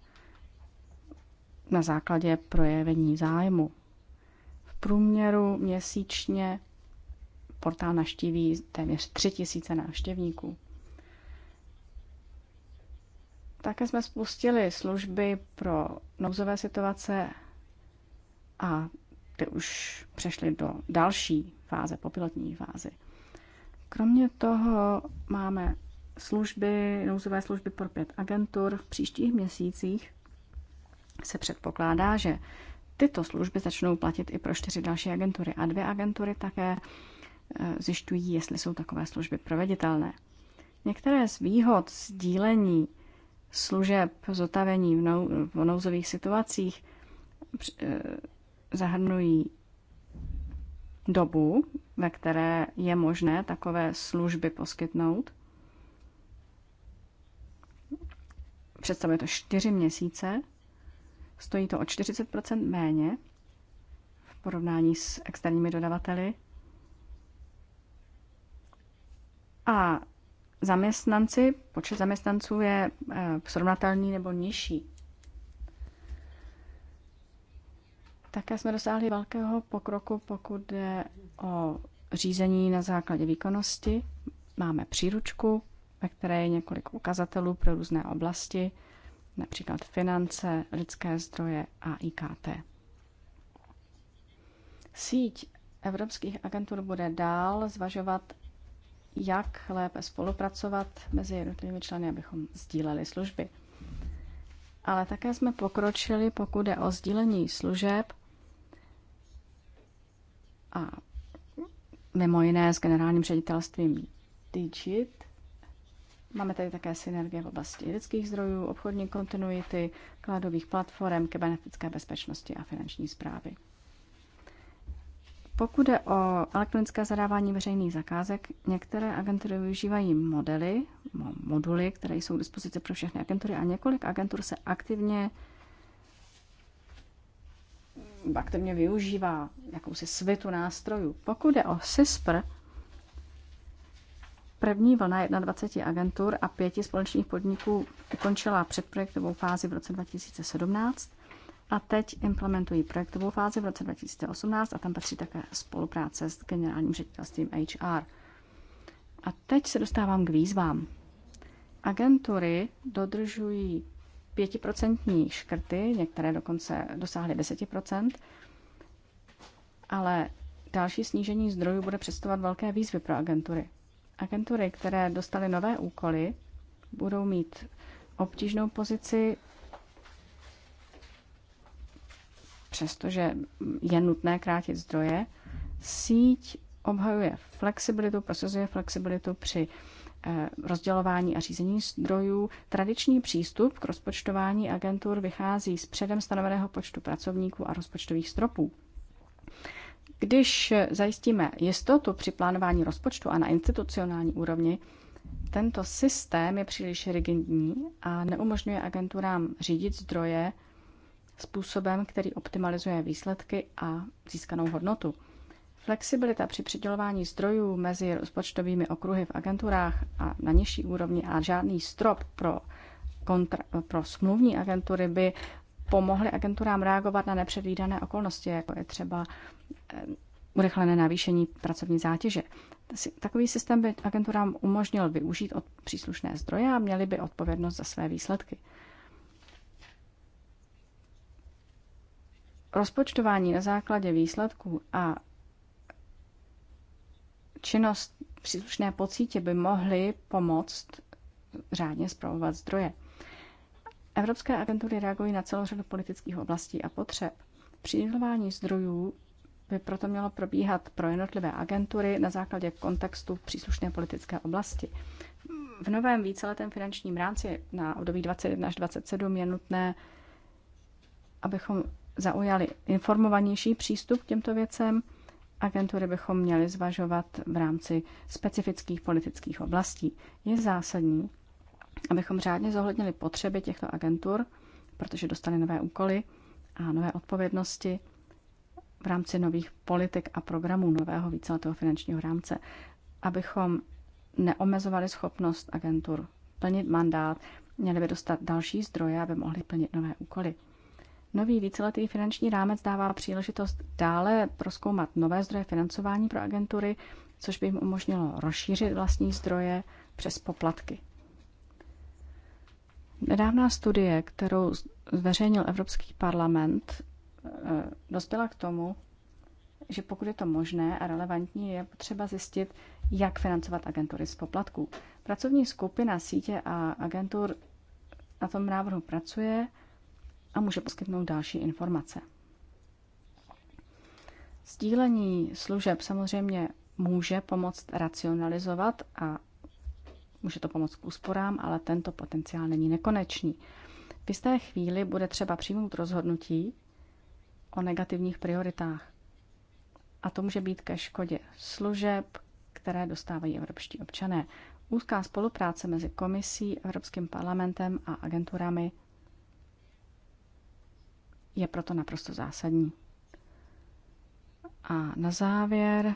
Speaker 1: na základě projevení zájmu. V průměru měsíčně portál naštíví téměř 3000 návštěvníků. Také jsme spustili služby pro nouzové situace a kdy už přešli do další fáze, popilotní fázy. Kromě toho máme služby, nouzové služby pro pět agentur. V příštích měsících se předpokládá, že tyto služby začnou platit i pro čtyři další agentury a dvě agentury také eh, zjišťují, jestli jsou takové služby proveditelné. Některé z výhod sdílení služeb zotavení v, nou, v nouzových situacích eh, zahrnují dobu, ve které je možné takové služby poskytnout. Představuje to 4 měsíce, stojí to o 40 méně v porovnání s externími dodavateli. A zaměstnanci, počet zaměstnanců je eh, srovnatelný nebo nižší. Také jsme dosáhli velkého pokroku, pokud jde o řízení na základě výkonnosti. Máme příručku, ve které je několik ukazatelů pro různé oblasti, například finance, lidské zdroje a IKT. Síť evropských agentur bude dál zvažovat, jak lépe spolupracovat mezi jednotlivými členy, abychom sdíleli služby. Ale také jsme pokročili, pokud jde o sdílení služeb a mimo jiné s generálním ředitelstvím Digit. Máme tady také synergie v oblasti lidských zdrojů, obchodní kontinuity, kladových platform, kybernetické bezpečnosti a finanční zprávy. Pokud je o elektronické zadávání veřejných zakázek, některé agentury využívají modely, moduly, které jsou k dispozici pro všechny agentury a několik agentur se aktivně aktivně využívá jakousi svitu nástrojů. Pokud je o CISPR, první vlna 21 agentur a pěti společných podniků ukončila předprojektovou fázi v roce 2017 a teď implementují projektovou fázi v roce 2018 a tam patří také spolupráce s generálním ředitelstvím HR. A teď se dostávám k výzvám. Agentury dodržují pětiprocentní škrty, některé dokonce dosáhly 10%, ale další snížení zdrojů bude představovat velké výzvy pro agentury. Agentury, které dostaly nové úkoly, budou mít obtížnou pozici, přestože je nutné krátit zdroje. Síť obhajuje flexibilitu, prosazuje flexibilitu při Eh, rozdělování a řízení zdrojů. Tradiční přístup k rozpočtování agentur vychází z předem stanoveného počtu pracovníků a rozpočtových stropů. Když zajistíme jistotu při plánování rozpočtu a na institucionální úrovni, tento systém je příliš rigidní a neumožňuje agenturám řídit zdroje způsobem, který optimalizuje výsledky a získanou hodnotu. Flexibilita při přidělování zdrojů mezi rozpočtovými okruhy v agenturách a na nižší úrovni a žádný strop pro, kontra- pro smluvní agentury by pomohly agenturám reagovat na nepředvídané okolnosti, jako je třeba eh, urychlené navýšení pracovní zátěže. Takový systém by agenturám umožnil využít od příslušné zdroje a měli by odpovědnost za své výsledky. Rozpočtování na základě výsledků a činnost, příslušné pocítě by mohly pomoct řádně zpravovat zdroje. Evropské agentury reagují na celou řadu politických oblastí a potřeb. Přidělování zdrojů by proto mělo probíhat pro jednotlivé agentury na základě kontextu příslušné politické oblasti. V novém víceletém finančním rámci na období 21 až 27 je nutné, abychom zaujali informovanější přístup k těmto věcem agentury bychom měli zvažovat v rámci specifických politických oblastí. Je zásadní, abychom řádně zohlednili potřeby těchto agentur, protože dostali nové úkoly a nové odpovědnosti v rámci nových politik a programů nového víceletého finančního rámce, abychom neomezovali schopnost agentur plnit mandát, měli by dostat další zdroje, aby mohli plnit nové úkoly. Nový víceletý finanční rámec dává příležitost dále proskoumat nové zdroje financování pro agentury, což by jim umožnilo rozšířit vlastní zdroje přes poplatky. Nedávná studie, kterou zveřejnil Evropský parlament, eh, dospěla k tomu, že pokud je to možné a relevantní, je potřeba zjistit, jak financovat agentury z poplatků. Pracovní skupina sítě a agentur na tom návrhu pracuje a může poskytnout další informace. Sdílení služeb samozřejmě může pomoct racionalizovat a může to pomoct k úsporám, ale tento potenciál není nekonečný. V jisté chvíli bude třeba přijmout rozhodnutí o negativních prioritách. A to může být ke škodě služeb, které dostávají evropští občané. Úzká spolupráce mezi komisí, Evropským parlamentem a agenturami je proto naprosto zásadní. A na závěr,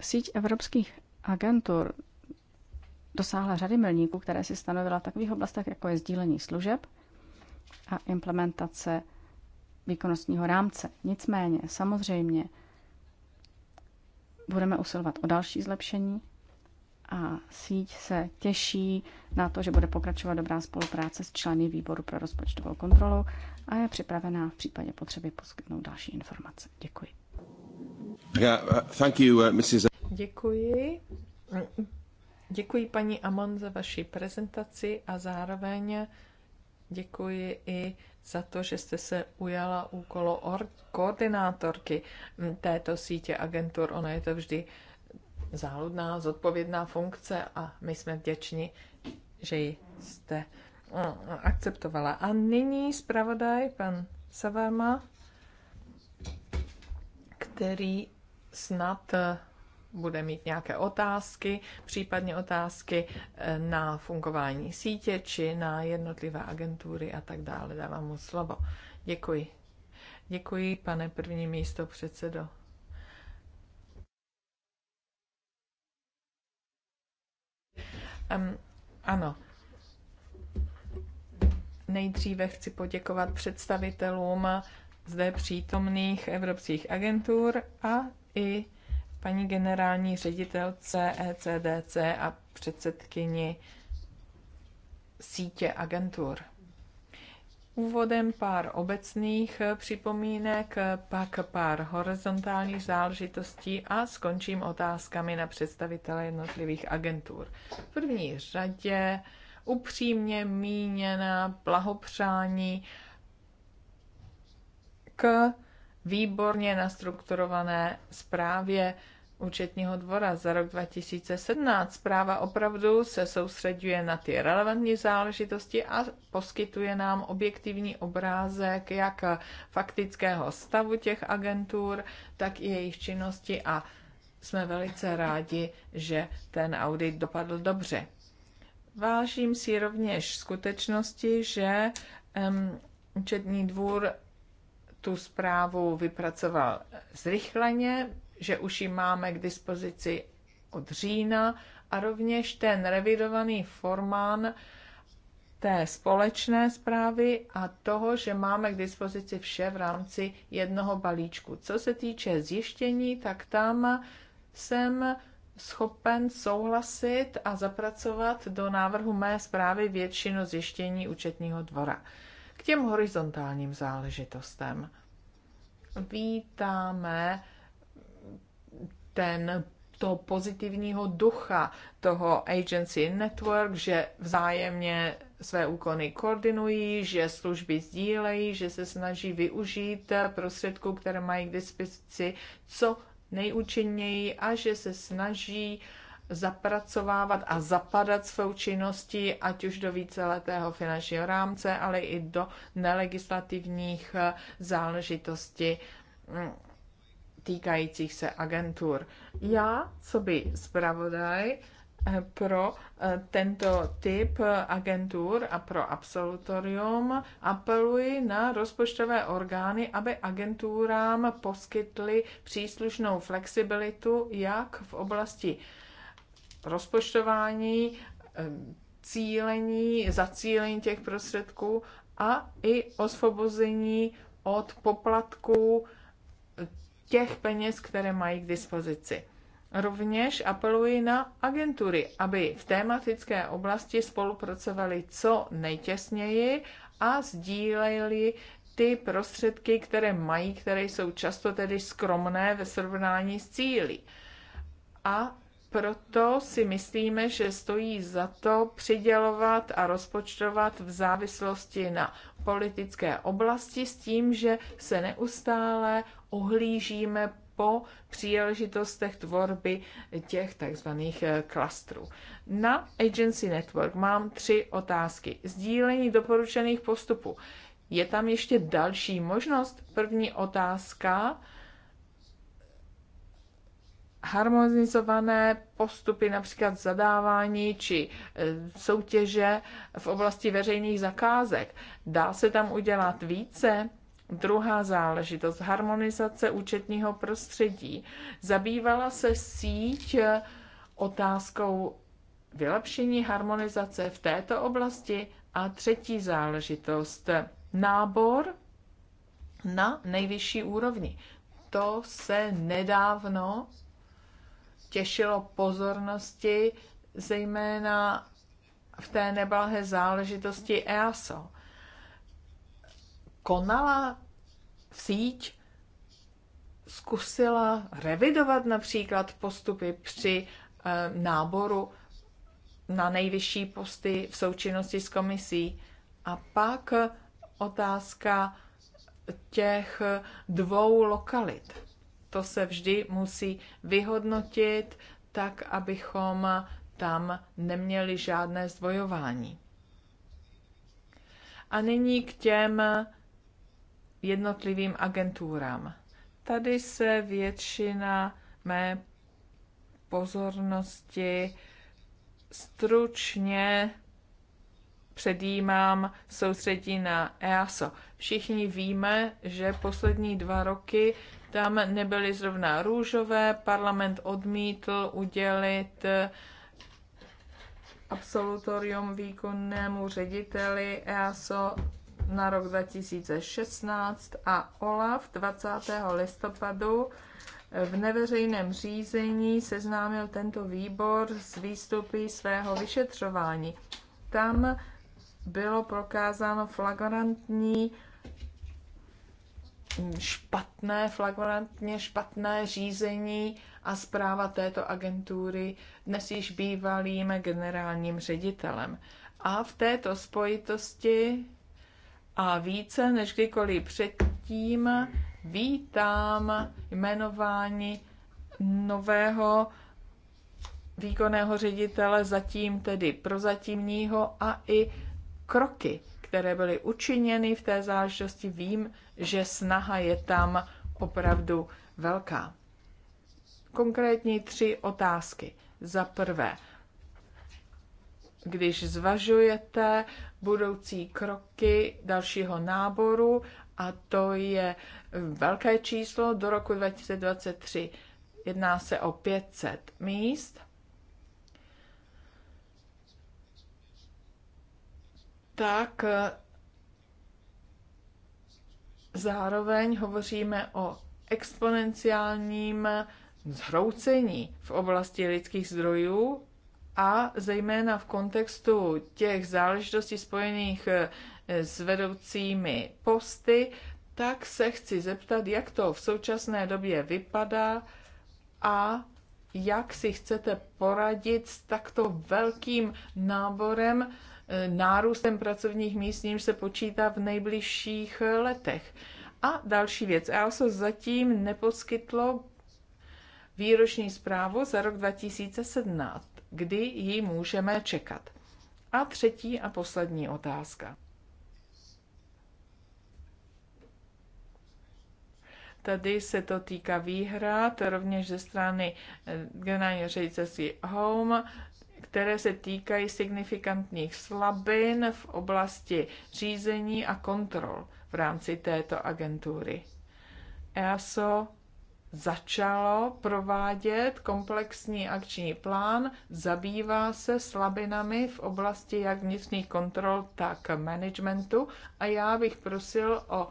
Speaker 1: síť evropských agentur dosáhla řady milníků, které si stanovila v takových oblastech, jako je sdílení služeb a implementace výkonnostního rámce. Nicméně, samozřejmě, budeme usilovat o další zlepšení a síť se těší na to, že bude pokračovat dobrá spolupráce s členy výboru pro rozpočtovou kontrolu a je připravená v případě potřeby poskytnout další informace. Děkuji.
Speaker 3: Uh, uh,
Speaker 2: děkuji. Děkuji paní Amon za vaši prezentaci a zároveň děkuji i za to, že jste se ujala úkolu koordinátorky této sítě agentur. Ona je to vždy záludná, zodpovědná funkce a my jsme vděční, že ji jste mm, akceptovala. A nyní zpravodaj, pan Savarma, který snad eh, bude mít nějaké otázky, případně otázky eh, na fungování sítě či na jednotlivé agentury a tak dále. Dávám mu slovo. Děkuji. Děkuji, pane první místo předsedo. Um, ano. Nejdříve chci poděkovat představitelům zde přítomných evropských agentur a i paní generální ředitelce ECDC a předsedkyni sítě agentur. Úvodem pár obecných eh, připomínek, eh, pak pár horizontálních záležitostí a skončím otázkami na představitele jednotlivých agentur. V první řadě upřímně míněná blahopřání k výborně nastrukturované zprávě účetního dvora za rok 2017. Zpráva opravdu se soustředuje na ty relevantní záležitosti a poskytuje nám objektivní obrázek jak faktického stavu těch agentur, tak i jejich činnosti a jsme velice rádi, že ten audit dopadl dobře. Vážím si rovněž skutečnosti, že um, účetní dvůr tu zprávu vypracoval zrychleně, že už ji máme k dispozici od října a rovněž ten revidovaný formán té společné zprávy a toho, že máme k dispozici vše v rámci jednoho balíčku. Co se týče zjištění, tak tam jsem schopen souhlasit a zapracovat do návrhu mé zprávy většinu zjištění účetního dvora. K těm horizontálním záležitostem. Vítáme ten toho pozitivního ducha toho agency network, že vzájemně své úkony koordinují, že služby sdílejí, že se snaží využít prostředků, které mají k dispozici, co nejúčinněji a že se snaží zapracovávat a zapadat svou činností, ať už do víceletého finančního rámce, ale i do nelegislativních záležitostí týkajících se agentur. Já, co by zpravodaj eh, pro eh, tento typ agentur a pro absolutorium apeluji na rozpočtové orgány, aby agenturám poskytly příslušnou flexibilitu, jak v oblasti rozpočtování, eh, cílení, zacílení těch prostředků a i osvobození od poplatků těch peněz, které mají k dispozici. Rovněž apeluji na agentury, aby v tématické oblasti spolupracovali co nejtěsněji a sdíleli ty prostředky, které mají, které jsou často tedy skromné ve srovnání s cíly. A proto si myslíme, že stojí za to přidělovat a rozpočtovat v závislosti na politické oblasti s tím, že se neustále ohlížíme po příležitostech tvorby těch takzvaných eh, klastrů. Na Agency Network mám tři otázky. Sdílení doporučených postupů. Je tam ještě další možnost? První otázka harmonizované postupy, například zadávání či e, soutěže v oblasti veřejných zakázek. Dá se tam udělat více? Druhá záležitost, harmonizace účetního prostředí. Zabývala se síť e, otázkou vylepšení harmonizace v této oblasti a třetí záležitost, nábor na nejvyšší úrovni. To se nedávno těšilo pozornosti, zejména v té neblahé záležitosti EASO. Konala síť, zkusila revidovat například postupy při eh, náboru na nejvyšší posty v součinnosti s komisí. A pak otázka těch dvou lokalit to se vždy musí vyhodnotit tak, abychom tam neměli žádné zdvojování. A nyní k těm jednotlivým agenturám. Tady se většina mé pozornosti stručně předjímám soustředí na EASO. Všichni víme, že poslední dva roky tam nebyly zrovna růžové. Parlament odmítl udělit eh, absolutorium výkonnému řediteli EASO na rok 2016 a OLAF 20. listopadu eh, v neveřejném řízení seznámil tento výbor s výstupy svého vyšetřování. Tam bylo prokázáno flagrantní Mm, špatné, flagrantně špatné řízení a zpráva této agentury dnes již bývalým generálním ředitelem. A v této spojitosti a více než kdykoliv předtím vítám jmenování nového výkonného ředitele, zatím tedy prozatímního a i kroky, které byly učiněny v té záležitosti, vím, že snaha je tam opravdu velká. Konkrétní tři otázky. Za prvé, když zvažujete budoucí kroky dalšího náboru, a to je velké číslo do roku 2023, jedná se o 500 míst, tak eh, zároveň hovoříme o exponenciálním zhroucení v oblasti lidských zdrojů a zejména v kontextu těch záležitostí spojených eh, s vedoucími posty, tak se chci zeptat, jak to v současné době vypadá a jak si chcete poradit s takto velkým náborem nárůstem pracovních míst, nímž se počítá v nejbližších letech. A další věc. EASO zatím neposkytlo výroční zprávu za rok 2017, kdy ji můžeme čekat. A třetí a poslední otázka. Tady se to týká výhrad, rovněž ze strany eh, generálního ředitelství Home, které se týkají signifikantních slabin v oblasti řízení a kontrol v rámci této agentury. EASO začalo provádět komplexní akční plán, zabývá se slabinami v oblasti jak vnitřních kontrol, tak managementu a já bych prosil o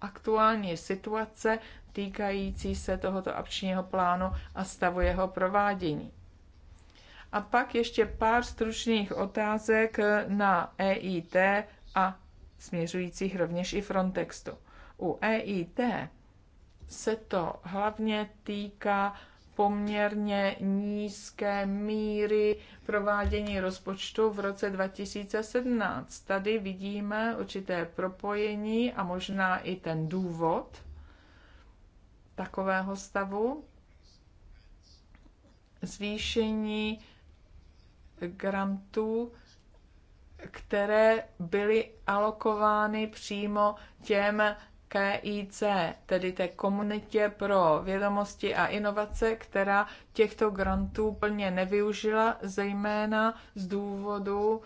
Speaker 2: aktuální situace týkající se tohoto akčního plánu a stavu jeho provádění. A pak ještě pár stručných otázek na EIT a směřujících rovněž i Frontextu. U EIT se to hlavně týká poměrně nízké míry provádění rozpočtu v roce 2017. Tady vidíme určité propojení a možná i ten důvod takového stavu. Zvýšení grantů, které byly alokovány přímo těm KIC, tedy té komunitě pro vědomosti a inovace, která těchto grantů plně nevyužila, zejména z důvodu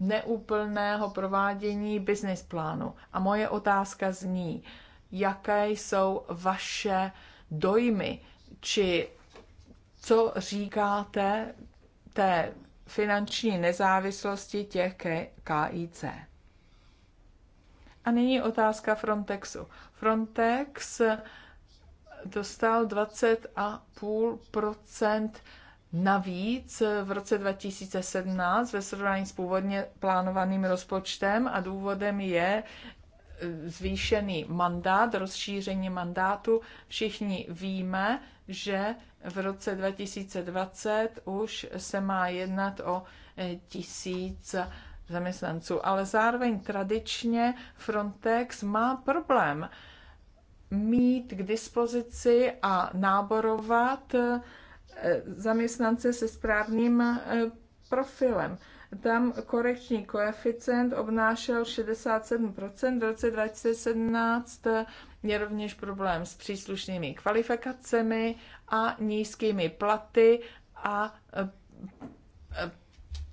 Speaker 2: neúplného provádění business plánu. A moje otázka zní, jaké jsou vaše dojmy, či co říkáte té finanční nezávislosti těch KIC. A nyní otázka Frontexu. Frontex dostal 20,5 navíc v roce 2017 ve srovnání s původně plánovaným rozpočtem a důvodem je eh, zvýšený mandát, rozšíření mandátu. Všichni víme, že v roce 2020 už se má jednat o eh, tisíc zaměstnanců, ale zároveň tradičně Frontex má problém mít k dispozici a náborovat eh, zaměstnance se správným eh, profilem. Tam korekční koeficient obnášel 67%, v roce 2017 je rovněž problém s příslušnými kvalifikacemi a nízkými platy a e, e,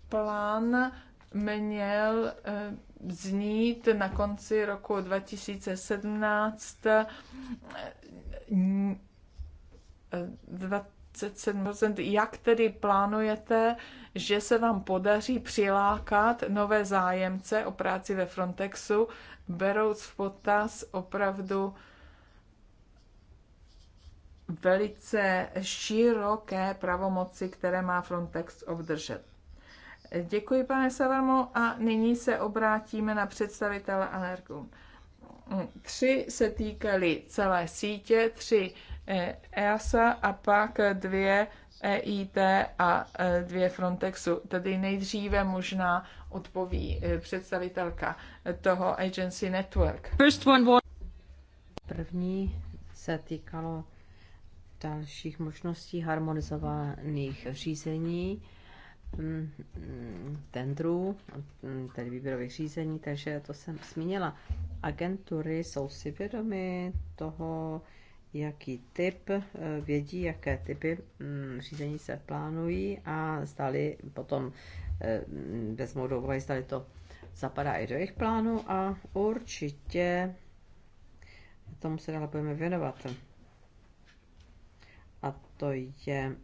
Speaker 2: plán měl e, znít na konci roku 2017 27%. Jak tedy plánujete, že se vám podaří přilákat nové zájemce o práci ve Frontexu, berouc v potaz opravdu velice široké pravomoci, které má Frontex obdržet. Děkuji, pane Savamo a nyní se obrátíme na představitele Anergum. Tři se týkaly celé sítě, tři EASA a pak dvě EIT a e, dvě Frontexu. Tedy nejdříve možná odpoví e, představitelka e, toho Agency Network.
Speaker 4: První se týkalo dalších možností harmonizovaných řízení mm, mm, tendrů, mm, tedy výběrových řízení, takže to jsem zmínila. Agentury jsou si vědomy toho, jaký typ, eh, vědí, jaké typy mm, řízení se plánují a zdali potom eh, vezmou do úvahy, zdali to zapadá i do jejich plánu a určitě tomu se dále budeme věnovat. A to je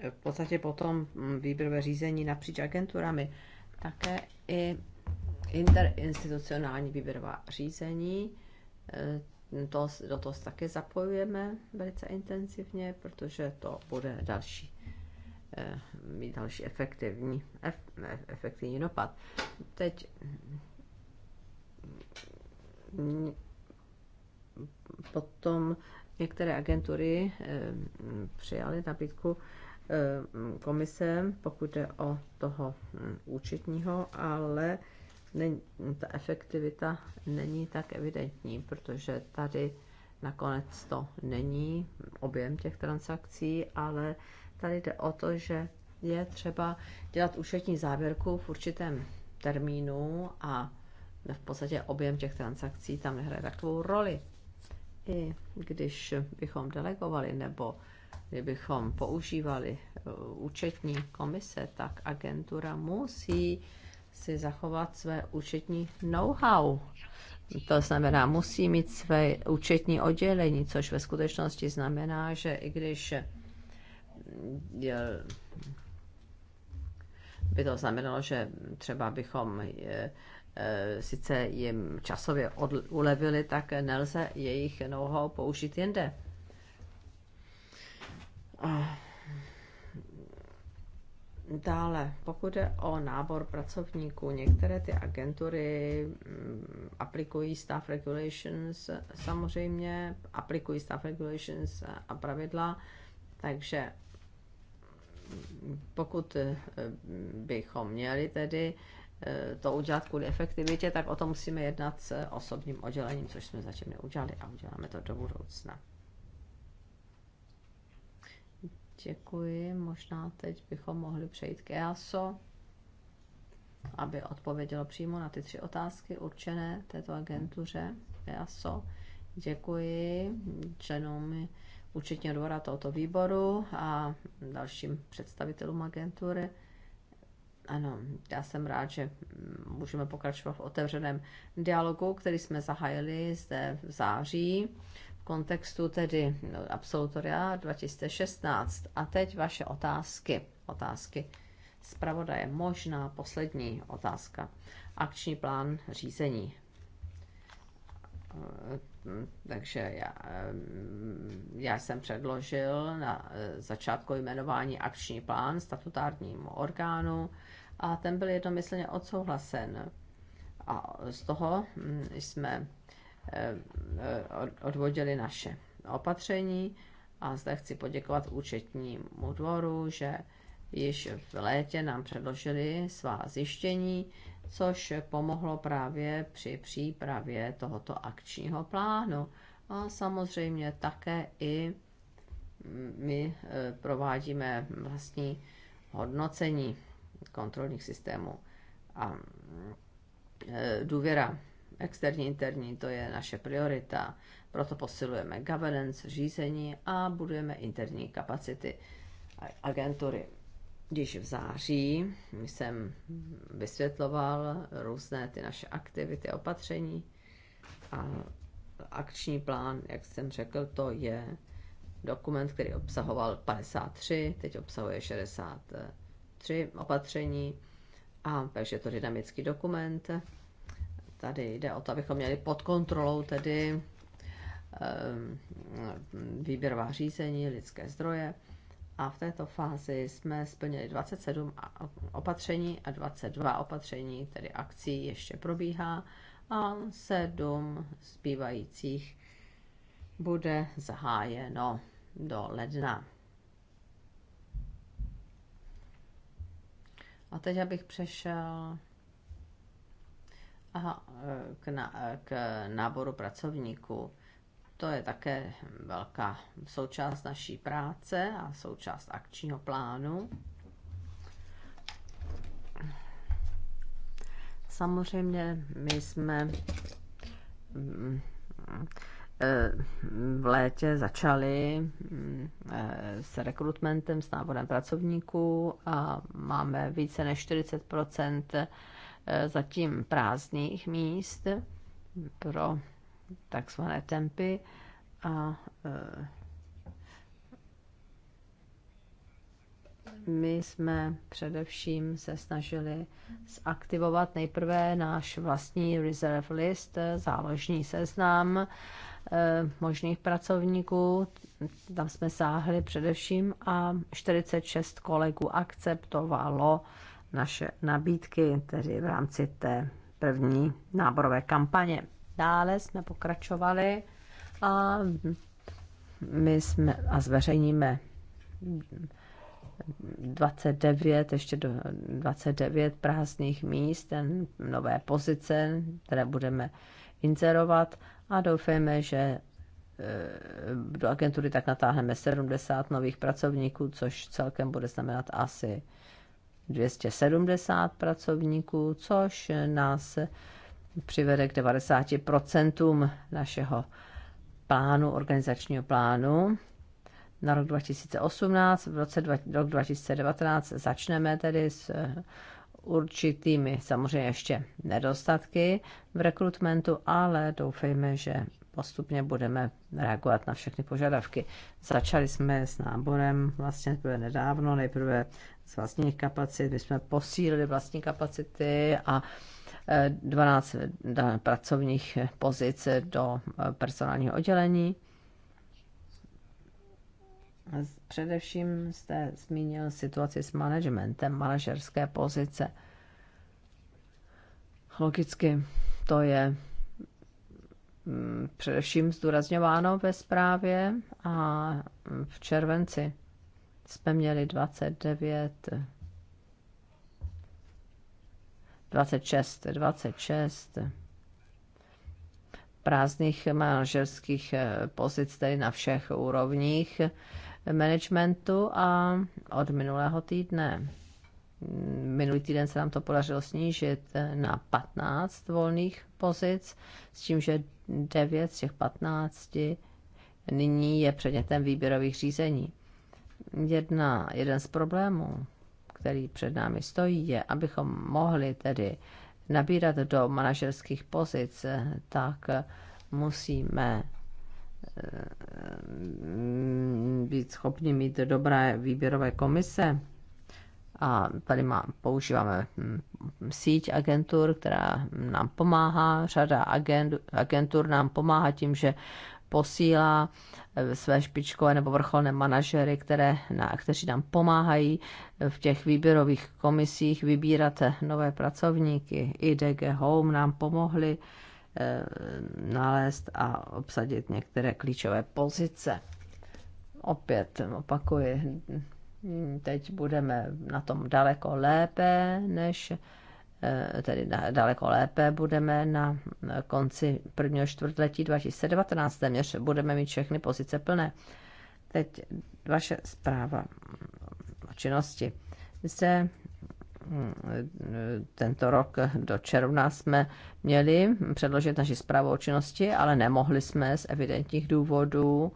Speaker 4: eh, v podstatě potom mm, výběrové řízení napříč agenturami, také i interinstitucionální výběrová řízení, to, do toho také zapojujeme velice intenzivně, protože to bude další eh, mít další efektivní, efektivní dopad. Teď potom některé agentury eh, přijaly nabídku eh, komise, pokud jde o toho hm, účetního, ale není, ta efektivita není tak evidentní, protože tady nakonec to není objem těch transakcí, ale tady jde o to, že je třeba dělat účetní závěrku v určitém termínu a v podstatě objem těch transakcí tam nehraje takovou roli. I když bychom delegovali nebo kdybychom používali eh, účetní komise, tak agentura musí si zachovat své účetní know-how. To znamená, musí mít své účetní oddělení, což ve skutečnosti znamená, že i když eh, by to znamenalo, že třeba bychom eh, eh, sice jim časově ulevili, tak nelze jejich know-how použít jinde. Oh. Dále, pokud je o nábor pracovníků, některé ty agentury mm, aplikují staff regulations, samozřejmě aplikují staff regulations a pravidla, takže mm, pokud eh, bychom měli tedy eh, to udělat kvůli efektivitě, tak o tom musíme jednat s osobním oddělením, což jsme zatím neudělali a uděláme to do budoucna. Děkuji. Možná teď bychom mohli přejít k EASO, aby odpovědělo přímo na ty tři otázky určené této agentuře EASO. Děkuji členům účetního dvora tohoto výboru a dalším představitelům agentury. Ano, já jsem rád, že můžeme pokračovat v otevřeném dialogu, který jsme zahájili zde v září kontextu tedy no, absolutoria 2016. A teď vaše otázky. Otázky zpravodaje. Možná poslední otázka. Akční plán řízení. Eh, takže já, eh, já jsem předložil na eh, začátku jmenování akční plán statutárnímu orgánu a ten byl jednomyslně odsouhlasen. A z toho hm, jsme Eh, eh, odvodili naše opatření. A zde chci poděkovat účetnímu dvoru, že již v létě nám předložili svá zjištění, což pomohlo právě při přípravě tohoto akčního plánu. A samozřejmě také i my eh, provádíme vlastní hodnocení kontrolních systémů. A důvěra externí, interní, to je naše priorita. Proto posilujeme governance, řízení a budujeme interní kapacity agentury. Když v září jsem vysvětloval různé ty naše aktivity, opatření a akční plán, jak jsem řekl, to je dokument, který obsahoval 53, teď obsahuje 63 opatření, a takže je to dynamický dokument Tady jde o to, abychom měli pod kontrolou tedy ehm, výběrová řízení, lidské zdroje. A v této fázi jsme splnili 27 opatření a 22 opatření, tedy akcí ještě probíhá a 7 zbývajících bude zahájeno do ledna. A teď abych přešel Aha, eh, k, na, eh, k náboru pracovníků. To je také velká součást naší práce a součást akčního plánu. Samozřejmě my jsme mm, eh, v létě začali mm, s rekrutmentem, s náborem pracovníků a máme více než 40 Eh, zatím prázdných míst pro takzvané tempy a eh, my jsme především se snažili zaktivovat nejprve náš vlastní reserve list, záložní seznam eh, možných pracovníků. Tam jsme sáhli především a 46 kolegů akceptovalo naše nabídky, tedy v rámci té první náborové kampaně. Dále jsme pokračovali a my jsme a zveřejníme 29, ještě do 29 prázdných míst, ten nové pozice, které budeme inzerovat a doufáme, že eh, do agentury tak natáhneme 70 nových pracovníků, což celkem bude znamenat asi 270 pracovníků, což nás přivede k 90% našeho plánu, organizačního plánu na rok 2018. V roce dva, rok 2019 začneme tedy s eh, určitými samozřejmě ještě nedostatky v rekrutmentu, ale doufejme, že postupně budeme reagovat na všechny požadavky. Začali jsme s náborem vlastně nedávno, nejprve z vlastních kapacit, my jsme posílili vlastní kapacity a 12 eh, eh, pracovních eh, pozic do personálního oddělení. Především jste zmínil situaci s managementem, manažerské pozice. Logicky to je mm, především zdůrazňováno ve zprávě a mm, v červenci jsme měli 29, 26, 26 prázdných manažerských eh, pozic tedy na všech úrovních managementu a od minulého týdne. Minulý týden se nám to podařilo snížit eh, na 15 volných pozic, s tím, že 9 z těch 15 nyní je předmětem výběrových řízení jedna, jeden z problémů, který před námi stojí, je, abychom mohli tedy nabírat do manažerských pozic, tak musíme eh, být schopni mít dobré výběrové komise. A tady má, používáme hm, síť agentur, která nám pomáhá. Řada agent, agentur nám pomáhá tím, že posílá eh, své špičkové nebo vrcholné manažery, které, na, kteří nám pomáhají eh, v těch výběrových komisích vybírat nové pracovníky. I DG Home nám pomohli e, nalézt a obsadit některé klíčové pozice. Opět opakuji, teď budeme na tom daleko lépe než Eh, tedy daleko lépe budeme na konci prvního čtvrtletí 2019, téměř budeme mít všechny pozice plné. Teď vaše zpráva o činnosti. Zde mm, tento rok do června jsme měli předložit naši zprávu o činnosti, ale nemohli jsme z evidentních důvodů,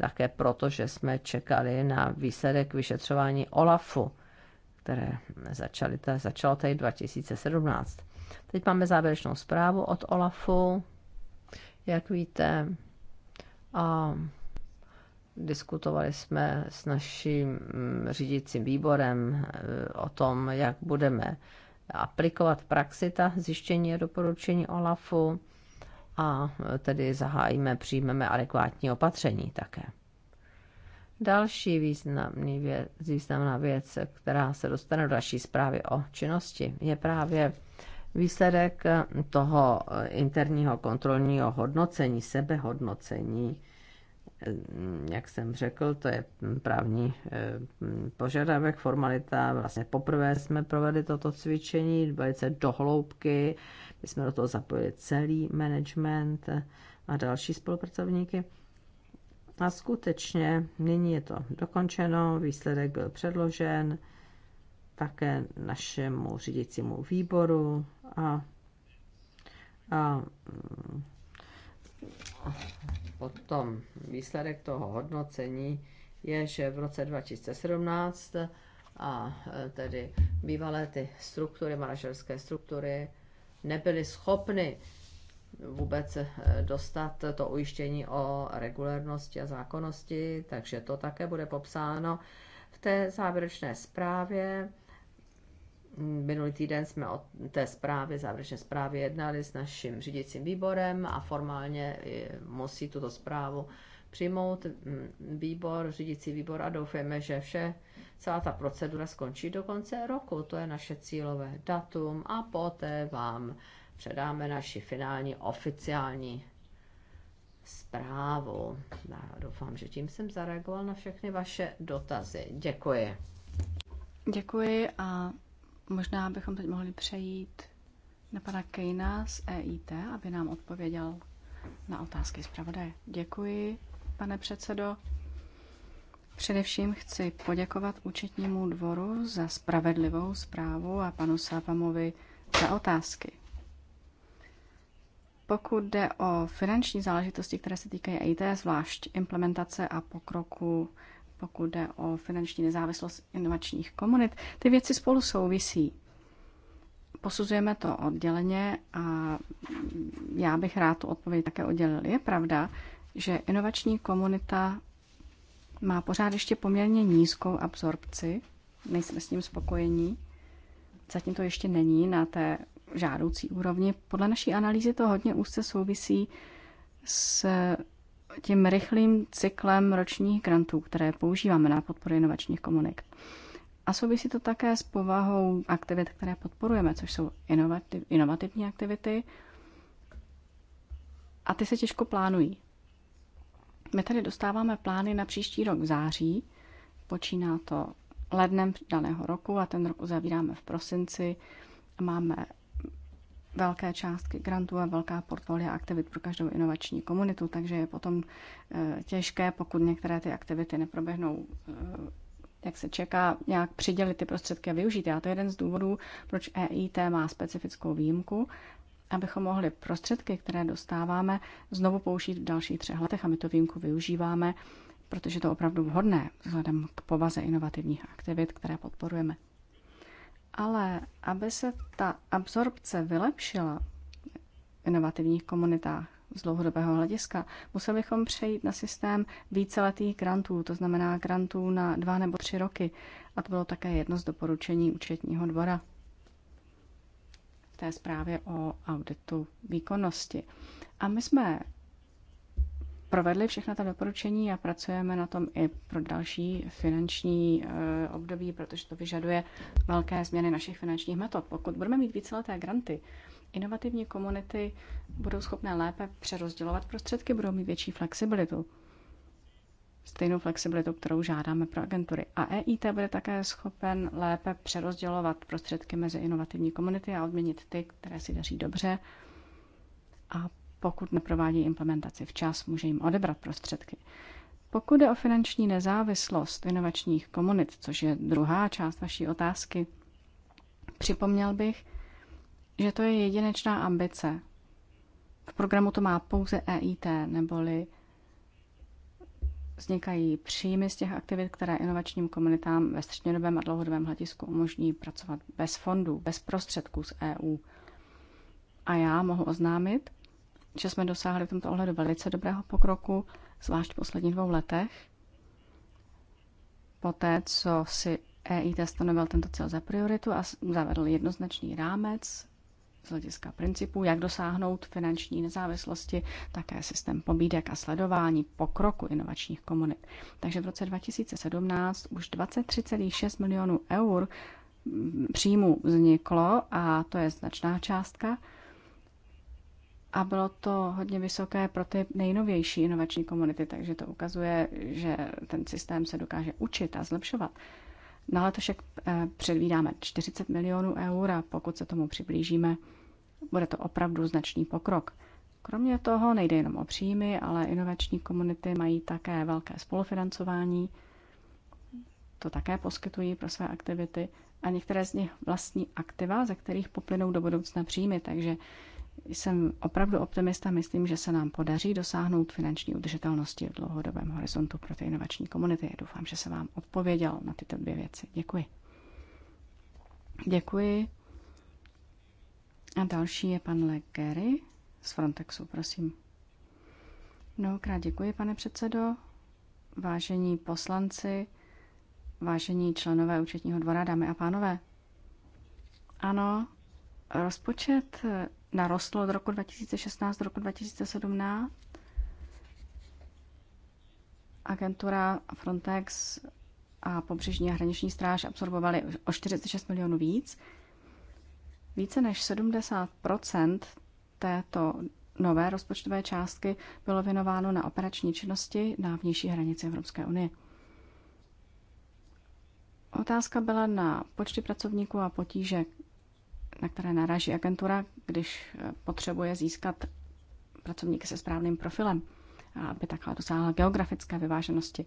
Speaker 4: také proto, že jsme čekali na výsledek vyšetřování OLAFu které začaly, ta, začalo tady 2017. Teď máme závěrečnou zprávu od Olafu, jak víte, a diskutovali jsme s naším mm, řídícím výborem e, o tom, jak budeme aplikovat praxi ta zjištění a doporučení OLAFu a e, tedy zahájíme, přijmeme adekvátní opatření také. Další významný věc, významná věc, která se dostane do další zprávy o činnosti, je právě výsledek toho interního kontrolního hodnocení, sebehodnocení. Jak jsem řekl, to je právní eh, požadavek, formalita. Vlastně poprvé jsme provedli toto cvičení velice dohloubky. My jsme do toho zapojili celý management a další spolupracovníky. A skutečně nyní je to dokončeno, výsledek byl předložen také našemu řídícímu výboru a, a mm, potom výsledek toho hodnocení je, že v roce 2017 a e, tedy bývalé ty struktury, manažerské struktury, nebyly schopny vůbec eh, dostat to ujištění o regulérnosti a zákonnosti, takže to také bude popsáno v té závěrečné zprávě. Minulý týden jsme o té zprávě, závěrečné zprávě jednali s naším řídícím výborem a formálně eh, musí tuto zprávu přijmout mm, výbor, řídící výbor a doufáme, že vše, celá ta procedura skončí do konce roku. To je naše cílové datum a poté vám předáme naši finální oficiální zprávu. Já doufám, že tím jsem zareagoval na všechny vaše dotazy. Děkuji.
Speaker 1: Děkuji a možná bychom teď mohli přejít na pana Kejna z EIT, aby nám odpověděl na otázky zpravodaje. Děkuji, pane předsedo. Především chci poděkovat účetnímu dvoru za spravedlivou zprávu a panu Sápamovi za otázky. Pokud jde o finanční záležitosti, které se týkají e IT, zvlášť implementace a pokroku, pokud jde o finanční nezávislost inovačních komunit, ty věci spolu souvisí. Posuzujeme to odděleně a já bych rád tu odpověď také oddělil. Je pravda, že inovační komunita má pořád ještě poměrně nízkou absorpci, nejsme s ním spokojení. Zatím to ještě není na té žádoucí úrovni. Podle naší analýzy to hodně úzce souvisí s tím rychlým cyklem ročních grantů, které používáme na podporu inovačních komunik. A souvisí to také s povahou aktivit, které podporujeme, což jsou inovativ, inovativní aktivity. A ty se těžko plánují. My tady dostáváme plány na příští rok v září, počíná to lednem daného roku a ten rok uzavíráme v prosinci. Máme velké částky grantů a velká portfolia aktivit pro každou inovační komunitu, takže je potom eh, těžké, pokud některé ty aktivity neproběhnou eh, jak se čeká, nějak přidělit ty prostředky a využít. A to je jeden z důvodů, proč EIT má specifickou výjimku, abychom mohli prostředky, které dostáváme, znovu použít v dalších třech letech a my tu výjimku využíváme, protože to je opravdu vhodné vzhledem k povaze inovativních aktivit, které podporujeme. Ale aby se ta absorpce vylepšila v inovativních komunitách z dlouhodobého hlediska, museli bychom přejít na systém víceletých grantů, to znamená grantů na dva nebo tři roky. A to bylo také jedno z doporučení účetního dvora v té zprávě o auditu výkonnosti. A my jsme provedli všechna ta doporučení a pracujeme na tom i pro další finanční eh, období, protože to vyžaduje velké změny našich finančních metod. Pokud budeme mít víceleté granty, inovativní komunity budou schopné lépe přerozdělovat prostředky, budou mít větší flexibilitu. Stejnou flexibilitu, kterou žádáme pro agentury. A EIT bude také schopen lépe přerozdělovat prostředky mezi inovativní komunity a odměnit ty, které si daří dobře a pokud neprovádí implementaci včas, může jim odebrat prostředky. Pokud je o finanční nezávislost inovačních komunit, což je druhá část vaší otázky, připomněl bych, že to je jedinečná ambice. V programu to má pouze EIT, neboli vznikají příjmy z těch aktivit, které inovačním komunitám ve střednědobém a dlouhodobém hledisku umožní pracovat bez fondů, bez prostředků z EU. A já mohu oznámit, že jsme dosáhli v tomto ohledu velice dobrého pokroku, zvlášť v posledních dvou letech. Poté, co si EIT stanovil tento cíl za prioritu a zavedl jednoznačný rámec z hlediska principů, jak dosáhnout finanční nezávislosti, také systém pobídek a sledování pokroku inovačních komunit. Takže v roce 2017 už 23,6 milionů eur příjmů vzniklo a to je značná částka a bylo to hodně vysoké pro ty nejnovější inovační komunity, takže to ukazuje, že ten systém se dokáže učit a zlepšovat. Na letošek eh, předvídáme 40 milionů eur a pokud se tomu přiblížíme, bude to opravdu značný pokrok. Kromě toho nejde jenom o příjmy, ale inovační komunity mají také velké spolufinancování, to také poskytují pro své aktivity a některé z nich vlastní aktiva, ze kterých poplynou do budoucna příjmy, takže jsem opravdu optimista, myslím, že se nám podaří dosáhnout finanční udržitelnosti v dlouhodobém horizontu pro ty inovační komunity. Doufám, že se vám odpověděl na tyto dvě věci. Děkuji. Děkuji. A další je pan Legery z Frontexu, prosím. Mnohokrát děkuji, pane předsedo. Vážení poslanci, vážení členové účetního dvora, dámy a pánové. Ano, rozpočet narostlo od roku 2016 do roku 2017. Agentura Frontex a pobřežní a hraniční stráž absorbovaly o 46 milionů víc. Více než 70 této nové rozpočtové částky bylo věnováno na operační činnosti na vnější hranici Evropské unie. Otázka byla na počty pracovníků a potíže, na které naráží agentura, když eh, potřebuje získat pracovníky se správným profilem, aby takhle dosáhla geografické vyváženosti.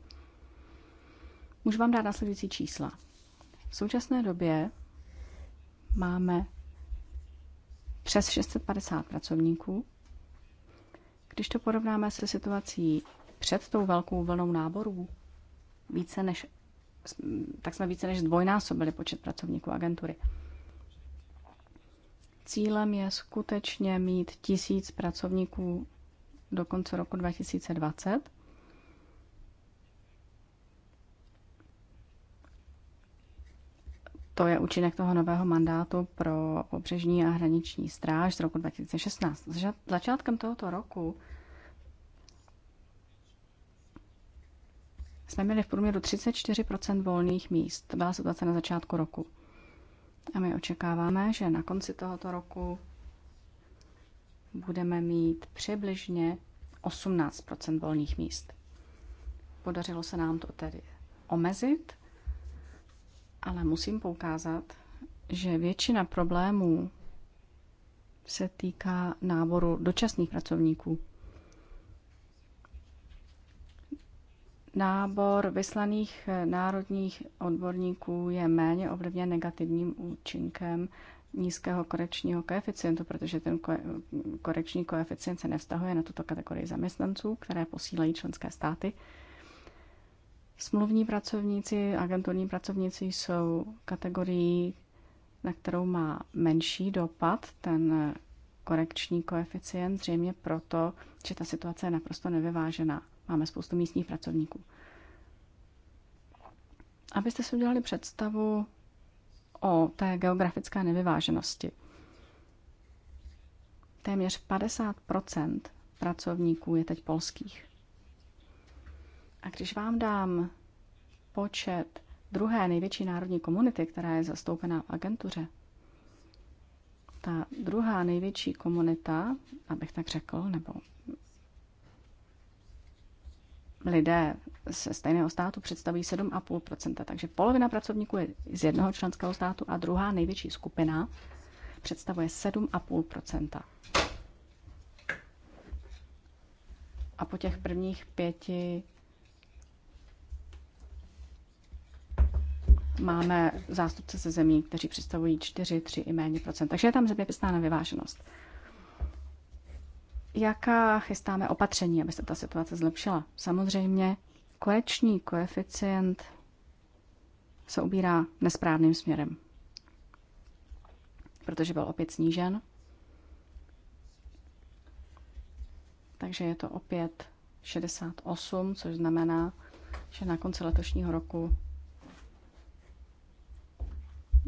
Speaker 1: Můžu vám dát následující čísla. V současné době máme přes 650 pracovníků. Když to porovnáme se situací před tou velkou vlnou náborů, více než, tak jsme více než zdvojnásobili počet pracovníků agentury. Cílem je skutečně mít tisíc pracovníků do konce roku 2020. To je účinek toho nového mandátu pro pobřežní a hraniční stráž z roku 2016. Začátkem tohoto roku jsme měli v průměru 34 volných míst. To byla situace na začátku roku. A my očekáváme, že na konci tohoto roku budeme mít přibližně 18 volných míst. Podařilo se nám to tedy omezit, ale musím poukázat, že většina problémů se týká náboru dočasných pracovníků. Nábor vyslaných eh, národních odborníků je méně ovlivněn negativním účinkem nízkého korekčního koeficientu, protože ten korekční koeficient se nevztahuje na tuto kategorii zaměstnanců, které posílají členské státy. Smluvní pracovníci, agenturní pracovníci jsou kategorií, na kterou má menší dopad ten eh, korekční koeficient, zřejmě proto, že ta situace je naprosto nevyvážená. Máme spoustu místních pracovníků. Abyste si udělali představu o té geografické nevyváženosti. Téměř 50 pracovníků je teď polských. A když vám dám počet druhé největší národní komunity, která je zastoupená v agentuře, ta druhá největší komunita, abych tak řekl, nebo lidé ze stejného státu představují 7,5%, takže polovina pracovníků je z jednoho členského státu a druhá největší skupina představuje 7,5%. A po těch prvních pěti máme zástupce ze zemí, kteří představují 4, 3 i méně procent. Takže je tam zeměpisná nevyváženost. Jaká chystáme opatření, aby se ta situace zlepšila? Samozřejmě koeční koeficient se ubírá nesprávným směrem, protože byl opět snížen. Takže je to opět 68, což znamená, že na konci letošního roku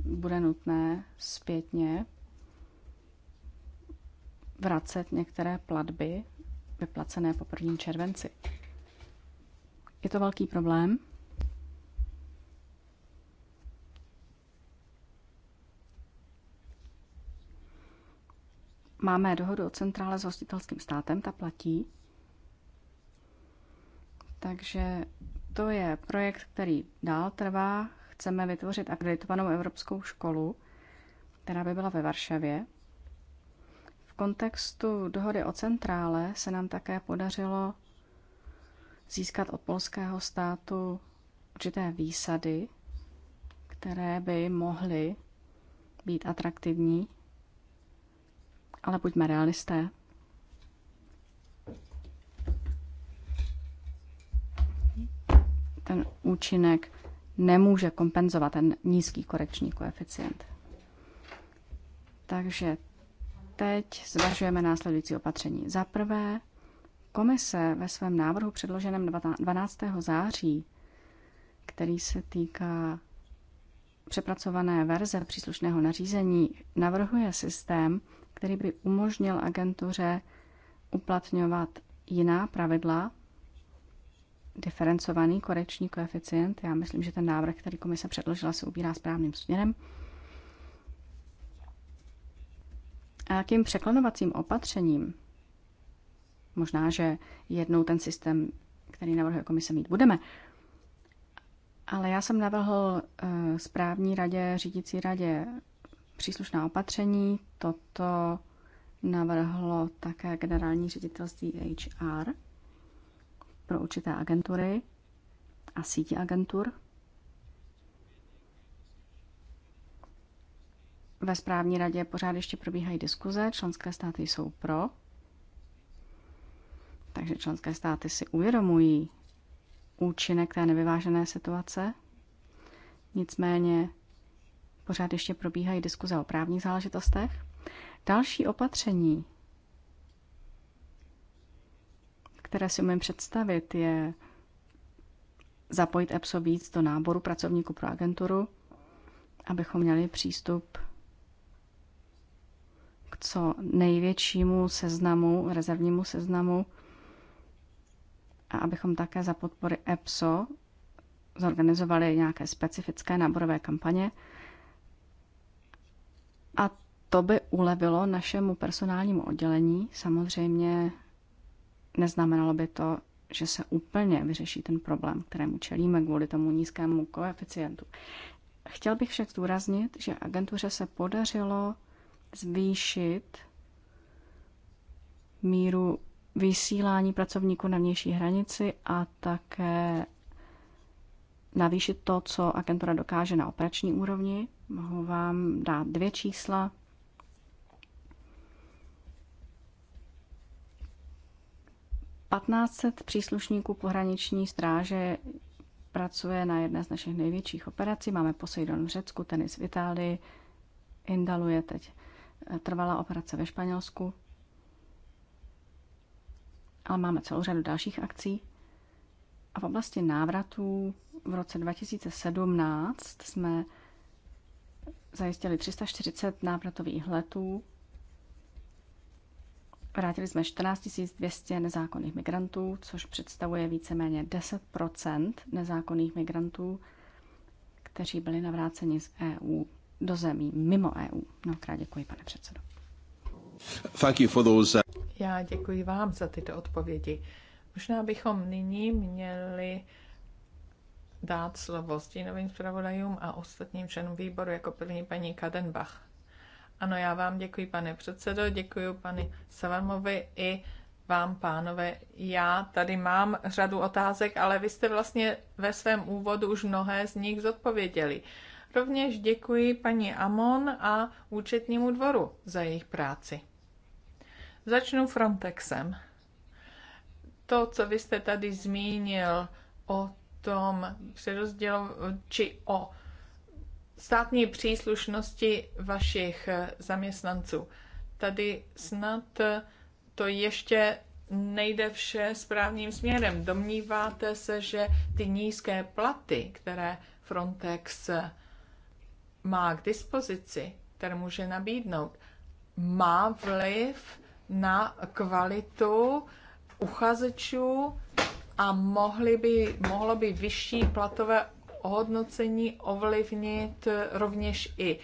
Speaker 1: bude nutné zpětně vracet některé platby vyplacené po 1. červenci. Je to velký problém. Máme dohodu o centrále s hostitelským státem, ta platí. Takže to je projekt, který dál trvá. Chceme vytvořit akreditovanou evropskou školu, která by byla ve Varšavě kontextu dohody o centrále se nám také podařilo získat od polského státu určité výsady, které by mohly být atraktivní, ale buďme realisté. Ten účinek nemůže kompenzovat ten nízký korekční koeficient. Takže teď zvažujeme následující opatření. Za prvé, komise ve svém návrhu předloženém 12. září, který se týká přepracované verze příslušného nařízení, navrhuje systém, který by umožnil agentuře uplatňovat jiná pravidla, diferencovaný korekční koeficient. Já myslím, že ten návrh, který komise předložila, se ubírá správným směrem. A jakým překlenovacím opatřením, možná, že jednou ten systém, který navrhuje komise, mít budeme, ale já jsem navrhl eh, správní radě, řídící radě příslušná opatření. Toto navrhlo také generální ředitelství HR pro určité agentury a síti agentur. Ve správní radě pořád ještě probíhají diskuze, členské státy jsou pro, takže členské státy si uvědomují účinek té nevyvážené situace. Nicméně pořád ještě probíhají diskuze o právních záležitostech. Další opatření, které si umím představit, je zapojit EPSO víc do náboru pracovníků pro agenturu, abychom měli přístup k co největšímu seznamu, rezervnímu seznamu a abychom také za podpory EPSO zorganizovali nějaké specifické náborové kampaně. A to by ulevilo našemu personálnímu oddělení. Samozřejmě neznamenalo by to, že se úplně vyřeší ten problém, kterému čelíme kvůli tomu nízkému koeficientu. Chtěl bych však zdůraznit, že agentuře se podařilo zvýšit míru vysílání pracovníků na vnější hranici a také navýšit to, co agentura dokáže na operační úrovni. Mohu vám dát dvě čísla. Patnáct příslušníků pohraniční stráže pracuje na jedné z našich největších operací. Máme Poseidon v Řecku, tenis v Itálii, Indalu je teď Trvalá operace ve Španělsku, ale máme celou řadu dalších akcí. A v oblasti návratů v roce 2017 jsme zajistili 340 návratových letů, vrátili jsme 14 200 nezákonných migrantů, což představuje víceméně 10 nezákonných migrantů, kteří byli navráceni z EU do zemí mimo EU. Mnohokrát děkuji,
Speaker 3: pane předsedo. Thank you for those, uh,
Speaker 2: Já děkuji vám za tyto odpovědi. Možná bychom nyní měli dát slovo stínovým zpravodajům a ostatním členům výboru, jako první paní Kadenbach. Ano, já vám děkuji, pane předsedo, děkuji pane Savarmovi i vám, pánové. Já tady mám řadu otázek, ale vy jste vlastně ve svém úvodu už mnohé z nich zodpověděli. Uh, Rovněž děkuji paní Amon a účetnímu dvoru za jejich práci. Začnu Frontexem. To, co vy jste tady zmínil o tom přerozdělu, či o státní příslušnosti vašich zaměstnanců. Tady snad to ještě nejde vše správným směrem. Domníváte se, že ty nízké platy, které Frontex má k dispozici, které může nabídnout, má vliv na kvalitu uchazečů a mohly by, mohlo by vyšší platové ohodnocení ovlivnit rovněž i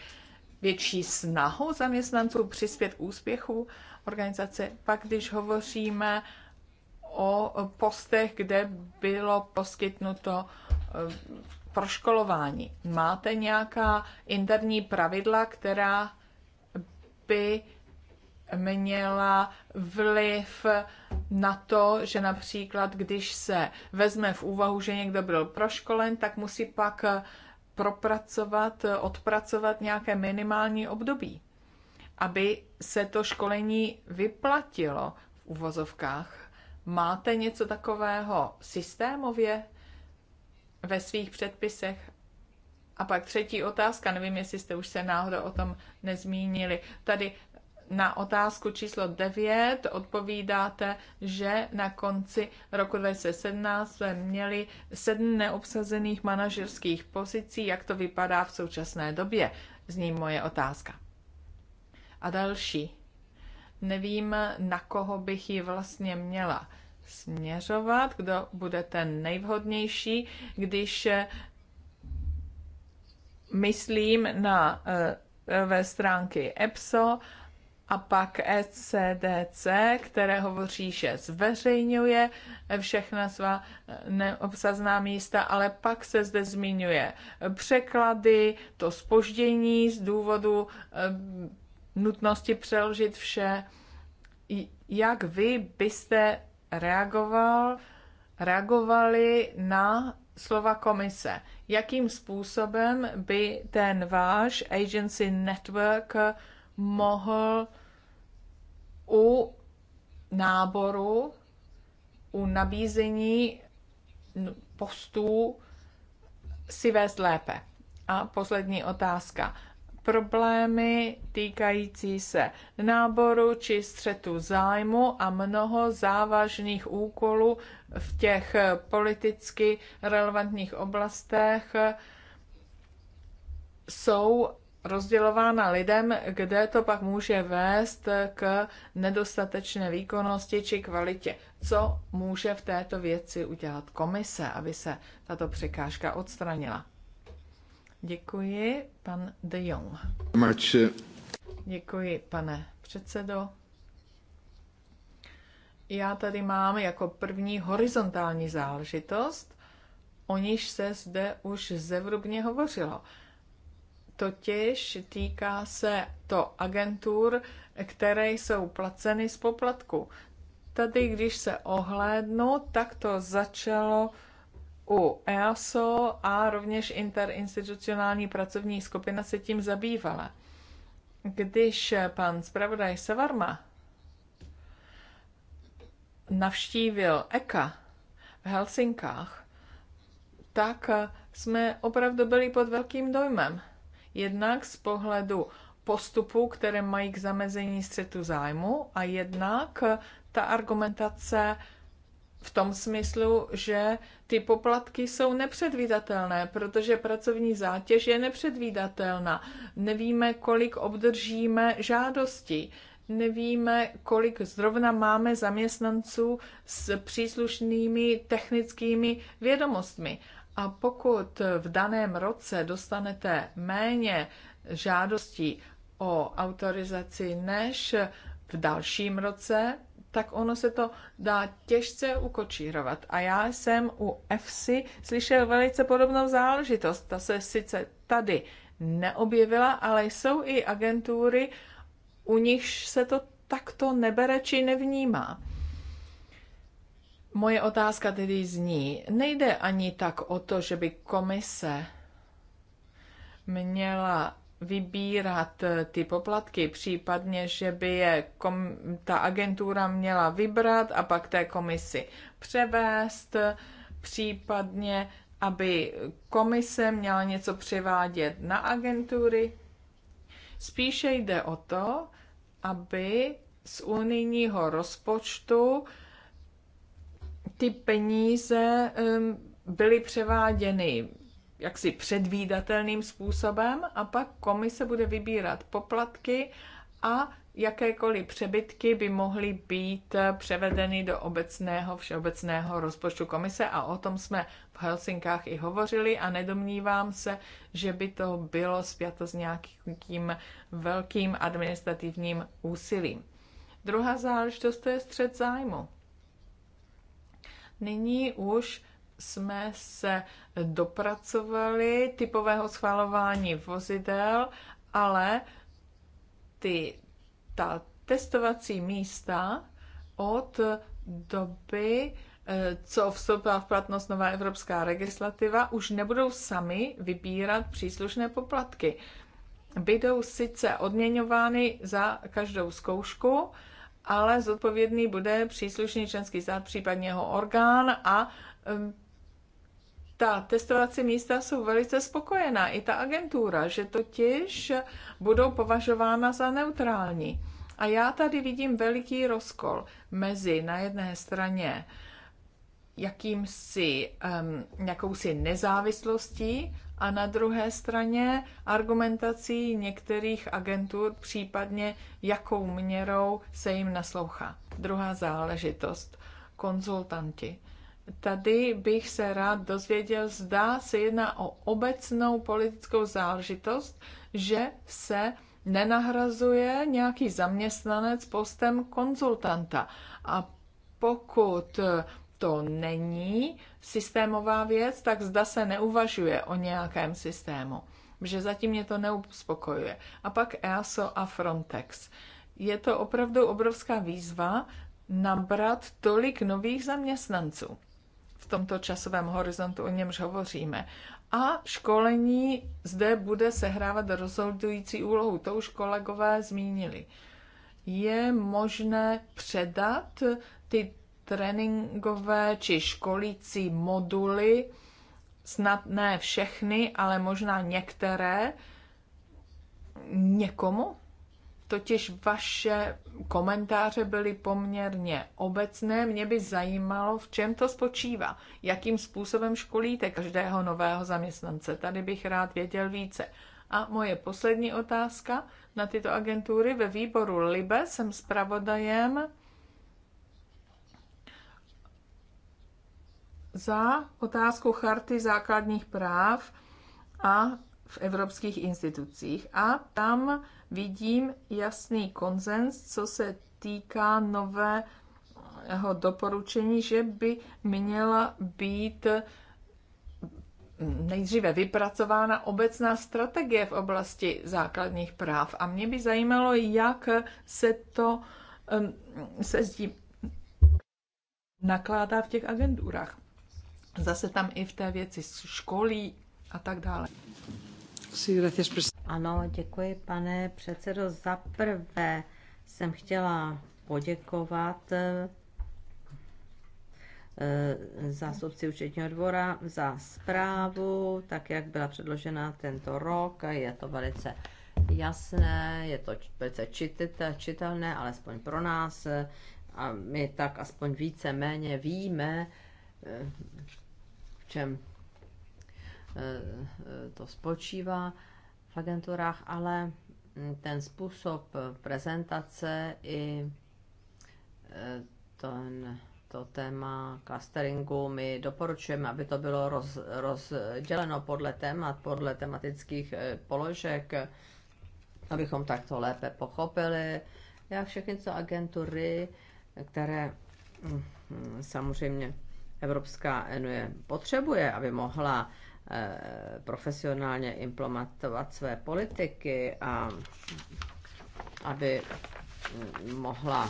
Speaker 2: větší snahu zaměstnanců přispět úspěchu organizace. Pak, když hovoříme o postech, kde bylo poskytnuto eh, proškolování. Máte nějaká interní pravidla, která by měla vliv na to, že například, když se vezme v úvahu, že někdo byl proškolen, tak musí pak propracovat, odpracovat nějaké minimální období, aby se to školení vyplatilo v uvozovkách. Máte něco takového systémově? ve svých předpisech. A pak třetí otázka, nevím, jestli jste už se náhodou o tom nezmínili. Tady na otázku číslo 9 odpovídáte, že na konci roku 2017 jsme měli sedm neobsazených manažerských pozicí. Jak to vypadá v současné době? Zní moje otázka. A další. Nevím, na koho bych ji vlastně měla směřovat, kdo bude ten nejvhodnější, když eh, myslím na eh, ve stránky EPSO a pak ECDC, které hovoří, že zveřejňuje všechna svá eh, neobsazná místa, ale pak se zde zmiňuje překlady, to spoždění z důvodu nutnosti přeložit vše. Jak vy byste reagoval, reagovali na slova komise. Jakým způsobem by ten váš agency network mohl u náboru, u nabízení postů si vést lépe? A poslední otázka problémy týkající se náboru či střetu zájmu a mnoho závažných úkolů v těch politicky relevantních oblastech jsou rozdělována lidem, kde to pak může vést k nedostatečné výkonnosti či kvalitě. Co může v této věci udělat komise, aby se tato překážka odstranila? Děkuji, pan De Jong. Much. Děkuji, pane předsedo. Já tady mám jako první horizontální záležitost, o níž se zde už zevrubně hovořilo. Totiž týká se to agentur, které jsou placeny z poplatku. Tady, když se ohlédnu, tak to začalo u EASO a rovněž interinstitucionální pracovní skupina se tím zabývala. Když pan zpravodaj Savarma navštívil EKA v Helsinkách, tak jsme opravdu byli pod velkým dojmem. Jednak z pohledu postupu, které mají k zamezení střetu zájmu a jednak ta argumentace v tom smyslu, že ty poplatky jsou nepředvídatelné, protože pracovní zátěž je nepředvídatelná. Nevíme, kolik obdržíme žádostí, nevíme, kolik zrovna máme zaměstnanců s příslušnými technickými vědomostmi. A pokud v daném roce dostanete méně žádostí o autorizaci než v dalším roce, tak ono se to dá těžce ukočírovat. A já jsem u FC slyšel velice podobnou záležitost. Ta se sice tady neobjevila, ale jsou i agentury, u nich se to takto nebere či nevnímá. Moje otázka tedy zní, nejde ani tak o to, že by komise měla vybírat eh, ty poplatky, případně, že by je kom, ta agentura měla vybrat a pak té komisi převést, případně, aby komise měla něco převádět na agentury. Spíše jde o to, aby z unijního rozpočtu ty peníze ehm, byly převáděny jaksi předvídatelným způsobem a pak komise bude vybírat poplatky a jakékoliv přebytky by mohly být převedeny do obecného, všeobecného rozpočtu komise a o tom jsme v Helsinkách i hovořili a nedomnívám se, že by to bylo spjato s nějakým velkým administrativním úsilím. Druhá záležitost to je střed zájmu. Nyní už jsme se dopracovali typového schvalování vozidel, ale ty, ta testovací místa od doby, eh, co vstoupila v platnost nová evropská legislativa, už nebudou sami vybírat příslušné poplatky. Budou sice odměňovány za každou zkoušku, ale zodpovědný bude příslušný členský stát, případně jeho orgán a ta testovací místa jsou velice spokojená, i ta agentura, že totiž budou považována za neutrální. A já tady vidím veliký rozkol mezi na jedné straně jakýmsi, um, jakousi nezávislostí a na druhé straně argumentací některých agentur, případně jakou měrou se jim naslouchá. Druhá záležitost, konzultanti tady bych se rád dozvěděl, zda se jedná o obecnou politickou záležitost, že se nenahrazuje nějaký zaměstnanec postem konzultanta. A pokud to není systémová věc, tak zda se neuvažuje o nějakém systému. Že zatím mě to neuspokojuje. A pak EASO a Frontex. Je to opravdu obrovská výzva nabrat tolik nových zaměstnanců tomto časovém horizontu, o němž hovoříme. A školení zde bude sehrávat rozhodující úlohu, to už kolegové zmínili. Je možné předat ty tréninkové či školící moduly, snad ne všechny, ale možná některé, někomu, totiž vaše komentáře byly poměrně obecné. Mě by zajímalo, v čem to spočívá, jakým způsobem školíte každého nového zaměstnance. Tady bych rád věděl více. A moje poslední otázka na tyto agentury ve výboru LIBE jsem zpravodajem za otázku charty základních práv a v evropských institucích. A tam vidím jasný konsens, co se týká nového doporučení, že by měla být nejdříve vypracována obecná strategie v oblasti základních práv. A mě by zajímalo, jak se to se s nakládá v těch agendurách. Zase tam i v té věci školí a tak dále. Sí, gracias, ano, děkuji, pane předsedo. Za prvé
Speaker 4: jsem chtěla poděkovat eh, zástupci účetního dvora za zprávu, tak jak byla předložena tento rok. Je to velice jasné, je to velice čitelné, alespoň pro nás. A my tak aspoň více méně víme, eh, v čem eh, to spočívá v agenturách, ale mm, ten způsob eh, prezentace i eh, ten, to téma clusteringu my doporučujeme, aby to bylo roz, rozděleno podle témat, podle tematických eh, položek, abychom takto lépe pochopili, jak všechny co agentury, které mm, mm, samozřejmě Evropská unie potřebuje, aby mohla Eh, profesionálně implementovat své politiky a aby mohla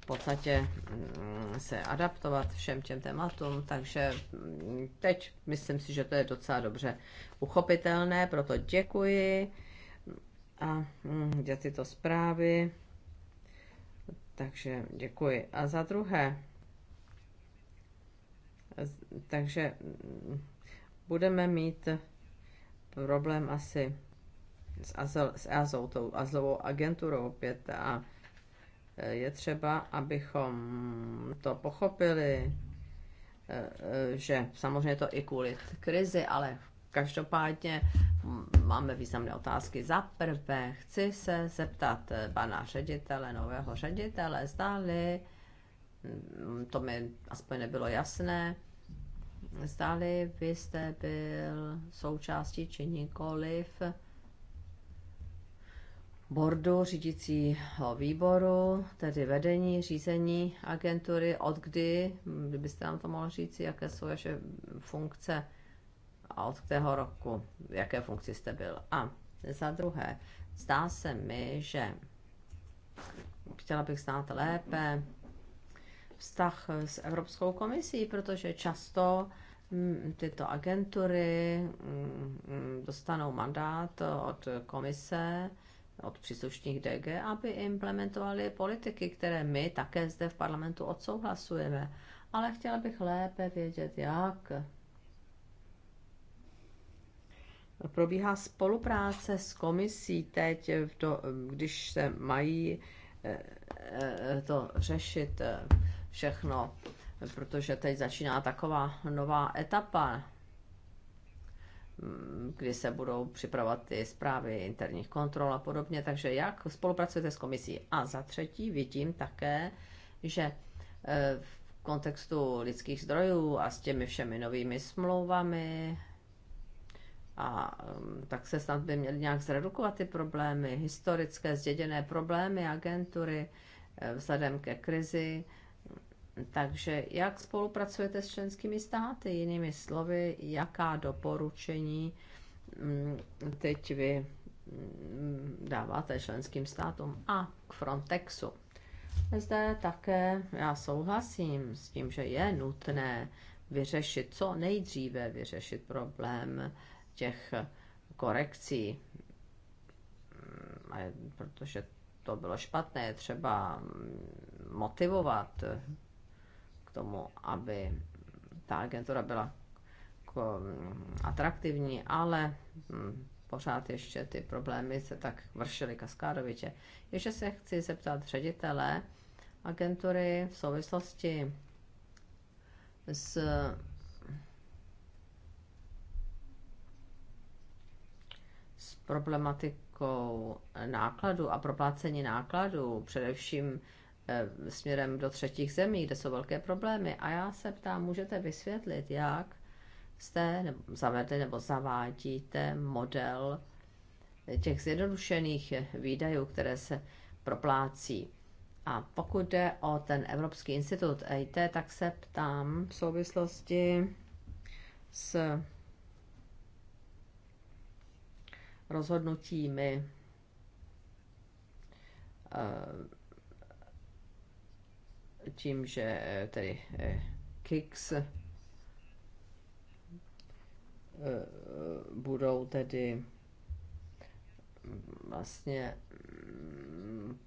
Speaker 4: v podstatě mm, se adaptovat všem těm tématům, takže mm, teď myslím si, že to je docela dobře uchopitelné, proto děkuji a za mm, tyto zprávy. Takže děkuji. A za druhé, takže budeme mít problém asi s, Azel, s EASou, tou azlovou agenturou opět a eh, je třeba, abychom to pochopili, eh, eh, že samozřejmě to i kvůli krizi, ale každopádně máme významné otázky. Za prvé, chci se zeptat pana ředitele, nového ředitele, zdali, mm, to mi aspoň nebylo jasné, zdali vy jste byl součástí či nikoliv bordu řídícího výboru, tedy vedení, řízení agentury, od kdy, kdybyste nám to mohl říct, jaké jsou vaše funkce a od kterého roku, v jaké funkci jste byl. A za druhé, zdá se mi, že chtěla bych znát lépe vztah s Evropskou komisí, protože často Mm, tyto agentury mm, dostanou mandát od komise, od příslušných DG, aby implementovali politiky, které my také zde v parlamentu odsouhlasujeme. Ale chtěla bych lépe vědět, jak probíhá spolupráce s komisí teď, v to, když se mají eh, eh, to řešit eh, všechno protože teď začíná taková nová etapa, mm, kdy se budou připravovat ty zprávy interních kontrol a podobně. Takže jak spolupracujete s komisí? A za třetí vidím také, že e, v kontextu lidských zdrojů a s těmi všemi novými smlouvami a mm, tak se snad by měly nějak zredukovat ty problémy, historické zděděné problémy agentury e, vzhledem ke krizi takže jak spolupracujete s členskými státy? Jinými slovy, jaká doporučení mm, teď vy mm, dáváte členským státům a k Frontexu? Zde také já souhlasím s tím, že je nutné vyřešit, co nejdříve vyřešit problém těch korekcí, mm, protože to bylo špatné, třeba motivovat tomu, aby ta agentura byla atraktivní, ale hm, pořád ještě ty problémy se tak vršily kaskádovitě. Ještě se chci zeptat ředitele agentury v souvislosti s s problematikou nákladů a proplácení nákladů, především Eh, směrem do třetích zemí, kde jsou velké problémy. A já se ptám, můžete vysvětlit, jak jste nebo zavedli nebo zavádíte model těch zjednodušených výdajů, které se proplácí. A pokud jde o ten Evropský institut EIT, tak se ptám v souvislosti s rozhodnutími eh, tím, že eh, tedy eh, Kicks eh, budou tedy mm, vlastně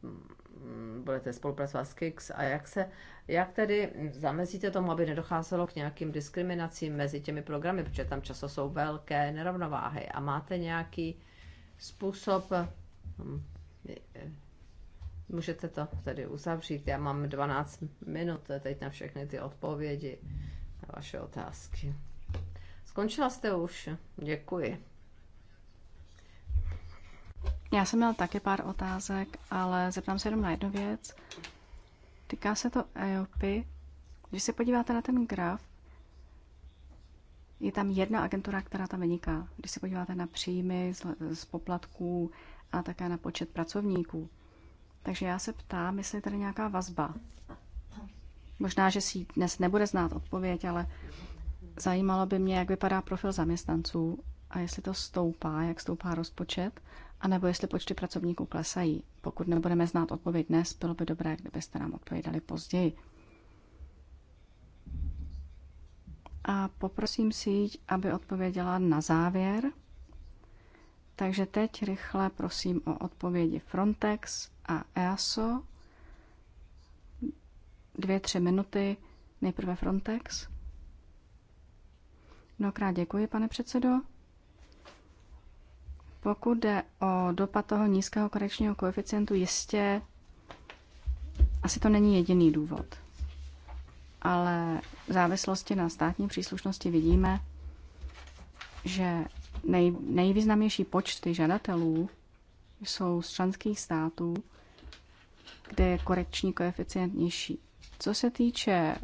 Speaker 4: mm, budete spolupracovat s KIX a jak, se, jak tedy zamezíte tomu, aby nedocházelo k nějakým diskriminacím mezi těmi programy, protože tam často jsou velké nerovnováhy a máte nějaký způsob hm, Můžete to tedy uzavřít. Já mám 12 minut teď na všechny ty odpovědi na vaše otázky. Skončila jste už. Děkuji.
Speaker 1: Já jsem měl taky pár otázek, ale zeptám se jenom na jednu věc. Týká se to EOPy. Když se podíváte na ten graf, je tam jedna agentura, která tam vyniká. Když se podíváte na příjmy z poplatků a také na počet pracovníků, takže já se ptám, jestli je tady nějaká vazba. Možná, že si dnes nebude znát odpověď, ale zajímalo by mě, jak vypadá profil zaměstnanců a jestli to stoupá, jak stoupá rozpočet, anebo jestli počty pracovníků klesají. Pokud nebudeme znát odpověď dnes, bylo by dobré, kdybyste nám odpovědali později. A poprosím si, aby odpověděla na závěr. Takže teď rychle prosím o odpovědi Frontex, a EASO. Dvě, tři minuty. Nejprve Frontex. Mnohokrát děkuji, pane předsedo. Pokud jde o dopad toho nízkého korekčního koeficientu, jistě asi to není jediný důvod. Ale v závislosti na státní příslušnosti vidíme, že nej, nejvýznamnější počty žadatelů jsou z členských států, kde je korekční koeficient nižší. Co se týče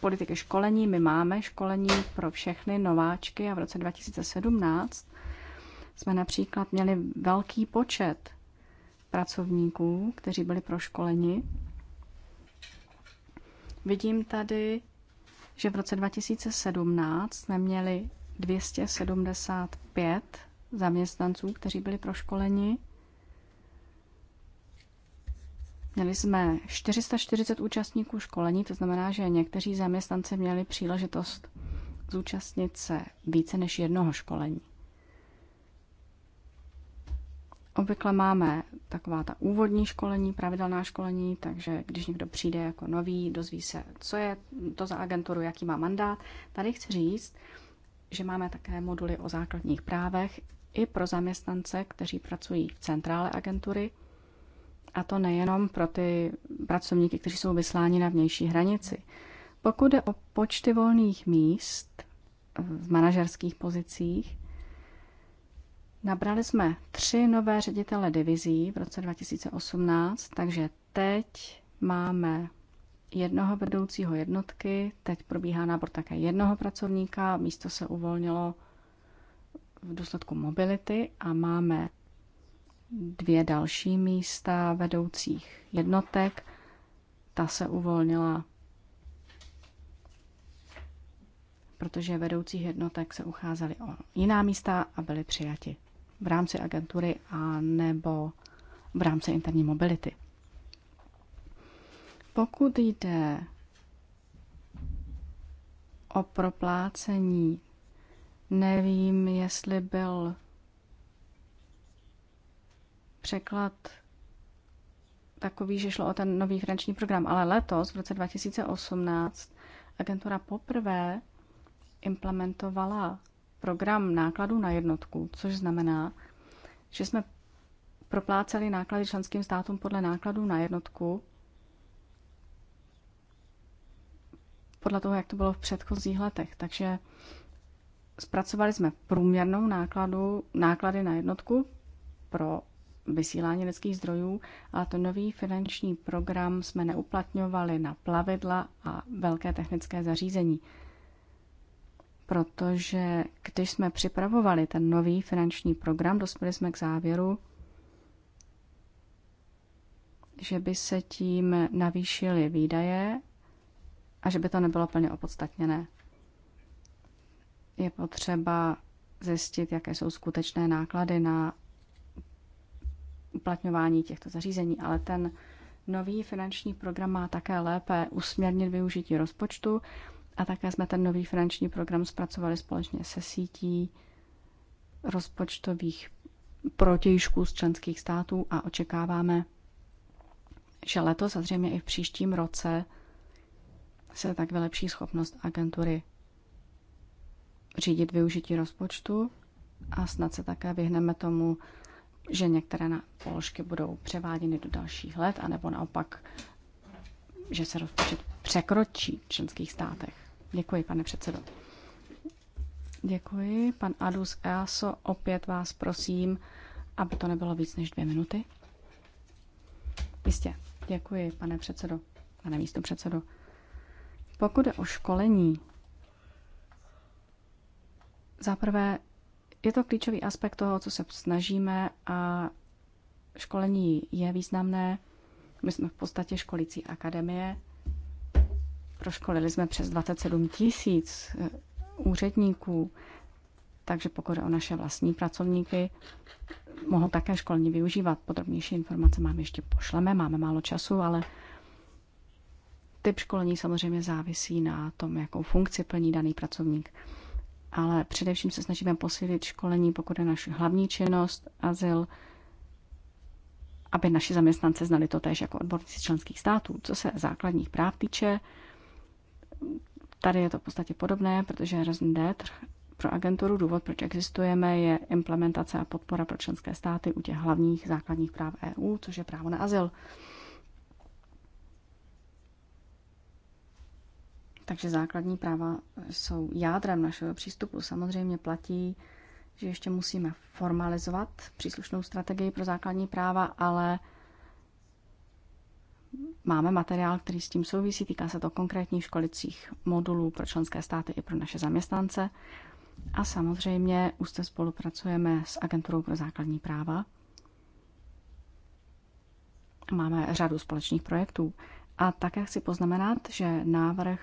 Speaker 1: politiky školení, my máme školení pro všechny nováčky a v roce 2017 jsme například měli velký počet pracovníků, kteří byli proškoleni. Vidím tady, že v roce 2017 jsme měli 275 zaměstnanců, kteří byli proškoleni. Měli jsme 440 účastníků školení, to znamená, že někteří zaměstnanci měli příležitost zúčastnit se více než jednoho školení. Obvykle máme taková ta úvodní školení, pravidelná školení, takže když někdo přijde jako nový, dozví se, co je to za agenturu, jaký má mandát. Tady chci říct, že máme také moduly o základních právech i pro zaměstnance, kteří pracují v centrále agentury a to nejenom pro ty pracovníky, kteří jsou vysláni na vnější hranici. Pokud jde o počty volných míst v manažerských pozicích, nabrali jsme tři nové ředitele divizí v roce 2018, takže teď máme jednoho vedoucího jednotky, teď probíhá nábor také jednoho pracovníka, místo se uvolnilo v důsledku mobility a máme dvě další místa vedoucích jednotek. Ta se uvolnila, protože vedoucích jednotek se ucházeli o jiná místa a byli přijati v rámci agentury a nebo v rámci interní mobility. Pokud jde o proplácení, nevím, jestli byl překlad takový, že šlo o ten nový finanční program, ale letos, v roce 2018, agentura poprvé implementovala program nákladů na jednotku, což znamená, že jsme propláceli náklady členským státům podle nákladů na jednotku, podle toho, jak to bylo v předchozích letech. Takže zpracovali jsme průměrnou nákladu, náklady na jednotku pro vysílání lidských zdrojů, ale to nový finanční program jsme neuplatňovali na plavidla a velké technické zařízení. Protože když jsme připravovali ten nový finanční program, dospěli jsme k závěru, že by se tím navýšily výdaje a že by to nebylo plně opodstatněné. Je potřeba zjistit, jaké jsou skutečné náklady na uplatňování těchto zařízení, ale ten nový finanční program má také lépe usměrnit využití rozpočtu a také jsme ten nový finanční program zpracovali společně se sítí rozpočtových protějšků z členských států a očekáváme, že letos a zřejmě i v příštím roce se tak vylepší schopnost agentury řídit využití rozpočtu a snad se také vyhneme tomu že některé položky budou převáděny do dalších let, anebo naopak, že se rozpočet překročí v členských státech. Děkuji, pane předsedo. Děkuji. Pan Adus Easo, opět vás prosím, aby to nebylo víc než dvě minuty. Jistě. Děkuji, pane předsedo, pane místo předsedo. Pokud je o školení, zaprvé je to klíčový aspekt toho, co se snažíme a školení je významné. My jsme v podstatě školící akademie. Proškolili jsme přes 27 tisíc eh, úředníků, takže pokud o naše vlastní pracovníky, mohou také školní využívat. Podrobnější informace máme ještě pošleme, máme málo času, ale typ školení samozřejmě závisí na tom, jakou funkci plní daný pracovník ale především se snažíme posílit školení, pokud je naše hlavní činnost, azyl, aby naši zaměstnanci znali to též jako odborníci členských států. Co se základních práv týče, tady je to v podstatě podobné, protože RSND pro agenturu důvod, proč existujeme, je implementace a podpora pro členské státy u těch hlavních základních práv EU, což je právo na azyl. Takže základní práva jsou jádrem našeho přístupu. Samozřejmě platí, že ještě musíme formalizovat příslušnou strategii pro základní práva, ale máme materiál, který s tím souvisí. Týká se to konkrétních školicích modulů pro členské státy i pro naše zaměstnance. A samozřejmě už se spolupracujeme s Agenturou pro základní práva. Máme řadu společných projektů. A také chci poznamenat, že návrh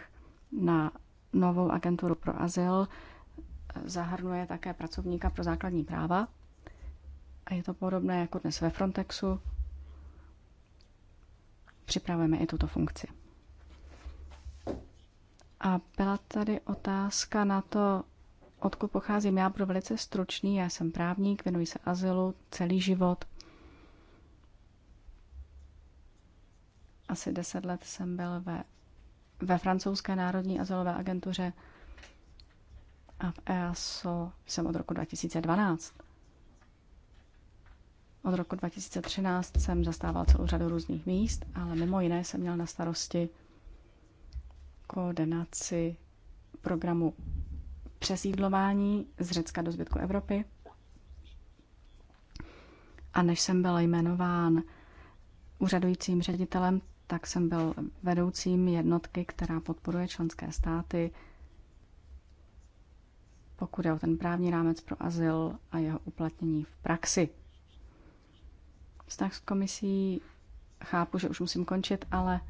Speaker 1: na novou agenturu pro azyl eh, zahrnuje také pracovníka pro základní práva. A je to podobné jako dnes ve Frontexu. Připravujeme i tuto funkci. A byla tady otázka na to, odkud pocházím. Já budu velice stručný, já jsem právník, věnuji se azylu celý život. Asi deset let jsem byl ve ve francouzské národní azylové agentuře a v EASO jsem od roku 2012. Od roku 2013 jsem zastával celou řadu různých míst, ale mimo jiné jsem měl na starosti koordinaci programu přesídlování z Řecka do zbytku Evropy. A než jsem byl jmenován úřadujícím ředitelem, tak jsem byl vedoucím jednotky, která podporuje členské státy, pokud je o ten právní rámec pro azyl a jeho uplatnění v praxi. Vztah s komisí chápu, že už musím končit, ale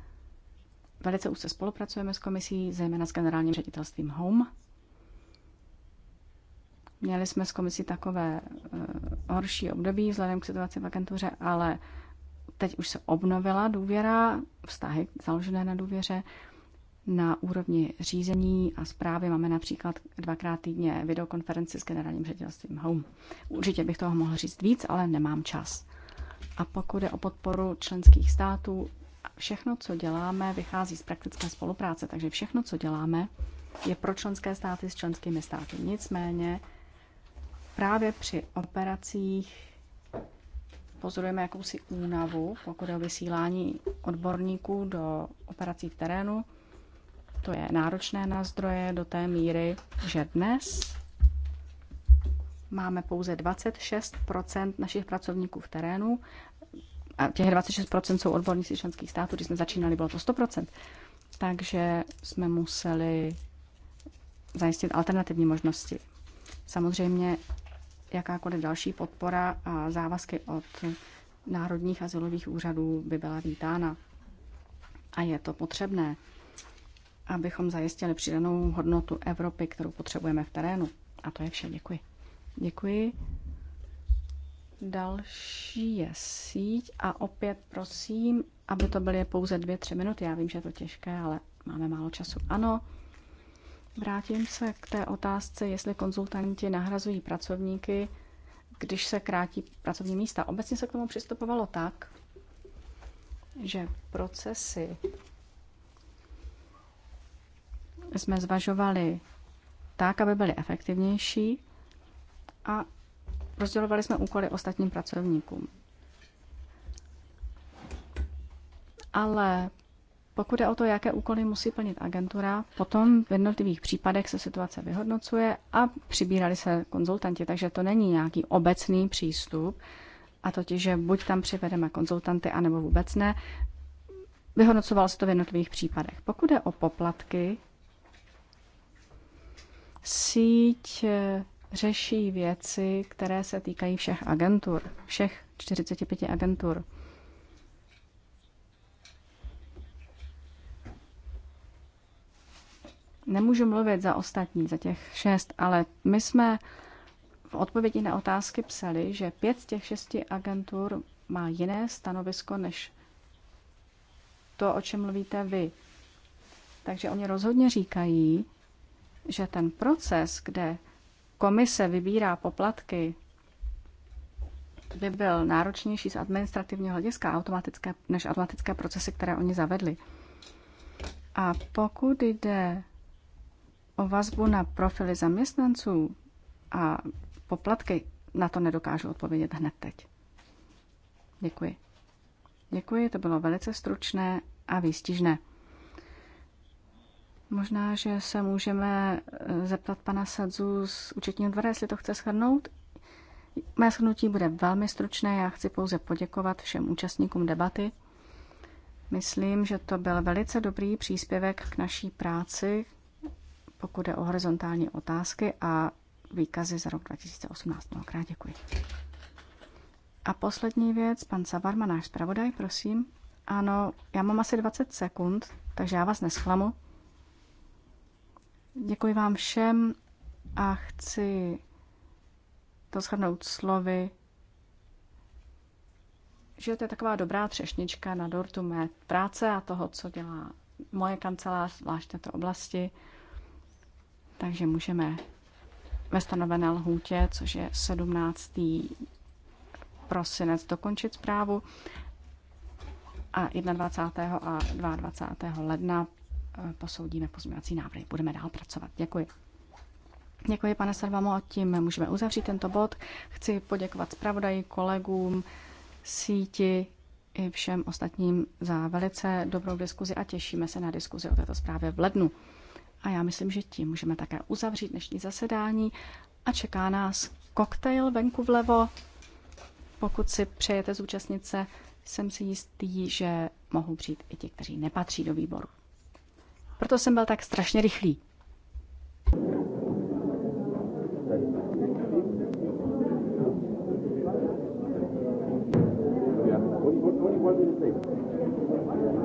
Speaker 1: velice úzce spolupracujeme s komisí, zejména s generálním ředitelstvím HOME. Měli jsme s komisí takové uh, horší období vzhledem k situaci v agentuře, ale Teď už se obnovila důvěra, vztahy založené na důvěře. Na úrovni řízení a zprávy máme například dvakrát týdně videokonferenci s generálním ředitelstvím Home. Určitě bych toho mohl říct víc, ale nemám čas. A pokud je o podporu členských států, všechno, co děláme, vychází z praktické spolupráce, takže všechno, co děláme, je pro členské státy s členskými státy. Nicméně právě při operacích pozorujeme jakousi únavu, pokud je o vysílání odborníků do operací v terénu. To je náročné na zdroje do té míry, že dnes máme pouze 26 našich pracovníků v terénu. A těch 26 jsou odborníci členských států, když jsme začínali, bylo to 100 Takže jsme museli zajistit alternativní možnosti. Samozřejmě jakákoliv další podpora a závazky od národních asilových úřadů by byla vítána. A je to potřebné, abychom zajistili přidanou hodnotu Evropy, kterou potřebujeme v terénu. A to je vše. Děkuji. Děkuji. Další je síť a opět prosím, aby to byly pouze dvě, tři minuty. Já vím, že je to těžké, ale máme málo času. Ano. Vrátím se k té otázce, jestli konzultanti nahrazují pracovníky, když se krátí pracovní místa. Obecně se k tomu přistupovalo tak, že procesy jsme zvažovali tak, aby byly efektivnější a rozdělovali jsme úkoly ostatním pracovníkům. Ale pokud je o to, jaké úkoly musí plnit agentura, potom v jednotlivých případech se situace vyhodnocuje a přibírali se konzultanti, takže to není nějaký obecný přístup, a totiž, že buď tam přivedeme konzultanty, anebo vůbec ne. Vyhodnocovalo se to v jednotlivých případech. Pokud je o poplatky, síť eh, řeší věci, které se týkají všech agentur, všech 45 agentur. Nemůžu mluvit za ostatní, za těch šest, ale my jsme v odpovědi na otázky psali, že pět z těch šesti agentur má jiné stanovisko než to, o čem mluvíte vy. Takže oni rozhodně říkají, že ten proces, kde komise vybírá poplatky, by byl náročnější z administrativního hlediska automatické, než automatické procesy, které oni zavedli. A pokud jde o vazbu na profily zaměstnanců a poplatky, na to nedokážu odpovědět hned teď. Děkuji. Děkuji, to bylo velice stručné a výstižné. Možná, že se můžeme eh, zeptat pana Sadzu z účetního dvora, jestli to chce shrnout. Mé shrnutí bude velmi stručné, já chci pouze poděkovat všem účastníkům debaty. Myslím, že to byl velice dobrý příspěvek k naší práci, pokud je o horizontální otázky a výkazy za rok 2018. Mnohokrát děkuji. A poslední věc, pan Savarma, náš zpravodaj, prosím. Ano, já mám asi 20 sekund, takže já vás nesklamu. Děkuji vám všem a chci to shrnout slovy, že to je taková dobrá třešnička na dortu mé práce a toho, co dělá moje kancelář, zvláště v této oblasti. Takže můžeme ve stanovené lhůtě, což je 17. prosinec, dokončit zprávu a 21. a 22. ledna eh, posoudíme pozměňovací návrhy. Budeme dál pracovat. Děkuji. Děkuji, pane Sarvamo, a tím můžeme uzavřít tento bod. Chci poděkovat zpravodaji, kolegům, síti i všem ostatním za velice dobrou diskuzi a těšíme se na diskuzi o této zprávě v lednu. A já myslím, že tím můžeme také uzavřít dnešní zasedání a čeká nás koktejl venku vlevo. Pokud si přejete zúčastnit se, jsem si jistý, že mohou přijít i ti, kteří nepatří do výboru. Proto jsem byl tak strašně rychlý.
Speaker 3: Thank you,